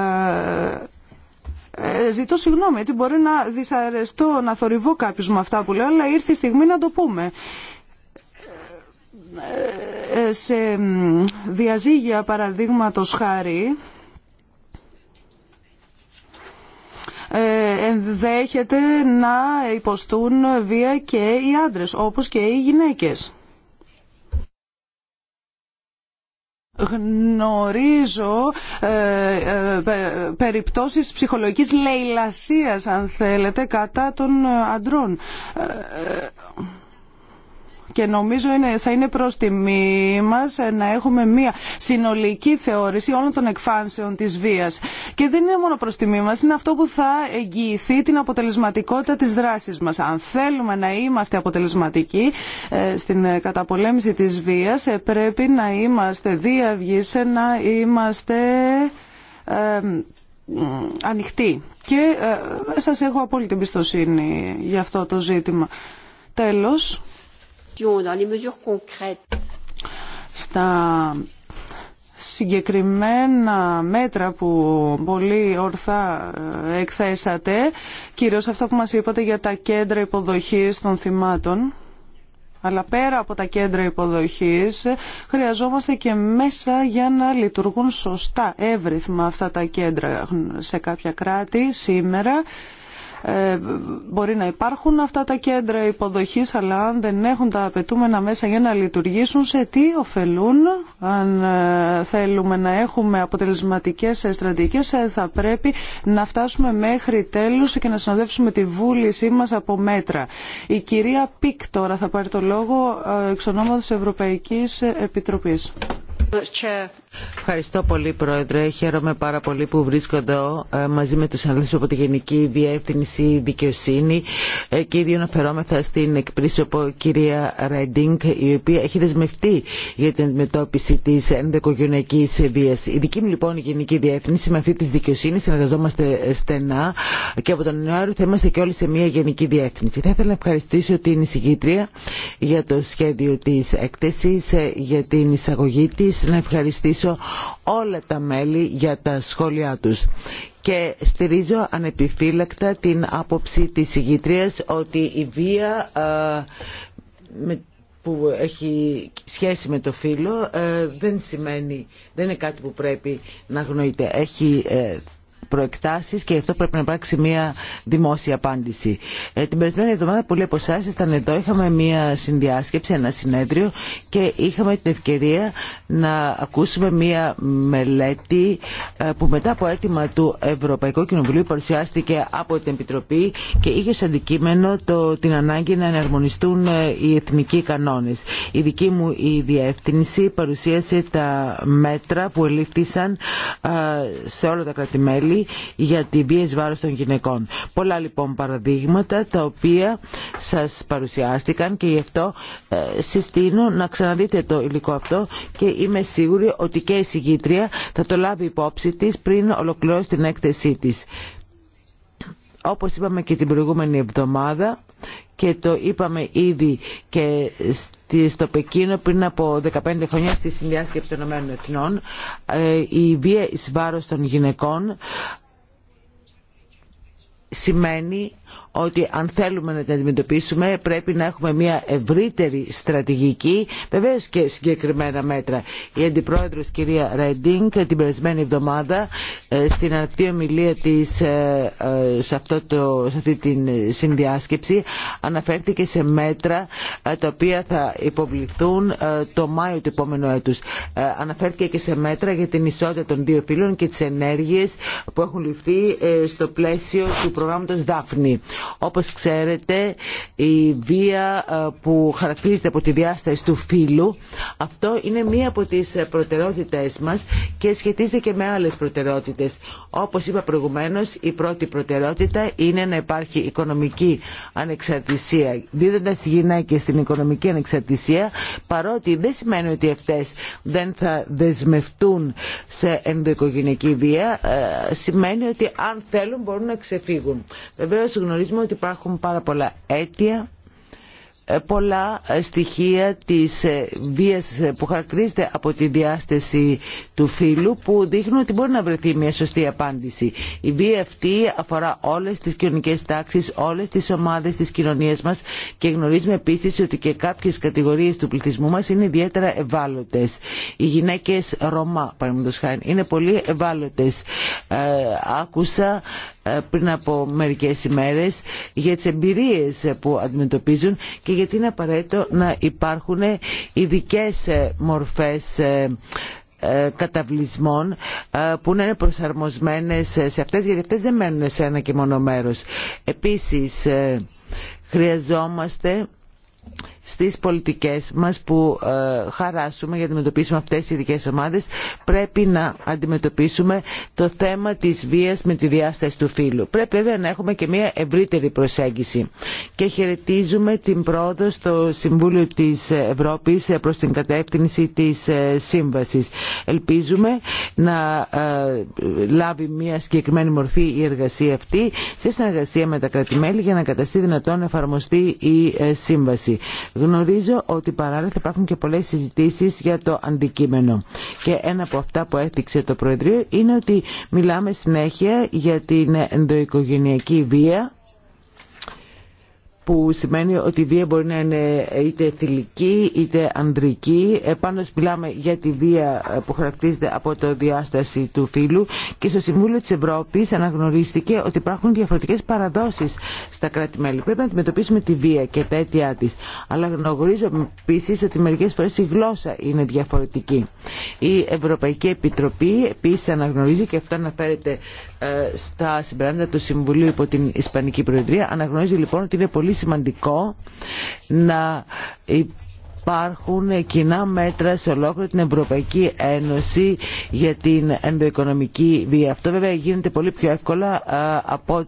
Ε, ζητώ συγγνώμη, έτσι μπορεί να δυσαρεστώ, να θορυβώ κάποιους με αυτά που λέω, αλλά ήρθε η στιγμή να το πούμε ε, σε διαζύγια παραδείγματος χάρη ε, ενδέχεται να υποστούν βία και οι άντρες όπως και οι γυναίκες. γνωρίζω ε, ε, περιπτώσεις ψυχολογικής λαιλασίας αν θέλετε κατά των ε, αντρών. Ε, ε, και νομίζω είναι, θα είναι προς τιμή μας ε, να έχουμε μια συνολική θεώρηση όλων των εκφάνσεων της βίας. Και δεν είναι μόνο προς τιμή μας, είναι αυτό που θα εγγυηθεί την αποτελεσματικότητα της δράσης μας. Αν θέλουμε να είμαστε αποτελεσματικοί ε, στην καταπολέμηση της βίας, ε, πρέπει να είμαστε διαυγείς, να είμαστε ανοιχτή και ε, σας έχω απόλυτη εμπιστοσύνη για αυτό το ζήτημα. Τέλος, στα συγκεκριμένα μέτρα που πολύ ορθά ε, εκθέσατε, κυρίως αυτό που μας είπατε για τα κέντρα υποδοχής των θυμάτων, αλλά πέρα από τα κέντρα υποδοχής χρειαζόμαστε και μέσα για να λειτουργούν σωστά εύρυθμα αυτά τα κέντρα ε, σε κάποια κράτη σήμερα. Ε, μπορεί να υπάρχουν αυτά τα κέντρα υποδοχής αλλά αν δεν έχουν τα απαιτούμενα μέσα για να λειτουργήσουν σε τι ωφελούν αν ε, θέλουμε να έχουμε αποτελεσματικές ε, στρατηγικές θα πρέπει να φτάσουμε μέχρι τέλους και να συνοδεύσουμε τη βούλησή μας από μέτρα. Η κυρία Πίκ τώρα θα πάρει το λόγο εξ ονόματος Ευρωπαϊκής Επιτροπής. Ευχαριστώ πολύ Πρόεδρε. Χαίρομαι πάρα πολύ που βρίσκω εδώ ε, μαζί με τους συναδέλφους από τη Γενική Διεύθυνση Δικαιοσύνη ε, και ήδη αναφερόμεθα στην εκπρίσωπο κυρία Ρέντινγκ η οποία έχει δεσμευτεί για την αντιμετώπιση της ενδοικογενειακής βίας. Η δική μου λοιπόν η Γενική Διεύθυνση με αυτή τη δικαιοσύνη συνεργαζόμαστε στενά και από τον Ιανουάριο θα είμαστε και όλοι σε μια Γενική Διεύθυνση. Θα ήθελα να ευχαριστήσω την εισηγήτρια για το σχέδιο της έκθεσης, ε, για την εισαγωγή της, να ευχαριστήσω ευχαριστήσω όλα τα μέλη για τα σχόλιά τους και στηρίζω ανεπιφύλακτα την άποψη της ηγητρίας ότι η βία ε, που έχει σχέση με το φίλο ε, δεν σημαίνει, δεν είναι κάτι που πρέπει να γνωρείτε. Έχει ε, προεκτάσεις και γι' αυτό πρέπει να υπάρξει μια δημόσια απάντηση. Ε, την περασμένη εβδομάδα πολλοί από εσά ήταν εδώ, είχαμε μια συνδιάσκεψη, ένα συνέδριο και είχαμε την ευκαιρία να ακούσουμε μια μελέτη ε, που μετά από αίτημα του Ευρωπαϊκού Κοινοβουλίου παρουσιάστηκε από την Επιτροπή και είχε ως αντικείμενο το, την ανάγκη να εναρμονιστούν ε, οι εθνικοί κανόνες. Η δική μου η διεύθυνση παρουσίασε τα μέτρα που ελήφθησαν ε, σε όλα τα κράτη-μέλη για την πίεση βάρο των γυναικών. Πολλά λοιπόν παραδείγματα τα οποία σας παρουσιάστηκαν και γι' αυτό ε, συστήνω να ξαναδείτε το υλικό αυτό και είμαι σίγουρη ότι και η συγκήτρια θα το λάβει υπόψη της πριν ολοκληρώσει την έκθεσή της. Όπως είπαμε και την προηγούμενη εβδομάδα και το είπαμε ήδη και στο Πεκίνο πριν από 15 χρόνια στη συνδιάσκεψη των Εθνών, ε, η βία εις βάρος των γυναικών σημαίνει ότι αν θέλουμε να την αντιμετωπίσουμε πρέπει να έχουμε μια ευρύτερη στρατηγική, βεβαίως και συγκεκριμένα μέτρα. Η Αντιπρόεδρος κυρία Ρέντινγκ την περασμένη εβδομάδα ε, στην αρκετή ομιλία της ε, ε, σε, αυτή την συνδιάσκεψη αναφέρθηκε σε μέτρα τα οποία θα υποβληθούν το Μάιο του επόμενου έτους. Αναφέρθηκε και σε μέτρα για την ισότητα των δύο φύλων και τις ενέργειες που έχουν ληφθεί στο πλαίσιο του προγράμματος Δάφνη. Όπως ξέρετε η βία ε, που χαρακτηρίζεται από τη διάσταση του φύλου αυτό είναι μία από τις προτεραιότητες μας και σχετίζεται και με άλλες προτεραιότητες. Όπως είπα προηγουμένως η πρώτη προτεραιότητα είναι να υπάρχει οικονομική ανεξαρτησία. Δίδοντας γυναίκες στην οικονομική ανεξαρτησία παρότι δεν σημαίνει ότι αυτές δεν θα δεσμευτούν σε ενδοοικογενειακή βία ε, σημαίνει ότι αν θέλουν μπορούν να ξεφύγουν. Βεβαίως ότι υπάρχουν πάρα πολλά αίτια, ε, πολλά ε, στοιχεία της ε, βίας που χαρακτηρίζεται από τη διάσταση του φύλου που δείχνουν ότι μπορεί να βρεθεί μια σωστή απάντηση. Η βία αυτή αφορά όλες τις κοινωνικές τάξεις, όλες τις ομάδες της κοινωνίας μας και γνωρίζουμε επίσης ότι και κάποιες κατηγορίες του πληθυσμού μας είναι ιδιαίτερα ευάλωτες. Οι γυναίκες Ρωμά, παραδείγματος χάρη, είναι πολύ ευάλωτες. άκουσα ε, πριν από μερικές ημέρες για τις εμπειρίες που αντιμετωπίζουν και γιατί είναι απαραίτητο να υπάρχουν ειδικέ ε, μορφές ε, καταβλισμών που να είναι προσαρμοσμένες σε αυτές γιατί αυτές δεν μένουν σε ένα και μόνο μέρος. Επίσης χρειαζόμαστε στις πολιτικές μας που ε, χαράσουμε για να αντιμετωπίσουμε αυτές τις ειδικές ομάδες πρέπει να αντιμετωπίσουμε το θέμα της βίας με τη διάσταση του φύλου. Πρέπει βέβαια να έχουμε και μια ευρύτερη προσέγγιση και χαιρετίζουμε την πρόοδο στο Συμβούλιο της Ευρώπης προς την κατεύθυνση της ε, σύμβασης. Ελπίζουμε να ε, λάβει μια συγκεκριμένη μορφή η εργασία αυτή σε συνεργασία με τα κρατημέλη για να καταστεί δυνατόν να εφαρμοστεί η σύμβαση. Γνωρίζω ότι παράλληλα θα υπάρχουν και πολλές συζητήσεις για το αντικείμενο. Και ένα από αυτά που έφτιαξε το Προεδρείο είναι ότι μιλάμε συνέχεια για την ενδοοικογενειακή βία που σημαίνει ότι η βία μπορεί να είναι είτε θηλυκή είτε ανδρική. Επάνω μιλάμε για τη βία που χαρακτηρίζεται από το διάσταση του φύλου και στο Συμβούλιο της Ευρώπης αναγνωρίστηκε ότι υπάρχουν διαφορετικές παραδόσεις στα κράτη-μέλη. Πρέπει να αντιμετωπίσουμε τη βία και τα αίτια της. Αλλά γνωρίζω επίση ότι μερικέ φορέ η γλώσσα είναι διαφορετική. Η Ευρωπαϊκή Επιτροπή επίση αναγνωρίζει και αυτό αναφέρεται ε, στα συμπεράσματα του Συμβουλίου υπό την Ισπανική Προεδρία. Αναγνωρίζει λοιπόν ότι είναι πολύ σημαντικό να υπάρχουν κοινά μέτρα σε ολόκληρη την Ευρωπαϊκή Ένωση για την ενδοοικονομική βία. Αυτό βέβαια γίνεται πολύ πιο εύκολα ε, από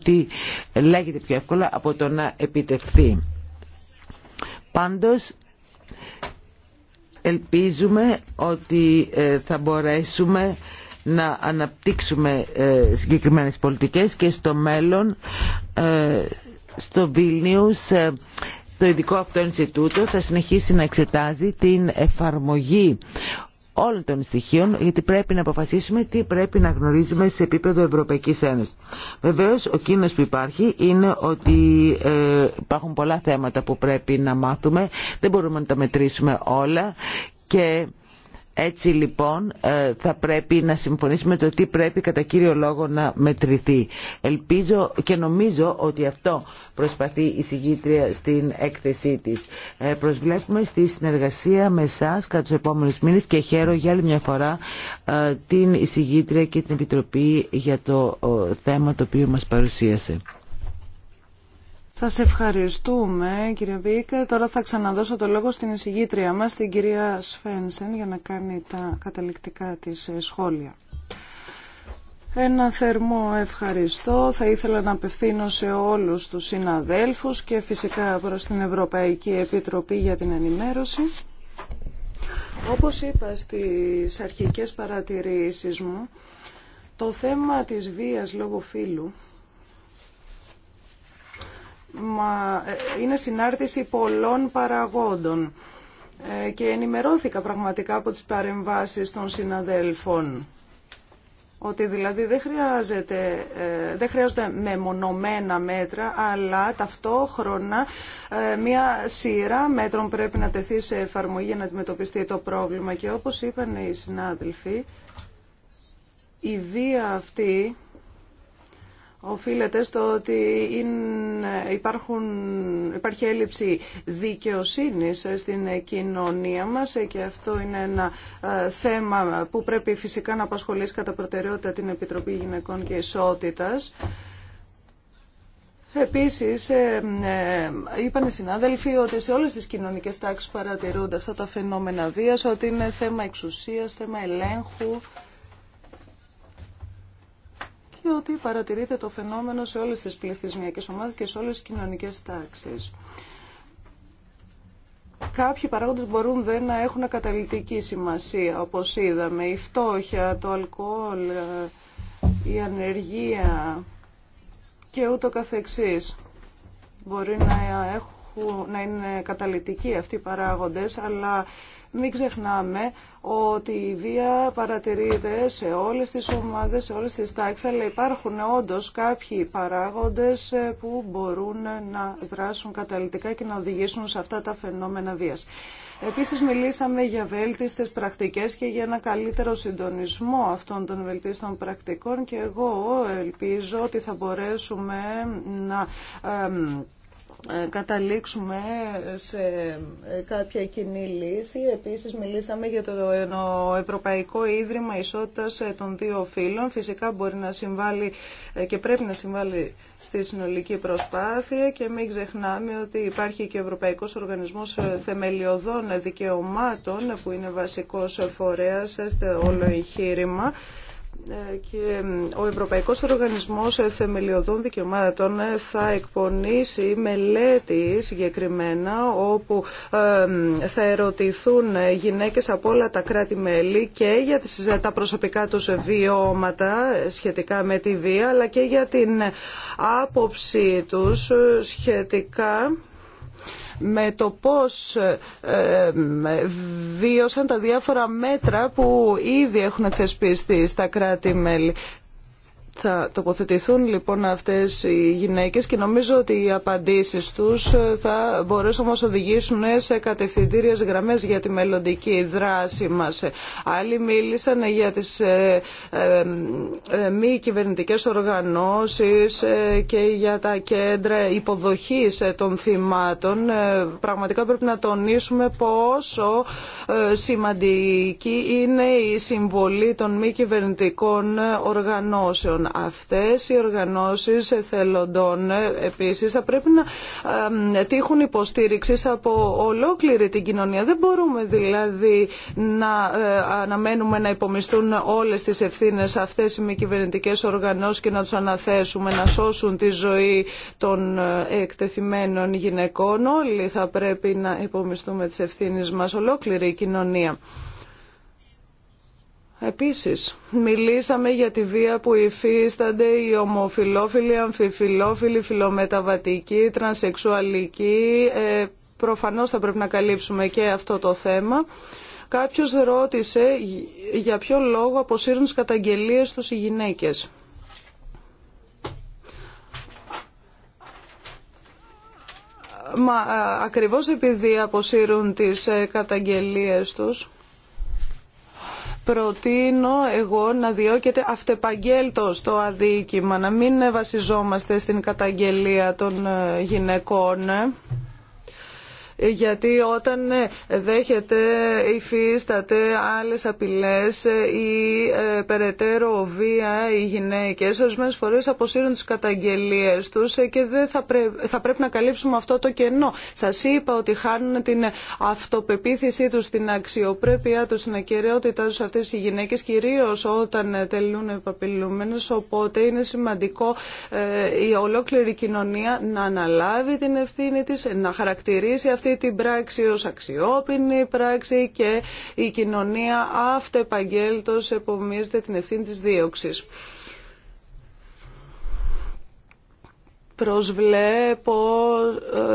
λέγεται πιο εύκολα από το να επιτευχθεί. Πάντως ελπίζουμε ότι ε, θα μπορέσουμε να αναπτύξουμε ε, συγκεκριμένες πολιτικές και στο μέλλον στο Βιλνιούς ε, το ειδικό αυτό Ινστιτούτο θα συνεχίσει να εξετάζει την εφαρμογή όλων των στοιχείων, γιατί πρέπει να αποφασίσουμε τι πρέπει να γνωρίζουμε σε επίπεδο Ευρωπαϊκή Ένωση. Βεβαίως, ο κίνδυνος που υπάρχει είναι ότι ε, υπάρχουν πολλά θέματα που πρέπει να μάθουμε, δεν μπορούμε να τα μετρήσουμε όλα και έτσι λοιπόν ε, θα πρέπει να συμφωνήσουμε το τι πρέπει κατά κύριο λόγο να μετρηθεί. Ελπίζω και νομίζω ότι αυτό προσπαθεί η συγγήτρια στην έκθεσή της. Ε, προσβλέπουμε στη συνεργασία με εσά κατά τους επόμενους μήνες και χαίρο για άλλη μια φορά ε, την συγγήτρια και την Επιτροπή για το θέμα το οποίο μας παρουσίασε. Σας ευχαριστούμε κύριε Βίκα. Τώρα θα ξαναδώσω το λόγο στην εισηγήτρια μας, την κυρία Σφένσεν, για να κάνει τα καταληκτικά της ε, σχόλια. Ένα θερμό ευχαριστώ. Θα ήθελα να απευθύνω σε όλους τους συναδέλφους και φυσικά προς την Ευρωπαϊκή Επιτροπή για την ενημέρωση. Όπως είπα στις αρχικές παρατηρήσεις μου, το θέμα της βίας λόγω φύλου ε, είναι συνάρτηση πολλών παραγόντων ε, και ενημερώθηκα πραγματικά από τις παρεμβάσεις των συναδέλφων ότι δηλαδή δεν, χρειάζεται, ε, δεν χρειάζονται μεμονωμένα μέτρα, αλλά ταυτόχρονα μια σειρά μέτρων πρέπει να τεθεί σε εφαρμογή για να αντιμετωπιστεί το πρόβλημα. Και όπως είπαν οι συνάδελφοι, η βία αυτή οφείλεται στο ότι υπάρχουν, υπάρχει έλλειψη δικαιοσύνης στην κοινωνία μας και αυτό είναι ένα ε, θέμα που πρέπει φυσικά να απασχολήσει κατά προτεραιότητα την Επιτροπή Γυναικών και Ισότητας. Επίσης, ε, ε, είπαν οι συνάδελφοι ότι σε όλες τις κοινωνικές τάξεις παρατηρούνται αυτά τα φαινόμενα βίας, ότι είναι θέμα εξουσίας, θέμα ελέγχου ότι παρατηρείται το φαινόμενο σε όλες τις πληθυσμιακές ομάδες και σε όλες τις κοινωνικές τάξεις. Κάποιοι παράγοντες μπορούν δεν να έχουν καταλητική σημασία, όπως είδαμε, η φτώχεια, το αλκοόλ, η ανεργία και ούτω καθεξής. Μπορεί να, έχουν, να είναι καταλητικοί αυτοί οι παράγοντες, αλλά μην ξεχνάμε ότι η βία παρατηρείται σε όλες τις ομάδες, σε όλες τις τάξεις, αλλά υπάρχουν όντως κάποιοι παράγοντες ε, που μπορούν να δράσουν καταλητικά και να οδηγήσουν σε αυτά τα φαινόμενα βίας. Επίσης μιλήσαμε για βέλτιστες πρακτικές και για ένα καλύτερο συντονισμό αυτών των βελτίστων πρακτικών και εγώ ελπίζω ότι θα μπορέσουμε να ε, καταλήξουμε σε ε, κάποια κοινή λύση. Επίσης μιλήσαμε για το Ευρωπαϊκό Ίδρυμα Ισότητας ε, των Δύο Φύλων. Φυσικά μπορεί να συμβάλλει και πρέπει να συμβάλλει στη συνολική προσπάθεια και μην ξεχνάμε ότι υπάρχει και ο Ευρωπαϊκός Οργανισμός Θεμελιωδών Δικαιωμάτων που είναι βασικός φορέας στο όλο εγχείρημα. Ε, και ε, ο Ευρωπαϊκός Οργανισμός Θεμελιωδών Δικαιωμάτων θα εκπονήσει μελέτη συγκεκριμένα όπου ε, θα ερωτηθούν γυναίκες από όλα τα κράτη-μέλη και για τα προσωπικά τους βιώματα σχετικά με τη βία αλλά και για την άποψή τους σχετικά με το πώς ε, ε, βίωσαν τα διάφορα μέτρα που ήδη έχουν θεσπιστεί στα κράτη-μέλη. Θα τοποθετηθούν λοιπόν αυτές οι γυναίκες και νομίζω ότι οι απαντήσεις τους ε, θα μπορέσουν να μας οδηγήσουν σε κατευθυντήριες γραμμές για τη μελλοντική δράση μας. Άλλοι μίλησαν για τις ε, ε, μη κυβερνητικές οργανώσεις και για τα κέντρα υποδοχής των θυμάτων. Πραγματικά πρέπει να τονίσουμε πόσο σημαντική είναι η συμβολή των μη κυβερνητικών οργανώσεων Λοιπόν, αυτές οι οργανώσεις εθελοντών ε, επίσης θα πρέπει να τύχουν υποστήριξη από ολόκληρη την κοινωνία. Δεν μπορούμε δηλαδή να ε, αναμένουμε να υπομισθούν όλες τις ευθύνες αυτές οι μη κυβερνητικέ οργανώσεις και να τους αναθέσουμε να σώσουν τη ζωή των ε, εκτεθειμένων γυναικών. Όλοι θα πρέπει να υπομισθούμε τις ευθύνες μας, ολόκληρη η κοινωνία. Επίσης, μιλήσαμε για τη βία που υφίστανται οι ομοφιλόφιλοι, αμφιφιλόφιλοι, φιλομεταβατικοί, τρανσεξουαλικοί. Ε, προφανώς θα πρέπει να καλύψουμε και αυτό το θέμα. Κάποιος ρώτησε για ποιο λόγο αποσύρουν τις καταγγελίες τους οι γυναίκες. Μα ακριβώς επειδή αποσύρουν τις ε, καταγγελίες τους προτείνω εγώ να διώκεται αυτεπαγγέλτος το αδίκημα, να μην βασιζόμαστε στην καταγγελία των ε, γυναικών γιατί όταν ε, δέχεται, υφίσταται άλλες απειλές ε, ή ε, περαιτέρω βία οι γυναίκες, ορισμένες φορές αποσύρουν τις καταγγελίες τους ε, και δεν θα, θα πρέπει να καλύψουμε αυτό το κενό. Σας είπα ότι χάνουν την αυτοπεποίθησή τους, την αξιοπρέπειά τους, την ακαιρεότητά τους αυτές οι γυναίκες, κυρίως όταν τελούν επαπειλούμενες, οπότε είναι σημαντικό η ολόκληρη κοινωνία να αναλάβει την ευθύνη της, να χαρακτηρίσει αυτή αυτή την πράξη ως αξιόπινη πράξη και η κοινωνία αυτεπαγγέλτος επομίζεται την ευθύνη της δίωξης. προσβλέπω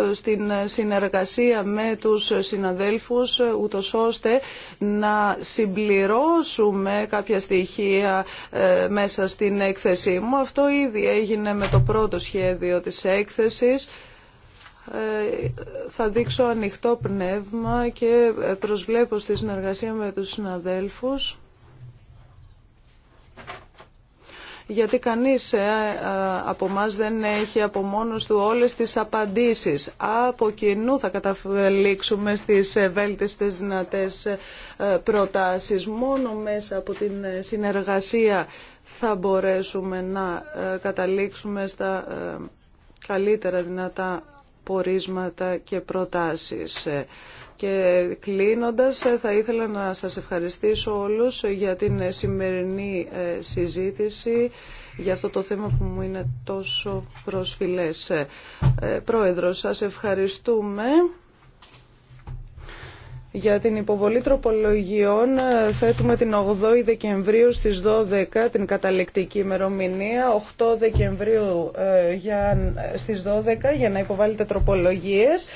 ε, στην συνεργασία με τους συναδέλφους ε, ούτως ώστε να συμπληρώσουμε κάποια στοιχεία ε, μέσα στην έκθεσή μου. Αυτό ήδη έγινε με το πρώτο σχέδιο της έκθεσης. Ε, θα δείξω ανοιχτό πνεύμα και προσβλέπω στη συνεργασία με τους συναδέλφους γιατί κανείς ε, ε, από μας δεν έχει από μόνος του όλες τις απαντήσεις. Από κοινού θα καταλήξουμε στις βέλτιστες δυνατές προτάσεις. Μόνο μέσα από την συνεργασία θα μπορέσουμε να καταλήξουμε στα καλύτερα δυνατά πορίσματα και προτάσεις. Και κλείνοντας θα ήθελα να σας ευχαριστήσω όλους για την σημερινή ε, συζήτηση για αυτό το θέμα που μου είναι τόσο προσφυλές. Ε, Πρόεδρος, σας ευχαριστούμε. Για την υποβολή τροπολογιών ε, θέτουμε την 8η Δεκεμβρίου στις 12 την καταληκτική ημερομηνία, 8 Δεκεμβρίου ε, για, ε, στις 12 για να υποβάλλετε τροπολογίες.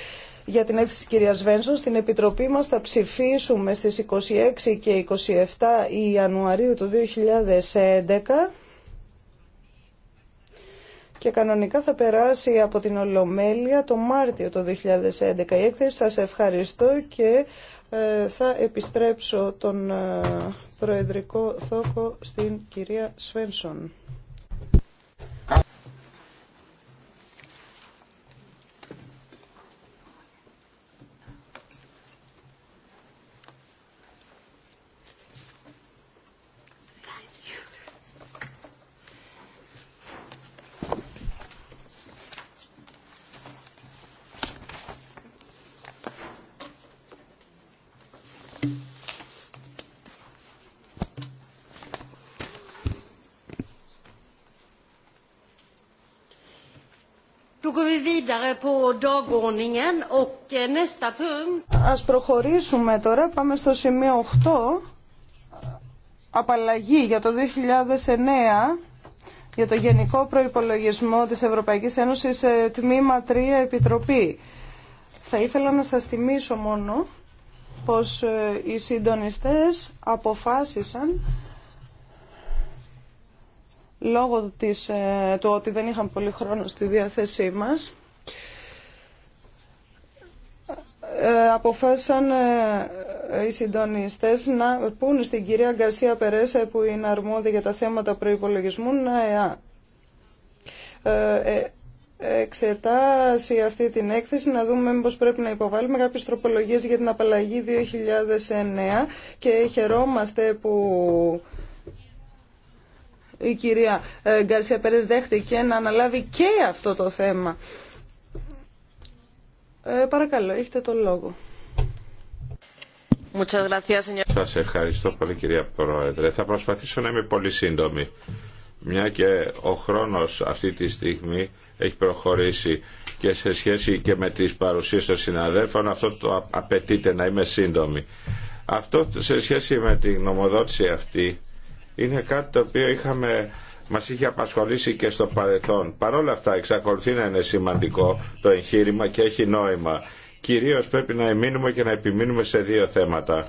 Για την έκθεση κυρία Βένσον, στην Επιτροπή μας θα ψηφίσουμε στις 26 και 27 Ιανουαρίου του 2011 και κανονικά θα περάσει από την Ολομέλεια το Μάρτιο το 2011 η έκθεση. Σας ευχαριστώ και ε, θα επιστρέψω τον ε, Προεδρικό Θόκο στην κυρία Σφένσον. Eh, Ας προχωρήσουμε τώρα, πάμε στο σημείο 8, απαλλαγή για το 2009 για το Γενικό Προϋπολογισμό της Ευρωπαϊκής Ένωσης τμήμα 3 Επιτροπή. Θα ήθελα να σας θυμίσω μόνο πως ε, οι συντονιστές αποφάσισαν λόγω της, ε, του ότι δεν είχαμε πολύ χρόνο στη διάθεσή μας ε, αποφάσισαν ε, οι συντονιστές να πούν στην κυρία Γκαρσία Περέσα που είναι αρμόδια για τα θέματα προϋπολογισμού να εξετάσει αυτή την έκθεση να δούμε μήπως πρέπει να υποβάλουμε κάποιες τροπολογίες για την απαλλαγή 2009 και χαιρόμαστε που η κυρία ε, Γκαρσία Πέρες δέχτηκε να αναλάβει και αυτό το θέμα. Ε, παρακαλώ, έχετε τον λόγο. Σα ευχαριστώ πολύ κυρία Πρόεδρε. Θα προσπαθήσω να είμαι πολύ σύντομη. Μια και ο χρόνος αυτή τη στιγμή έχει προχωρήσει και σε σχέση και με τις παρουσίες των συναδέλφων αυτό το απαιτείται να είμαι σύντομη. Αυτό σε σχέση με την νομοδότηση αυτή είναι κάτι το οποίο είχαμε μας είχε απασχολήσει και στο παρελθόν. Παρ' όλα αυτά εξακολουθεί να είναι σημαντικό το εγχείρημα και έχει νόημα. Κυρίως πρέπει να εμείνουμε και να επιμείνουμε σε δύο θέματα.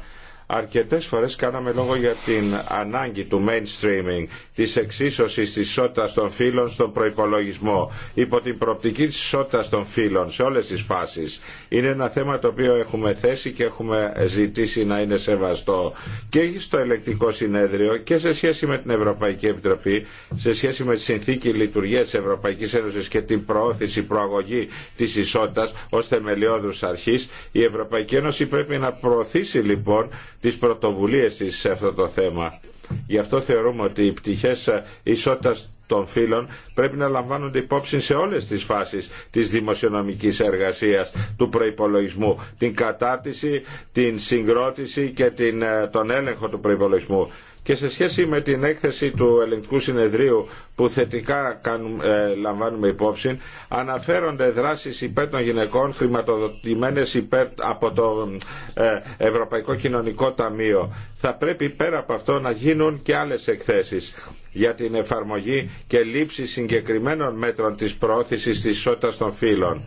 Αρκετές φορές κάναμε λόγο για την ανάγκη του mainstreaming, της εξίσωσης της ισότητας των φύλων στον προϋπολογισμό, υπό την προοπτική της ισότητας των φύλων σε όλες τις φάσεις. Είναι ένα θέμα το οποίο έχουμε θέσει και έχουμε ζητήσει να είναι σεβαστό και στο ελεκτικό συνέδριο και σε σχέση με την Ευρωπαϊκή Επιτροπή, σε σχέση με τη συνθήκη λειτουργίας της Ευρωπαϊκής Ένωσης και την προώθηση, προαγωγή της ισότητας ως θεμελιώδους αρχής, η Ευρωπαϊκή Ένωση πρέπει να προωθήσει λοιπόν τις πρωτοβουλίες της σε αυτό το θέμα. Γι' αυτό θεωρούμε ότι οι πτυχές ισότητας των φύλων πρέπει να λαμβάνονται υπόψη σε όλες τις φάσεις της δημοσιονομικής εργασίας του προϋπολογισμού, την κατάρτιση, την συγκρότηση και την, ε, τον έλεγχο του προϋπολογισμού. Και σε σχέση με την έκθεση του ελεγκτικού συνεδρίου που θετικά ε, λαμβάνουμε υπόψη, αναφέρονται δράσεις υπέρ των γυναικών χρηματοδοτημένες υπέρ από το ε, Ευρωπαϊκό Κοινωνικό Ταμείο. Θα πρέπει πέρα από αυτό να γίνουν και άλλες εκθέσεις για την εφαρμογή και λήψη συγκεκριμένων μέτρων της προώθησης της ισότητας των φύλων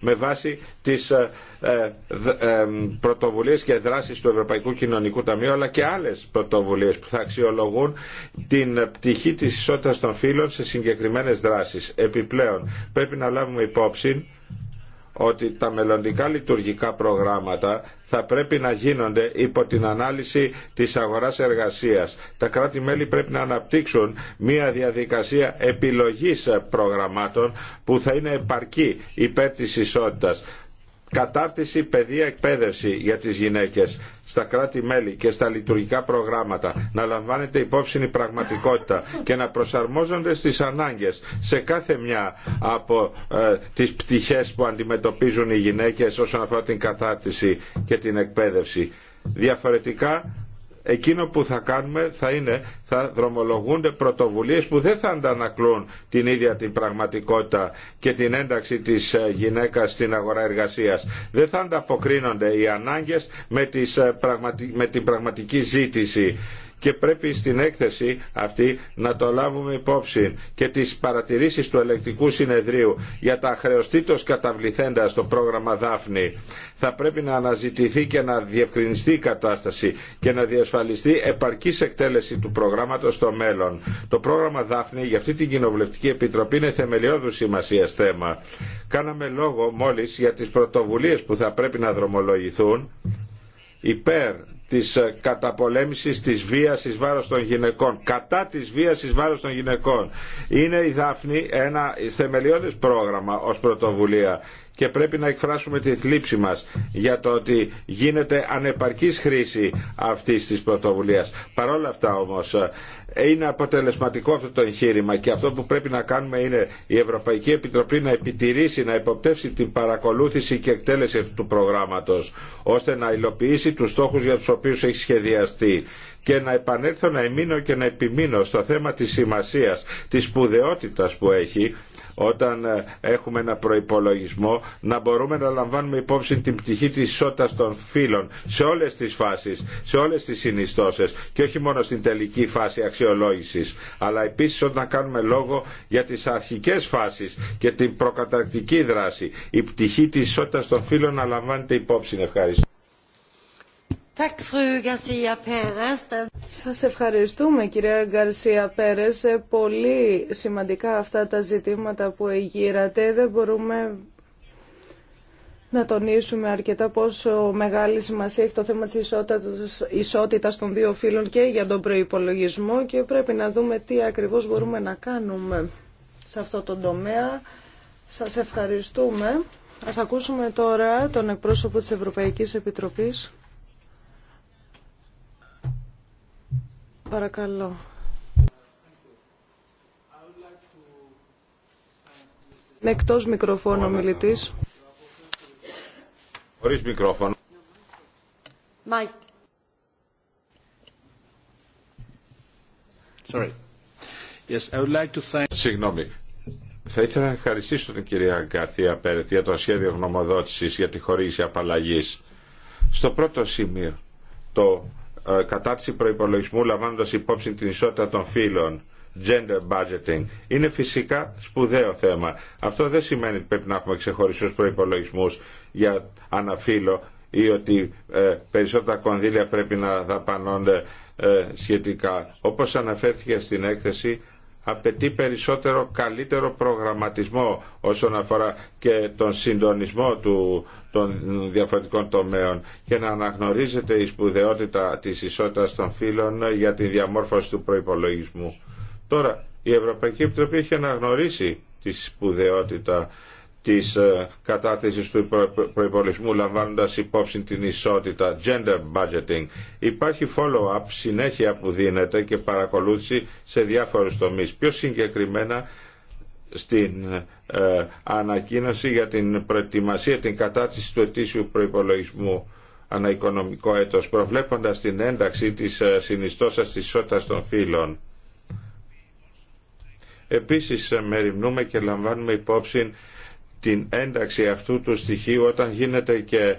με βάση τις ε, ε, ε, πρωτοβουλίες και δράσεις του Ευρωπαϊκού Κοινωνικού Ταμείου αλλά και άλλες πρωτοβουλίες που θα αξιολογούν την πτυχή της ισότητας των φύλων σε συγκεκριμένες δράσεις. Επιπλέον πρέπει να λάβουμε υπόψη ότι τα μελλοντικά λειτουργικά προγράμματα θα πρέπει να γίνονται υπό την ανάλυση της αγοράς εργασίας. Τα κράτη-μέλη πρέπει να αναπτύξουν μια διαδικασία επιλογής προγραμμάτων που θα είναι επαρκή υπέρ της ισότητας κατάρτιση, παιδεία, εκπαίδευση για τις γυναίκες στα κράτη-μέλη και στα λειτουργικά προγράμματα να λαμβάνεται υπόψη η πραγματικότητα και να προσαρμόζονται στις ανάγκες σε κάθε μια από ε, τις πτυχές που αντιμετωπίζουν οι γυναίκες όσον αφορά την κατάρτιση και την εκπαίδευση. Διαφορετικά εκείνο που θα κάνουμε θα είναι, θα δρομολογούνται πρωτοβουλίες που δεν θα αντανακλούν την ίδια την πραγματικότητα και την ένταξη της ε, γυναίκας στην αγορά εργασίας. Δεν θα ανταποκρίνονται οι ανάγκες με, τις, ε, με την πραγματική ζήτηση και πρέπει στην έκθεση αυτή να το λάβουμε υπόψη και τις παρατηρήσεις του ελεκτικού συνεδρίου για τα χρεωστήτως καταβληθέντα στο πρόγραμμα Δάφνη. Θα πρέπει να αναζητηθεί και να διευκρινιστεί η κατάσταση και να διασφαλιστεί επαρκής εκτέλεση του προγράμματος στο μέλλον. Το πρόγραμμα Δάφνη για αυτή την Κοινοβουλευτική Επιτροπή είναι θεμελιώδου σημασία θέμα. Κάναμε λόγο μόλις για τις πρωτοβουλίες που θα πρέπει να δρομολογηθούν υπέρ της ε, καταπολέμησης της βίας εις βάρος των γυναικών. Κατά της βίας εις βάρος των γυναικών. Είναι η Δάφνη ένα θεμελιώδες πρόγραμμα ως πρωτοβουλία και πρέπει να εκφράσουμε τη θλίψη μας για το ότι γίνεται ανεπαρκής χρήση αυτής της πρωτοβουλίας. Παρόλα αυτά όμως είναι αποτελεσματικό αυτό το εγχείρημα και αυτό που πρέπει να κάνουμε είναι η Ευρωπαϊκή Επιτροπή να επιτηρήσει, να υποπτεύσει την παρακολούθηση και εκτέλεση αυτού του προγράμματος ώστε να υλοποιήσει τους στόχους για τους οποίους έχει σχεδιαστεί και να επανέλθω να εμείνω και να επιμείνω στο θέμα της σημασίας, της σπουδαιότητας που έχει όταν ε, έχουμε ένα προϋπολογισμό να μπορούμε να λαμβάνουμε υπόψη την πτυχή της ισότητας των φύλων σε όλες τις φάσεις, σε όλες τις συνιστώσεις και όχι μόνο στην τελική φάση αξιολόγησης αλλά επίσης όταν κάνουμε λόγο για τις αρχικές φάσεις και την προκαταρκτική δράση η πτυχή της ισότητας των φύλων να λαμβάνεται υπόψη. Ευχαριστώ. Σας ευχαριστούμε κυρία Γκαρσία Πέρες. Ε, πολύ σημαντικά αυτά τα ζητήματα που εγείρατε. Δεν μπορούμε να τονίσουμε αρκετά πόσο μεγάλη σημασία έχει το θέμα της ισότητας των δύο φίλων και για τον προϋπολογισμό και πρέπει να δούμε τι ακριβώς μπορούμε να κάνουμε σε αυτό το τομέα. Σας ευχαριστούμε. Ας ακούσουμε τώρα τον εκπρόσωπο της Ευρωπαϊκής Επιτροπής. Παρακαλώ. Είναι εκτός μικροφώνου ο μιλητής. Χωρίς μικρόφωνο. Μάικ. Sorry. Yes, I would like to thank... Συγγνώμη. Θα ήθελα να ευχαριστήσω την κυρία Γκαρθία Πέρετ για το σχέδιο γνωμοδότησης για τη χορήγηση απαλλαγής. Στο πρώτο σημείο, το ε, κατάρτιση προϋπολογισμού λαμβάνοντας υπόψη την ισότητα των φύλων gender budgeting. Είναι φυσικά σπουδαίο θέμα. Αυτό δεν σημαίνει ότι πρέπει να έχουμε ξεχωριστούς προϋπολογισμούς για αναφύλο ή ότι ε, περισσότερα κονδύλια πρέπει να δαπανώνται ε, σχετικά. Όπως αναφέρθηκε στην έκθεση, απαιτεί περισσότερο καλύτερο προγραμματισμό όσον αφορά και τον συντονισμό του των διαφορετικών τομέων και να αναγνωρίζεται η σπουδαιότητα της ισότητας των φύλων για τη διαμόρφωση του προϋπολογισμού. Τώρα, η Ευρωπαϊκή Επιτροπή έχει αναγνωρίσει τη σπουδαιότητα της ε, κατάθεσης του προϋπολογισμού λαμβάνοντας υπόψη την ισότητα, gender budgeting. Υπάρχει follow-up συνέχεια που δίνεται και παρακολούθηση σε διάφορους τομείς. Πιο συγκεκριμένα στην ε, ανακοίνωση για την προετοιμασία, την κατάρτιση του ετήσιου προϋπολογισμού αναοικονομικό έτος, προβλέποντας την ένταξη της ε, συνιστώσας της ισότητας των φύλων. Επίσης ε, μεριμνούμε και λαμβάνουμε υπόψη την ένταξη αυτού του στοιχείου όταν γίνεται και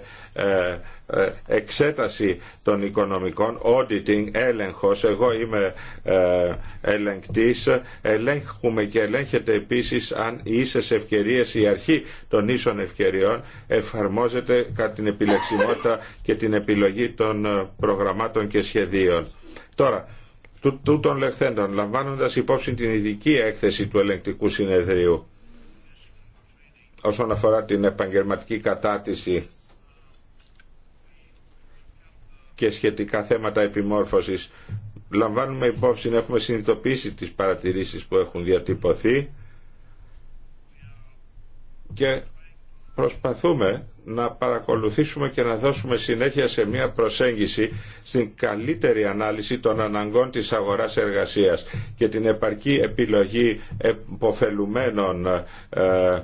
ε, εξέταση των οικονομικών, auditing, έλεγχος, εγώ είμαι ε, ελεγκτής, ελέγχουμε και ελέγχεται επίσης αν οι ίσες ευκαιρίες, η αρχή των ίσων ευκαιριών εφαρμόζεται κατά την επιλεξιμότητα και την επιλογή των ε, προγραμμάτων και σχεδίων. Τώρα, των λεχθέντων, λαμβάνοντας υπόψη την ειδική έκθεση του ελεγκτικού συνεδρίου όσον αφορά την επαγγελματική κατάτηση και σχετικά θέματα επιμόρφωσης. Λαμβάνουμε υπόψη, έχουμε συνειδητοποιήσει τις παρατηρήσεις που έχουν διατυπωθεί και προσπαθούμε να παρακολουθήσουμε και να δώσουμε συνέχεια σε μια προσέγγιση στην καλύτερη ανάλυση των αναγκών της αγοράς εργασίας και την επαρκή επιλογή εποφελουμένων ε,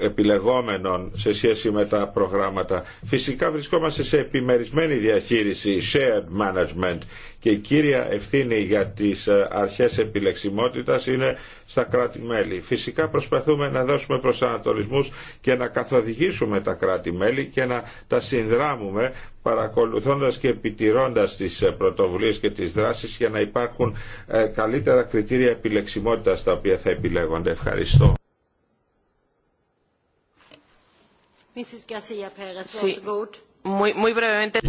επιλεγόμενων σε σχέση με τα προγράμματα. Φυσικά βρισκόμαστε σε επιμερισμένη διαχείριση, shared management και η κύρια ευθύνη για τις ε, αρχές επιλεξιμότητας είναι στα κράτη-μέλη. Φυσικά προσπαθούμε να δώσουμε προσανατολισμούς και να καθοδηγήσουμε τα κράτη-μέλη και να τα συνδράμουμε παρακολουθώντας και επιτηρώντας τις ε, πρωτοβουλίες και τις δράσεις για να υπάρχουν ε, καλύτερα κριτήρια επιλεξιμότητας τα οποία θα επιλέγονται. Ευχαριστώ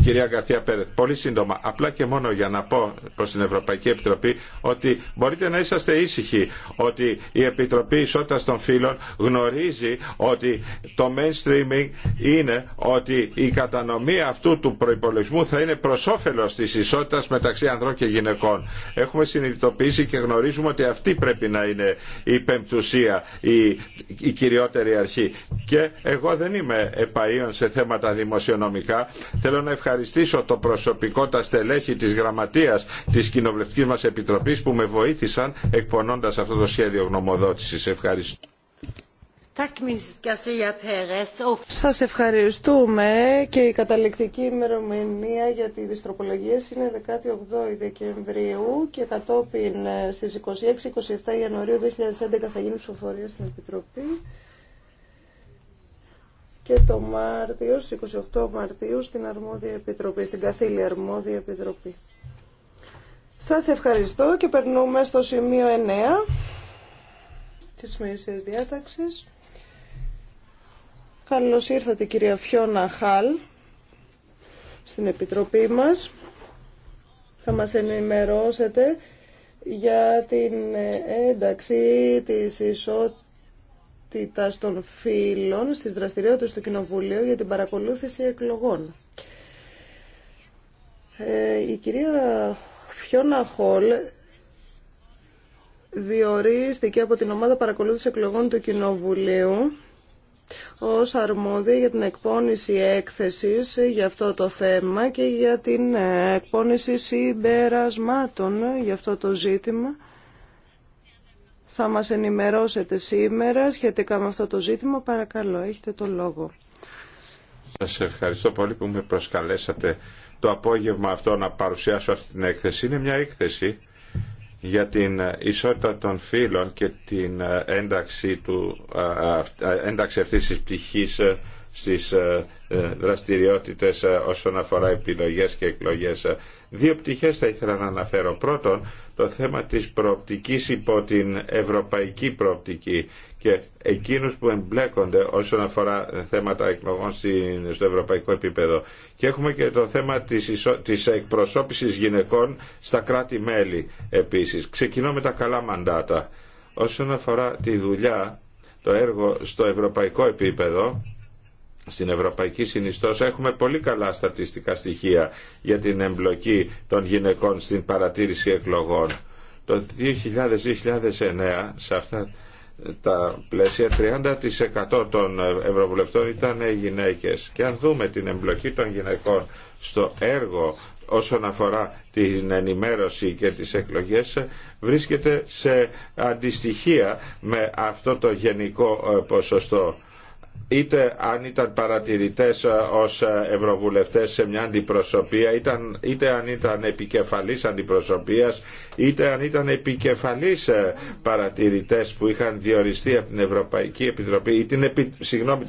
κυρία Γκαρθία Πέρετ, πολύ σύντομα, απλά και μόνο για να πω προ την Ευρωπαϊκή Επιτροπή ότι μπορείτε να είσαστε ήσυχοι ότι η Επιτροπή Ισότητα των Φύλων γνωρίζει ότι το mainstreaming είναι ότι η κατανομή αυτού του προπολογισμού θα είναι προ όφελο τη ισότητα μεταξύ ανδρών και γυναικών. Έχουμε συνειδητοποιήσει και γνωρίζουμε ότι αυτή πρέπει να είναι η πεμπτουσία, η, η κυριότερη αρχή. Και εγώ δεν είμαι επαείων σε θέματα δημοσιονομικά Θέλω να ευχαριστήσω το προσωπικό, τα στελέχη της γραμματείας της Κοινοβουλευτικής μας Επιτροπής που με βοήθησαν εκπονώντας αυτό το σχέδιο γνωμοδότησης. Ευχαριστώ. Σας ευχαριστούμε και η καταληκτική ημερομηνία για τις τροπολογίες είναι 18 Δεκεμβρίου και κατόπιν ε, στις 26-27 Ιανουαρίου 2011 θα γίνει ψηφοφορία στην Επιτροπή και το Μάρτιο, 28 Μαρτίου, στην Αρμόδια Επιτροπή, στην καθήλια Αρμόδια Επιτροπή. Σας ευχαριστώ και περνούμε στο σημείο 9 της Μέσης διάταξης. Καλώς ήρθατε κυρία Φιώνα Χαλ στην Επιτροπή μας. Θα μας ενημερώσετε για την ένταξη της ισότητας Τητα των φίλων στις δραστηριότητες του Κοινοβουλίου για την παρακολούθηση εκλογών. Ε, η κυρία Φιώνα Χολ διορίστηκε από την ομάδα παρακολούθησης εκλογών του Κοινοβουλίου ως αρμόδια για την εκπόνηση έκθεσης για αυτό το θέμα και για την εκπόνηση συμπερασμάτων για αυτό το ζήτημα θα μας ενημερώσετε σήμερα σχετικά με αυτό το ζήτημα. Παρακαλώ, έχετε το λόγο. Σας ευχαριστώ πολύ που με προσκαλέσατε το απόγευμα αυτό να παρουσιάσω αυτή την έκθεση. Είναι μια έκθεση για την ισότητα των φύλων και την ε, ένταξη, του, ε, ε, ένταξη αυτής της πτυχής στις δραστηριότητες όσον αφορά επιλογές και εκλογές. Δύο πτυχές θα ήθελα να αναφέρω. Πρώτον, το θέμα της προοπτικής υπό την ευρωπαϊκή προοπτική και εκείνους που εμπλέκονται όσον αφορά θέματα εκλογών στο ευρωπαϊκό επίπεδο. Και έχουμε και το θέμα της, της εκπροσώπησης γυναικών στα κράτη-μέλη επίσης. Ξεκινώ με τα καλά μαντάτα. Όσον αφορά τη δουλειά, το έργο στο ευρωπαϊκό επίπεδο, στην Ευρωπαϊκή Συνιστόσα έχουμε πολύ καλά στατιστικά στοιχεία για την εμπλοκή των γυναικών στην παρατήρηση εκλογών. Το 2000-2009 σε αυτά τα πλαίσια 30% των ευρωβουλευτών ήταν γυναίκες. Και αν δούμε την εμπλοκή των γυναικών στο έργο όσον αφορά την ενημέρωση και τις εκλογές βρίσκεται σε αντιστοιχεία με αυτό το γενικό ε, ποσοστό είτε αν ήταν παρατηρητές ε, ως ε, ευρωβουλευτές σε μια αντιπροσωπεία, ήταν, είτε αν ήταν επικεφαλής αντιπροσωπείας, είτε αν ήταν επικεφαλής ε, παρατηρητές που είχαν διοριστεί από την Ευρωπαϊκή Επιτροπή ή την, επι,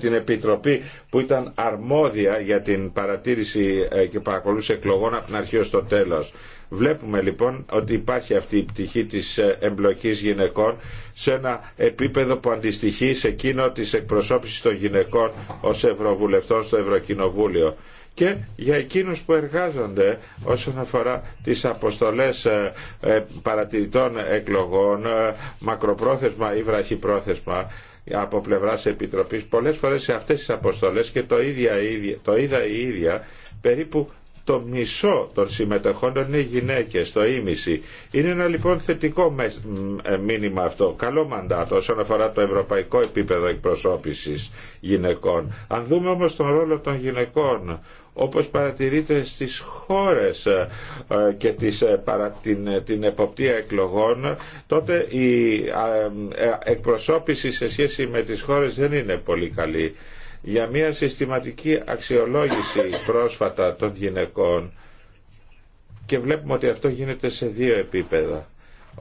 την Επιτροπή που ήταν αρμόδια για την παρατήρηση και παρακολούθηση εκλογών από την αρχή ως το τέλος. Βλέπουμε λοιπόν ότι υπάρχει αυτή η πτυχή της ε, εμπλοκής γυναικών σε ένα επίπεδο που αντιστοιχεί σε εκείνο της εκπροσώπησης των γυναικών ως Ευρωβουλευτών στο Ευρωκοινοβούλιο και για εκείνους που εργάζονται όσον αφορά τις αποστολές ε, ε, παρατηρητών εκλογών, μακροπρόθεσμα ή βραχυπρόθεσμα από πλευράς Επιτροπής. Πολλές φορές σε αυτές τις αποστολές και το, ίδια, το είδα η ίδια, περίπου το μισό των συμμετεχόντων είναι γυναίκες, το ίμιση. Είναι ένα λοιπόν θετικό ε, μήνυμα αυτό, καλό μαντάτο όσον αφορά το ευρωπαϊκό επίπεδο εκπροσώπησης γυναικών. Αν δούμε όμως τον ρόλο των γυναικών, όπως παρατηρείται στις χώρες ε, και τις, ε, την, την εποπτεία εκλογών, τότε η εκπροσώπηση σε σχέση με τις χώρες δεν είναι πολύ καλή για μια συστηματική αξιολόγηση πρόσφατα των γυναικών και βλέπουμε ότι αυτό γίνεται σε δύο επίπεδα.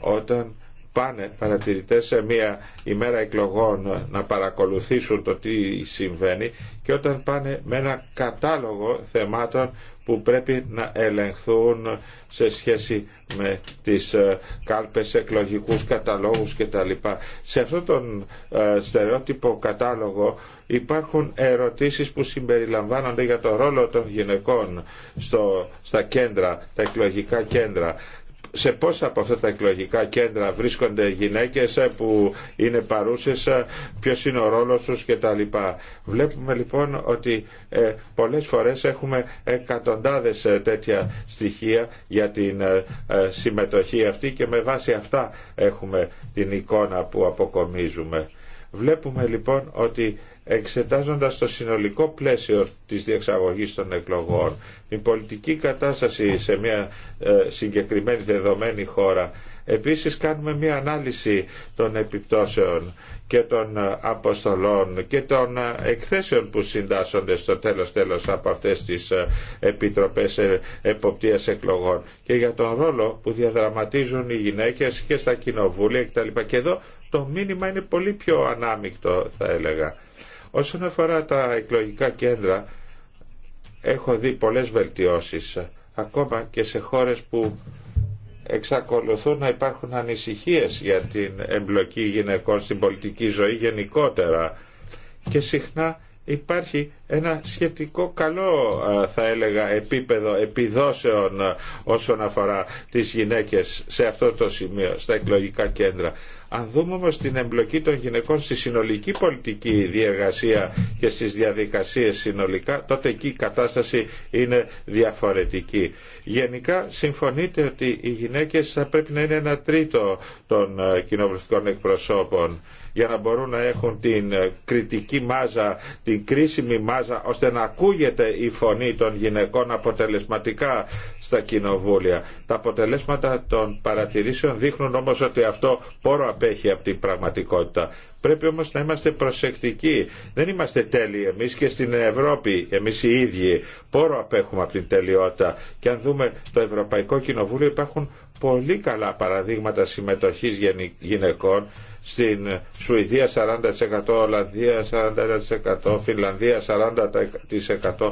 Όταν πάνε παρατηρητές σε μια ημέρα εκλογών να παρακολουθήσουν το τι συμβαίνει και όταν πάνε με ένα κατάλογο θεμάτων που πρέπει να ελεγχθούν σε σχέση με τις ε, κάλπες εκλογικούς καταλόγους κτλ. Σε αυτόν τον ε, στερεότυπο κατάλογο υπάρχουν ερωτήσεις που συμπεριλαμβάνονται για το ρόλο των γυναικών στο, στα κέντρα, τα εκλογικά κέντρα σε πόσα από αυτά τα εκλογικά κέντρα βρίσκονται γυναίκες που είναι παρούσες, ποιος είναι ο ρόλος τους κτλ. Βλέπουμε λοιπόν ότι ε, πολλές φορές έχουμε εκατοντάδες ε, τέτοια στοιχεία για την ε, συμμετοχή αυτή και με βάση αυτά έχουμε την εικόνα που αποκομίζουμε. Βλέπουμε λοιπόν ότι εξετάζοντας το συνολικό πλαίσιο της διεξαγωγής των εκλογών, την πολιτική κατάσταση σε μια ε, συγκεκριμένη δεδομένη χώρα, Επίσης κάνουμε μια ανάλυση των επιπτώσεων και των ε, αποστολών και των ε, εκθέσεων που συντάσσονται στο τέλος τέλος από αυτές τις επιτροπές εποπτείας εκλογών και για τον ρόλο που διαδραματίζουν οι γυναίκες και στα κοινοβούλια κτλ. Και εδώ το μήνυμα είναι πολύ πιο ανάμεικτο θα έλεγα. Όσον αφορά τα εκλογικά κέντρα έχω δει πολλές βελτιώσεις ακόμα και σε χώρες που εξακολουθούν να υπάρχουν ανησυχίες για την εμπλοκή γυναικών στην πολιτική ζωή γενικότερα και συχνά υπάρχει ένα σχετικό καλό θα έλεγα επίπεδο επιδόσεων ε, όσον αφορά τις γυναίκες σε αυτό το σημείο στα εκλογικά κέντρα αν δούμε όμως την εμπλοκή των γυναικών στη συνολική πολιτική διεργασία και στις διαδικασίες συνολικά, τότε εκεί η κατάσταση είναι διαφορετική. Γενικά συμφωνείτε ότι οι γυναίκες θα πρέπει να είναι ένα τρίτο των ε, κοινοβουλευτικών εκπροσώπων για να μπορούν να έχουν την ε, κριτική μάζα, την κρίσιμη μάζα, ώστε να ακούγεται η φωνή των γυναικών αποτελεσματικά στα κοινοβούλια. Τα αποτελέσματα των παρατηρήσεων δείχνουν όμως ότι αυτό πόρο απέχει από την πραγματικότητα. Πρέπει όμως να είμαστε προσεκτικοί. Δεν είμαστε τέλειοι εμείς και στην Ευρώπη εμείς οι ίδιοι. Πόρο απέχουμε από την τελειότητα. Και αν δούμε το Ευρωπαϊκό Κοινοβούλιο υπάρχουν πολύ καλά παραδείγματα συμμετοχής γυναικών στην Σουηδία 40%, Ολλανδία 41%, Φινλανδία 40%.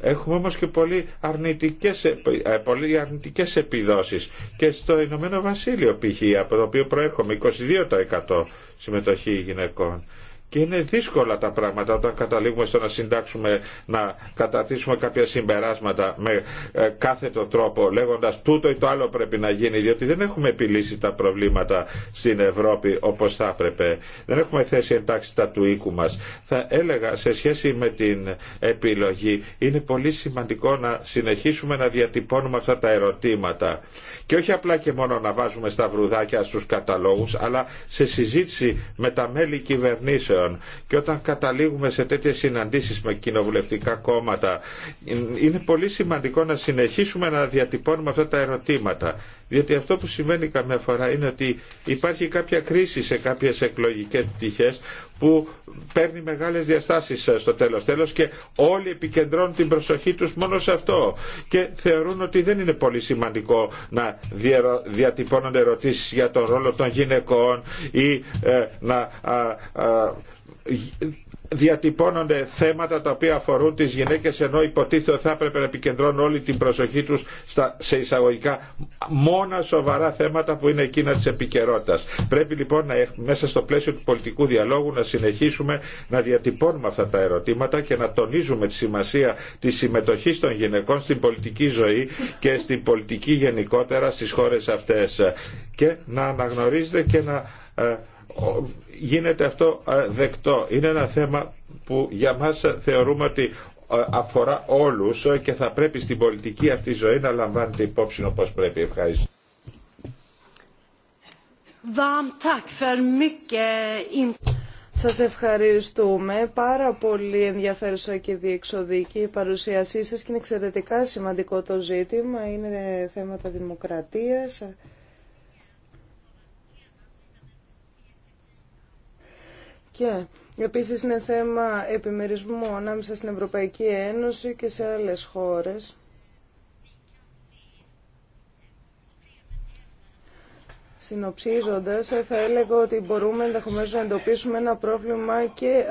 Έχουμε όμως και πολύ αρνητικές, ε, πολύ αρνητικές επιδόσεις και στο Ηνωμένο Βασίλειο π.χ. από το οποίο προέρχομαι 22% συμμετοχή γυναικών. Και είναι δύσκολα τα πράγματα όταν καταλήγουμε στο να συντάξουμε, να καταρτήσουμε κάποια συμπεράσματα με ε, κάθετο τρόπο, λέγοντα τούτο ή το άλλο πρέπει να γίνει, διότι δεν έχουμε επιλύσει τα προβλήματα στην Ευρώπη όπω θα έπρεπε. Δεν έχουμε θέσει εντάξει τα του οίκου μας. Θα έλεγα σε σχέση με την επιλογή, είναι πολύ σημαντικό να συνεχίσουμε να διατυπώνουμε αυτά τα ερωτήματα. Και όχι απλά και μόνο να βάζουμε στα βρουδάκια στου καταλόγου, αλλά σε συζήτηση με τα μέλη κυβερνήσεων και όταν καταλήγουμε σε τέτοιες συναντήσεις με κοινοβουλευτικά κόμματα, είναι πολύ σημαντικό να συνεχίσουμε να διατυπώνουμε αυτά τα ερωτήματα. Διότι αυτό που σημαίνει καμιά φορά είναι ότι υπάρχει κάποια κρίση σε κάποιες εκλογικές πτυχές που παίρνει μεγάλες διαστάσεις στο τέλος τέλος και όλοι επικεντρώνουν την προσοχή τους μόνο σε αυτό και θεωρούν ότι δεν είναι πολύ σημαντικό να διατυπώνονται ερωτήσεις για τον ρόλο των γυναικών ή ε, να διατυπώνονται θέματα τα οποία αφορούν τις γυναίκες ενώ υποτίθεται θα έπρεπε να επικεντρώνουν όλη την προσοχή τους στα, σε εισαγωγικά μόνα σοβαρά θέματα που είναι εκείνα της επικαιρότητα. Πρέπει λοιπόν να, μέσα στο πλαίσιο του πολιτικού διαλόγου να συνεχίσουμε να διατυπώνουμε αυτά τα ερωτήματα και να τονίζουμε τη σημασία της συμμετοχής των γυναικών στην πολιτική ζωή και στην πολιτική γενικότερα στις χώρες αυτές και να αναγνωρίζετε και να ε, γίνεται αυτό ε, δεκτό. Είναι ένα θέμα που για μας θεωρούμε ότι ε, αφορά όλους και θα πρέπει στην πολιτική αυτή ζωή να λαμβάνεται υπόψη όπως πρέπει. Ευχαριστώ. Σας ευχαριστούμε. Πάρα πολύ ενδιαφέρουσα και διεξοδική η παρουσίασή σας και είναι εξαιρετικά σημαντικό το ζήτημα. Είναι θέματα δημοκρατίας, Και επίσης είναι θέμα επιμερισμού ανάμεσα στην Ευρωπαϊκή Ένωση και σε άλλες χώρες. Συνοψίζοντας, θα έλεγα ότι μπορούμε ενδεχομένως να εντοπίσουμε ένα πρόβλημα και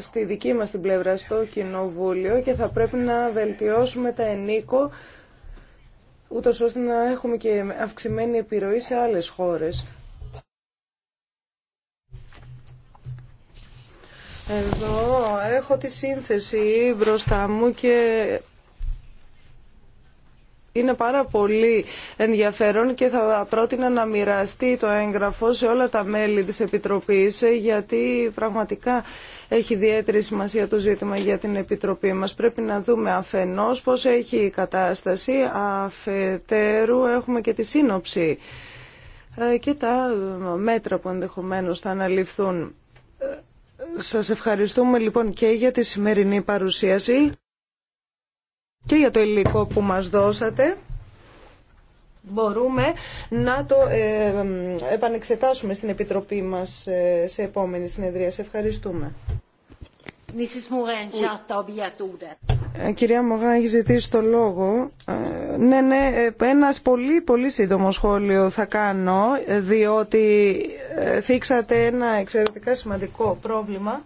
στη δική μας την πλευρά, στο Κοινοβούλιο και θα πρέπει να βελτιώσουμε τα ενίκο ούτως ώστε να έχουμε και αυξημένη επιρροή σε άλλες χώρες. Εδώ έχω τη σύνθεση μπροστά μου και είναι πάρα πολύ ενδιαφέρον και θα πρότεινα να μοιραστεί το έγγραφο σε όλα τα μέλη της Επιτροπής γιατί πραγματικά έχει ιδιαίτερη σημασία το ζήτημα για την Επιτροπή μας. Πρέπει να δούμε αφενός πώς έχει η κατάσταση, αφετέρου έχουμε και τη σύνοψη ε, και τα μέτρα που ενδεχομένως θα αναλυφθούν. Ε, σας ευχαριστούμε λοιπόν και για τη σημερινή παρουσίαση και για το υλικό που μας δώσατε. Μπορούμε να το ε, επανεξετάσουμε στην Επιτροπή μας ε, σε επόμενη συνεδρία. Σε ευχαριστούμε. Ε, κυρία Μογά, έχει ζητήσει το λόγο. Ε, ναι, ναι, ε, ένα πολύ πολύ σύντομο σχόλιο θα κάνω, διότι θίξατε ένα εξαιρετικά σημαντικό πρόβλημα.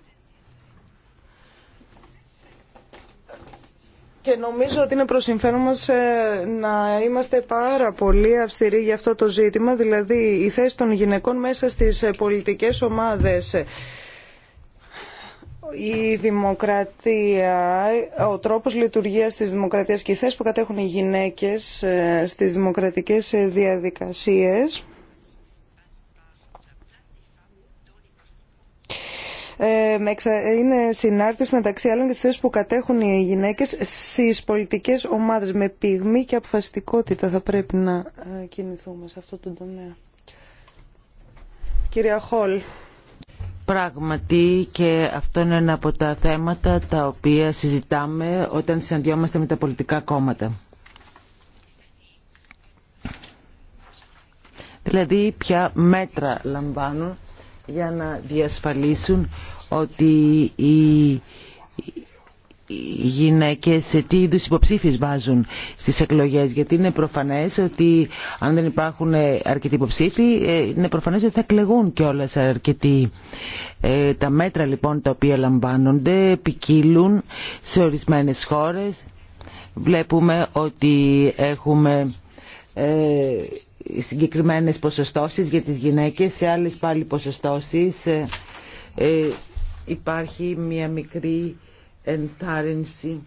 Και νομίζω ότι είναι προ συμφέρον μα να είμαστε πάρα πολύ αυστηροί για αυτό το ζήτημα, δηλαδή η θέση των γυναικών μέσα στις πολιτικές ομάδες η δημοκρατία, ο τρόπος λειτουργίας της δημοκρατίας και οι θέσεις που κατέχουν οι γυναίκες ε, στις δημοκρατικές ε, διαδικασίες ε, είναι συνάρτηση μεταξύ άλλων και θέσεις που κατέχουν οι γυναίκες στις πολιτικές ομάδες. Με πυγμή και αποφασιστικότητα θα πρέπει να κινηθούμε σε αυτό το τομέα. Κυρία Χολ. Πράγματι και αυτό είναι ένα από τα θέματα τα οποία συζητάμε όταν συναντιόμαστε με τα πολιτικά κόμματα. Δηλαδή ποια μέτρα λαμβάνουν για να διασφαλίσουν ότι οι γυναίκες τι είδους υποψήφιες βάζουν στις εκλογές γιατί είναι προφανές ότι αν δεν υπάρχουν ε, αρκετοί υποψήφοι ε, είναι προφανές ότι θα εκλεγούν κιόλα αρκετοί. Ε, τα μέτρα λοιπόν τα οποία λαμβάνονται επικύλουν σε ορισμένες χώρες. Βλέπουμε ότι έχουμε συγκεκριμένες ποσοστώσεις για τις γυναίκες, σε άλλες πάλι ποσοστώσεις υπάρχει μια μικρή ενθάρρυνση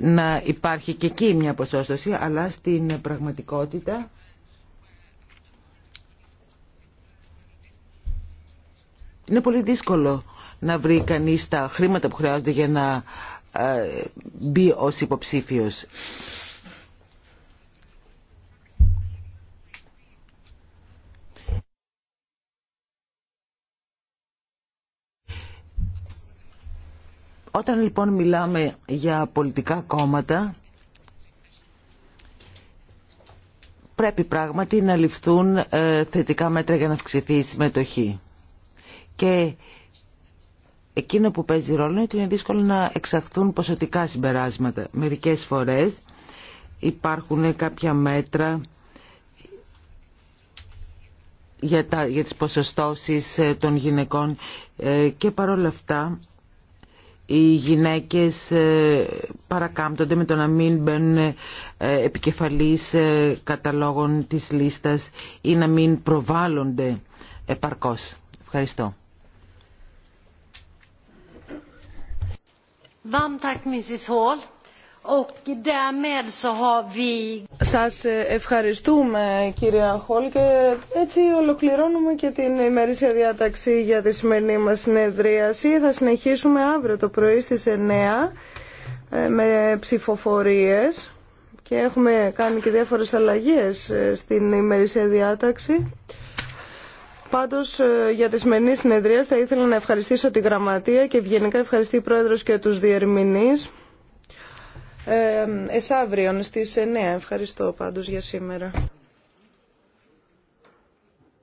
να υπάρχει και εκεί μια ποσόστοση, αλλά στην πραγματικότητα είναι πολύ δύσκολο να βρει κανείς τα χρήματα που χρειάζονται για να ε, μπει ως υποψήφιος. Όταν λοιπόν μιλάμε για πολιτικά κόμματα, πρέπει πράγματι να ληφθούν ε, θετικά μέτρα για να αυξηθεί η συμμετοχή. Και εκείνο που παίζει ρόλο είναι ότι είναι δύσκολο να εξαχθούν ποσοτικά συμπεράσματα. Μερικές φορές υπάρχουν κάποια μέτρα για, τα, για τις ποσοστώσεις ε, των γυναικών ε, και παρόλα αυτά οι γυναίκες ε, παρακάμπτονται με το να μην μπαίνουν ε, επικεφαλής ε, καταλόγων της λίστας ή να μην προβάλλονται επαρκώς. Ευχαριστώ. Σας ε, ευχαριστούμε κυρία Χόλ και έτσι ολοκληρώνουμε και την ημερήσια διάταξη για τη σημερινή μας συνεδρίαση. Θα συνεχίσουμε αύριο το πρωί στις 9 ε, με ψηφοφορίες και έχουμε κάνει και διάφορες αλλαγές ε, στην ημερήσια διάταξη. Πάντως για τη σημερινή συνεδρία θα ήθελα να ευχαριστήσω τη Γραμματεία και ευγενικά ευχαριστεί η και τους διερμηνείς. Ε, εσάβριον στις 9. Ευχαριστώ πάντως για σήμερα.